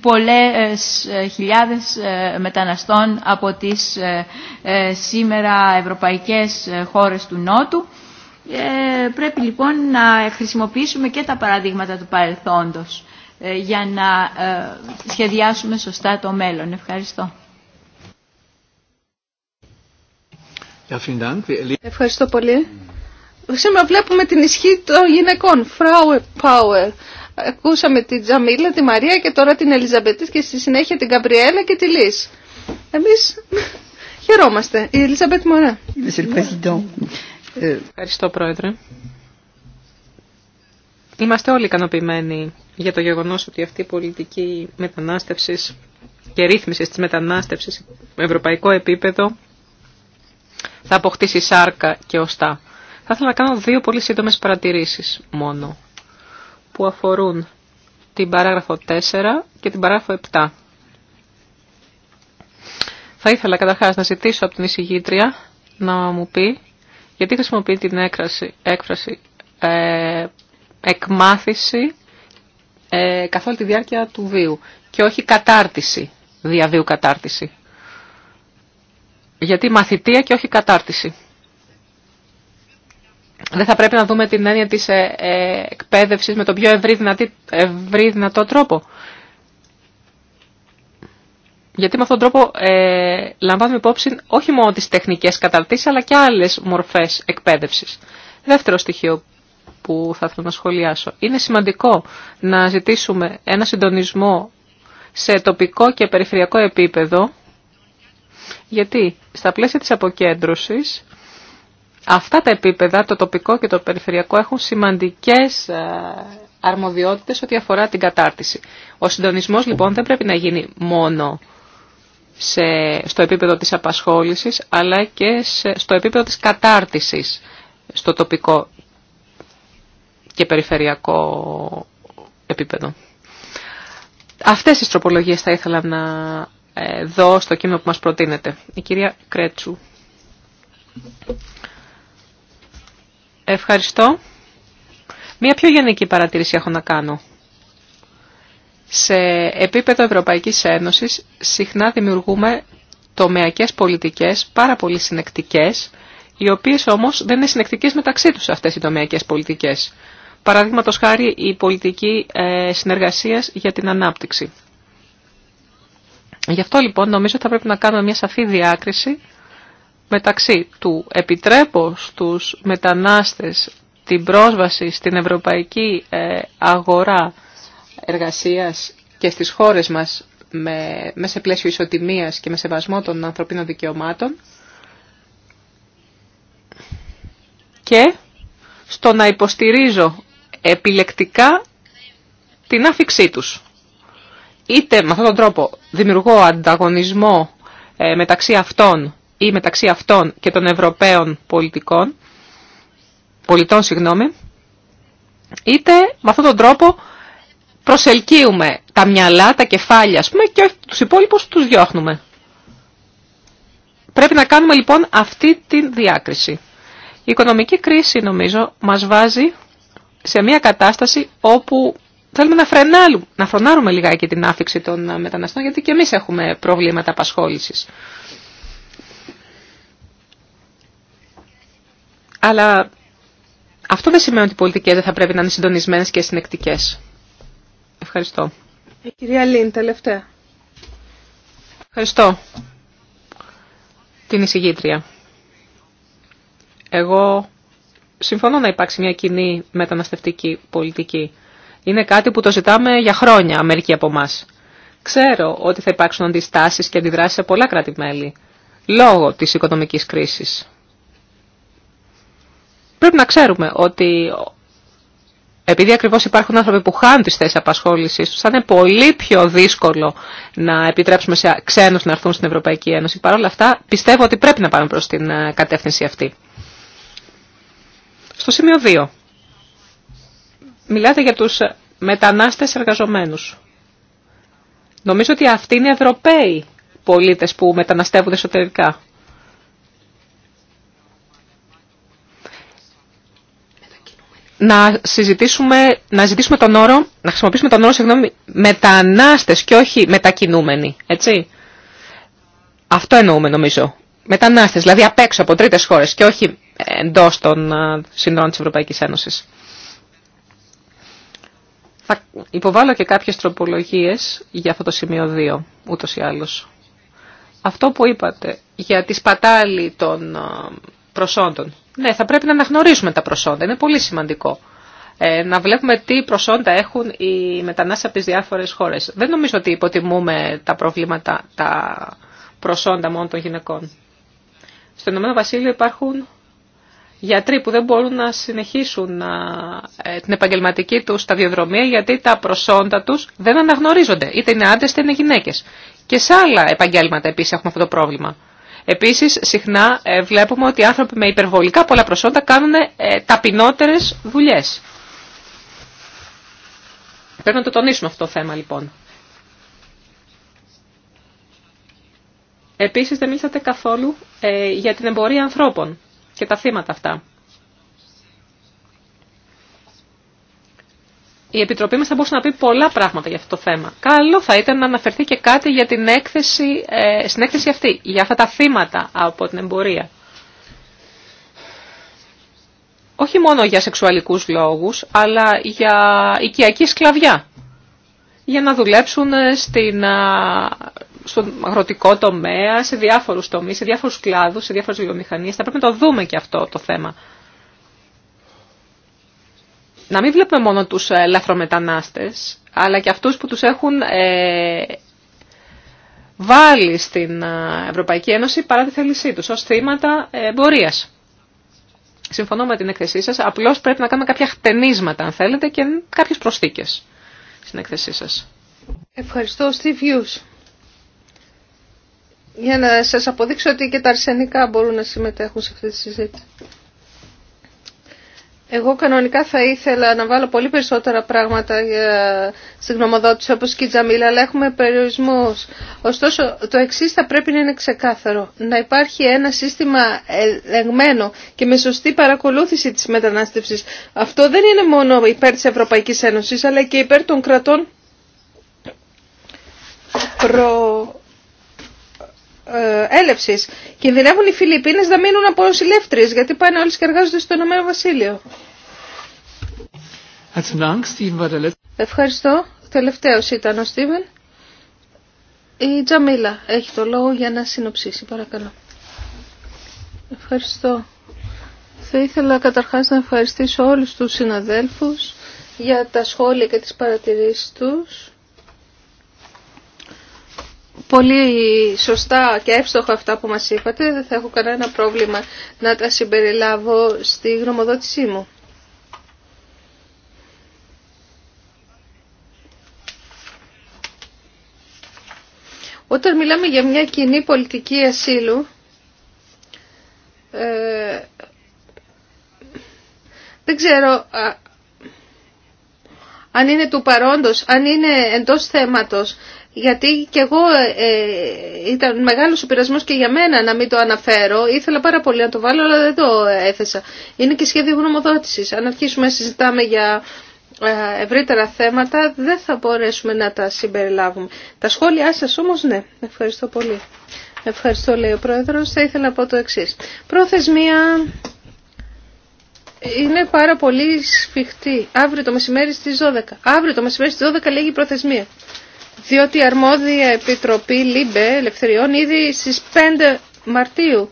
Speaker 2: πολλές χιλιάδες μεταναστών από τις σήμερα ευρωπαϊκές χώρες του Νότου ε, πρέπει λοιπόν να χρησιμοποιήσουμε και τα παραδείγματα του παρελθόντος ε, για να ε, σχεδιάσουμε σωστά το μέλλον. Ευχαριστώ.
Speaker 3: Ευχαριστώ πολύ. Σήμερα βλέπουμε την ισχύ των γυναικών. Frau Power. Ακούσαμε την Τζαμίλα, τη Μαρία και τώρα την Ελιζαμπετή και στη συνέχεια την Καμπριέλα και τη Λύ. Εμείς χαιρόμαστε. Η Ελιζαμπετ Μωρά.
Speaker 4: Ευχαριστώ, Πρόεδρε. Είμαστε όλοι ικανοποιημένοι για το γεγονός ότι αυτή η πολιτική μετανάστευσης και ρύθμισης της μετανάστευσης σε ευρωπαϊκό επίπεδο θα αποκτήσει σάρκα και οστά. Θα ήθελα να κάνω δύο πολύ σύντομες παρατηρήσεις μόνο που αφορούν την παράγραφο 4 και την παράγραφο 7. Θα ήθελα καταρχάς να ζητήσω από την εισηγήτρια να μου πει γιατί χρησιμοποιεί την έκραση, έκφραση ε, εκμάθηση ε, καθ' τη διάρκεια του βίου και όχι κατάρτιση, διαβίου κατάρτιση. Γιατί μαθητεία και όχι κατάρτιση. Δεν θα πρέπει να δούμε την έννοια της ε, ε εκπαίδευσης με τον πιο ευρύ, δυνατή, ευρύ δυνατό τρόπο γιατί με αυτόν τον τρόπο ε, λαμβάνουμε υπόψη όχι μόνο τις τεχνικές καταρτήσεις, αλλά και άλλες μορφές εκπαίδευσης. Δεύτερο στοιχείο που θα ήθελα να σχολιάσω. Είναι σημαντικό να ζητήσουμε ένα συντονισμό σε τοπικό και περιφερειακό επίπεδο, γιατί στα πλαίσια της αποκέντρωσης, αυτά τα επίπεδα, το τοπικό και το περιφερειακό, έχουν σημαντικές ε, αρμοδιότητες ό,τι αφορά την κατάρτιση. Ο συντονισμός λοιπόν δεν πρέπει να γίνει μόνο σε, στο επίπεδο της απασχόλησης αλλά και σε, στο επίπεδο της κατάρτισης στο τοπικό και περιφερειακό επίπεδο. Αυτές τις τροπολογίες θα ήθελα να ε, δω στο κείμενο που μας προτείνεται. Η κυρία Κρέτσου. Ευχαριστώ. Μία πιο γενική παρατήρηση έχω να κάνω. Σε επίπεδο Ευρωπαϊκής Ένωσης συχνά δημιουργούμε τομεακές πολιτικές πάρα πολύ συνεκτικές, οι οποίες όμως δεν είναι συνεκτικές μεταξύ τους αυτές οι τομεακές πολιτικές. Παραδείγματο χάρη η πολιτική ε, συνεργασίας για την ανάπτυξη. Γι' αυτό λοιπόν νομίζω θα πρέπει να κάνουμε μια σαφή διάκριση μεταξύ του επιτρέπω στους μετανάστες την πρόσβαση στην ευρωπαϊκή ε, αγορά εργασίας και στις χώρες μας με, με σε πλαίσιο ισοτιμίας και με σεβασμό των ανθρωπίνων δικαιωμάτων και στο να υποστηρίζω επιλεκτικά την άφηξή τους. Είτε με αυτόν τον τρόπο δημιουργώ ανταγωνισμό ε, μεταξύ αυτών ή μεταξύ αυτών και των Ευρωπαίων πολιτικών, πολιτών, συγγνώμη, είτε με αυτόν τον τρόπο προσελκύουμε τα μυαλά, τα κεφάλια, ας πούμε, και τους υπόλοιπους τους διώχνουμε. Πρέπει να κάνουμε λοιπόν αυτή τη διάκριση. Η οικονομική κρίση, νομίζω, μας βάζει σε μια κατάσταση όπου θέλουμε να, φρενάλουμε, να φρονάρουμε λιγάκι την άφηξη των μεταναστών, γιατί και εμείς έχουμε προβλήματα απασχόλησης. Αλλά αυτό δεν σημαίνει ότι οι πολιτικές δεν θα πρέπει να είναι συντονισμένες και συνεκτικές. Ευχαριστώ.
Speaker 3: Η κυρία Λίν, τελευταία.
Speaker 4: Ευχαριστώ την εισηγήτρια. Εγώ συμφωνώ να υπάρξει μια κοινή μεταναστευτική πολιτική. Είναι κάτι που το ζητάμε για χρόνια μερικοί από εμά. Ξέρω ότι θα υπάρξουν αντιστάσεις και αντιδράσεις σε πολλά κράτη-μέλη λόγω της οικονομικής κρίσης. Πρέπει να ξέρουμε ότι επειδή ακριβώς υπάρχουν άνθρωποι που χάνουν τις θέσεις απασχόλησης τους, θα είναι πολύ πιο δύσκολο να επιτρέψουμε σε ξένους να έρθουν στην Ευρωπαϊκή Ένωση. Παρ' όλα αυτά, πιστεύω ότι πρέπει να πάμε προς την ε, κατεύθυνση αυτή. Στο σημείο 2. Μιλάτε για τους ε, μετανάστες εργαζομένους. Νομίζω ότι αυτοί είναι Ευρωπαίοι πολίτες που μεταναστεύουν εσωτερικά. να συζητήσουμε, να ζητήσουμε τον όρο, να χρησιμοποιήσουμε τον όρο, συγγνώμη, μετανάστες και όχι μετακινούμενοι, έτσι. Αυτό εννοούμε νομίζω. Μετανάστες, δηλαδή απ' έξω από τρίτες χώρες και όχι εντός των συνόρων της Ευρωπαϊκής Ένωσης. Θα υποβάλω και κάποιες τροπολογίες για αυτό το σημείο 2, ούτως ή άλλως. Αυτό που είπατε για τη σπατάλη των προσόντων. Ναι, θα πρέπει να αναγνωρίσουμε τα προσόντα. Είναι πολύ σημαντικό. Ε, να βλέπουμε τι προσόντα έχουν οι μετανάστες από τις διάφορες χώρες. Δεν νομίζω ότι υποτιμούμε τα προβλήματα, τα προσόντα μόνο των γυναικών. Στο Ηνωμένο Βασίλειο υπάρχουν γιατροί που δεν μπορούν να συνεχίσουν ε, την επαγγελματική του σταδιοδρομία γιατί τα προσόντα τους δεν αναγνωρίζονται. Είτε είναι άντρες είτε είναι γυναίκες. Και σε άλλα επαγγέλματα επίσης έχουμε αυτό το πρόβλημα. Επίση, συχνά ε, βλέπουμε ότι άνθρωποι με υπερβολικά πολλά προσόντα κάνουν ε, ταπεινότερε δουλειές. Πρέπει να το τονίσουμε αυτό το θέμα, λοιπόν. Επίσης, δεν μίλησατε καθόλου ε, για την εμπορία ανθρώπων και τα θύματα αυτά. η Επιτροπή μας θα μπορούσε να πει πολλά πράγματα για αυτό το θέμα. Καλό θα ήταν να αναφερθεί και κάτι για την έκθεση, ε, στην έκθεση αυτή, για αυτά τα θύματα από την εμπορία. Όχι μόνο για σεξουαλικούς λόγους, αλλά για οικιακή σκλαβιά. Για να δουλέψουν ε, στην, στον αγροτικό τομέα, σε διάφορους τομείς, σε διάφορους κλάδους, σε διάφορες βιομηχανίες. Θα πρέπει να το δούμε και αυτό το θέμα να μην βλέπουμε μόνο τους ε, λαθρομετανάστες, αλλά και αυτούς που τους έχουν ε, βάλει στην ε, Ευρωπαϊκή Ένωση παρά τη θέλησή τους, ως θύματα εμπορίας. Συμφωνώ με την έκθεσή σας, απλώς πρέπει να κάνουμε κάποια χτενίσματα, αν θέλετε, και κάποιες προσθήκες στην έκθεσή σας.
Speaker 3: Ευχαριστώ, Steve Hughes. Για να σας αποδείξω ότι και τα αρσενικά μπορούν να συμμετέχουν σε αυτή τη συζήτηση. Εγώ κανονικά θα ήθελα να βάλω πολύ περισσότερα πράγματα στην γνωμοδότηση όπως και η Τζαμίλα, αλλά έχουμε περιορισμούς. Ωστόσο, το εξή θα πρέπει να είναι ξεκάθαρο. Να υπάρχει ένα σύστημα ελεγμένο και με σωστή παρακολούθηση της μετανάστευσης. Αυτό δεν είναι μόνο υπέρ της Ευρωπαϊκής Ένωσης, αλλά και υπέρ των κρατών προ ε, έλευσης. Κινδυνεύουν οι Φιλιππίνες να μείνουν από νοσηλεύτριες γιατί πάνε όλες και εργάζονται στο Ηνωμένο Βασίλειο. Ευχαριστώ. Τελευταίος ήταν ο Στίβεν. Η Τζαμίλα έχει το λόγο για να συνοψίσει. Παρακαλώ. Ευχαριστώ. Θα ήθελα καταρχάς να ευχαριστήσω όλους τους συναδέλφους για τα σχόλια και τις παρατηρήσεις τους πολύ σωστά και εύστοχα αυτά που μας είπατε. Δεν θα έχω κανένα πρόβλημα να τα συμπεριλάβω στη γνωμοδότησή μου. Όταν μιλάμε για μια κοινή πολιτική ασύλου, ε, δεν ξέρω αν είναι του παρόντος, αν είναι εντός θέματος γιατί και εγώ ε, ε, ήταν μεγάλο ο πειρασμός και για μένα να μην το αναφέρω. Ήθελα πάρα πολύ να το βάλω, αλλά δεν το έθεσα. Είναι και σχέδιο γνωμοδότηση. Αν αρχίσουμε να συζητάμε για ε, ευρύτερα θέματα, δεν θα μπορέσουμε να τα συμπεριλάβουμε. Τα σχόλιά σα όμω, ναι. Ευχαριστώ πολύ. Ευχαριστώ, λέει ο Πρόεδρο. Θα ήθελα να πω το εξή. Προθεσμία είναι πάρα πολύ σφιχτή. Αύριο το μεσημέρι στις 12. Αύριο το μεσημέρι στις 12 λέγει η προθεσμία διότι η αρμόδια επιτροπή ΛΥΜΠΕ Ελευθεριών ήδη στις 5 Μαρτίου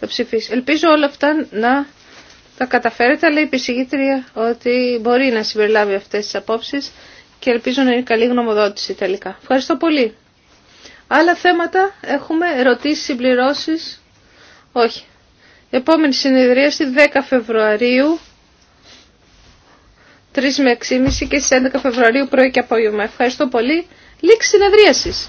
Speaker 3: θα ψηφίσει. Ελπίζω όλα αυτά να τα καταφέρετε, αλλά η επισηγήτρια ότι μπορεί να συμπεριλάβει αυτές τις απόψεις και ελπίζω να είναι καλή γνωμοδότηση τελικά. Ευχαριστώ πολύ. Άλλα θέματα έχουμε, ερωτήσεις, συμπληρώσεις. Όχι. Επόμενη συνεδρία στη 10 Φεβρουαρίου, 3 με 6.30 και στις 11 Φεβρουαρίου πρωί και απόγευμα. Ευχαριστώ πολύ. Λήξη συνεδρίασης.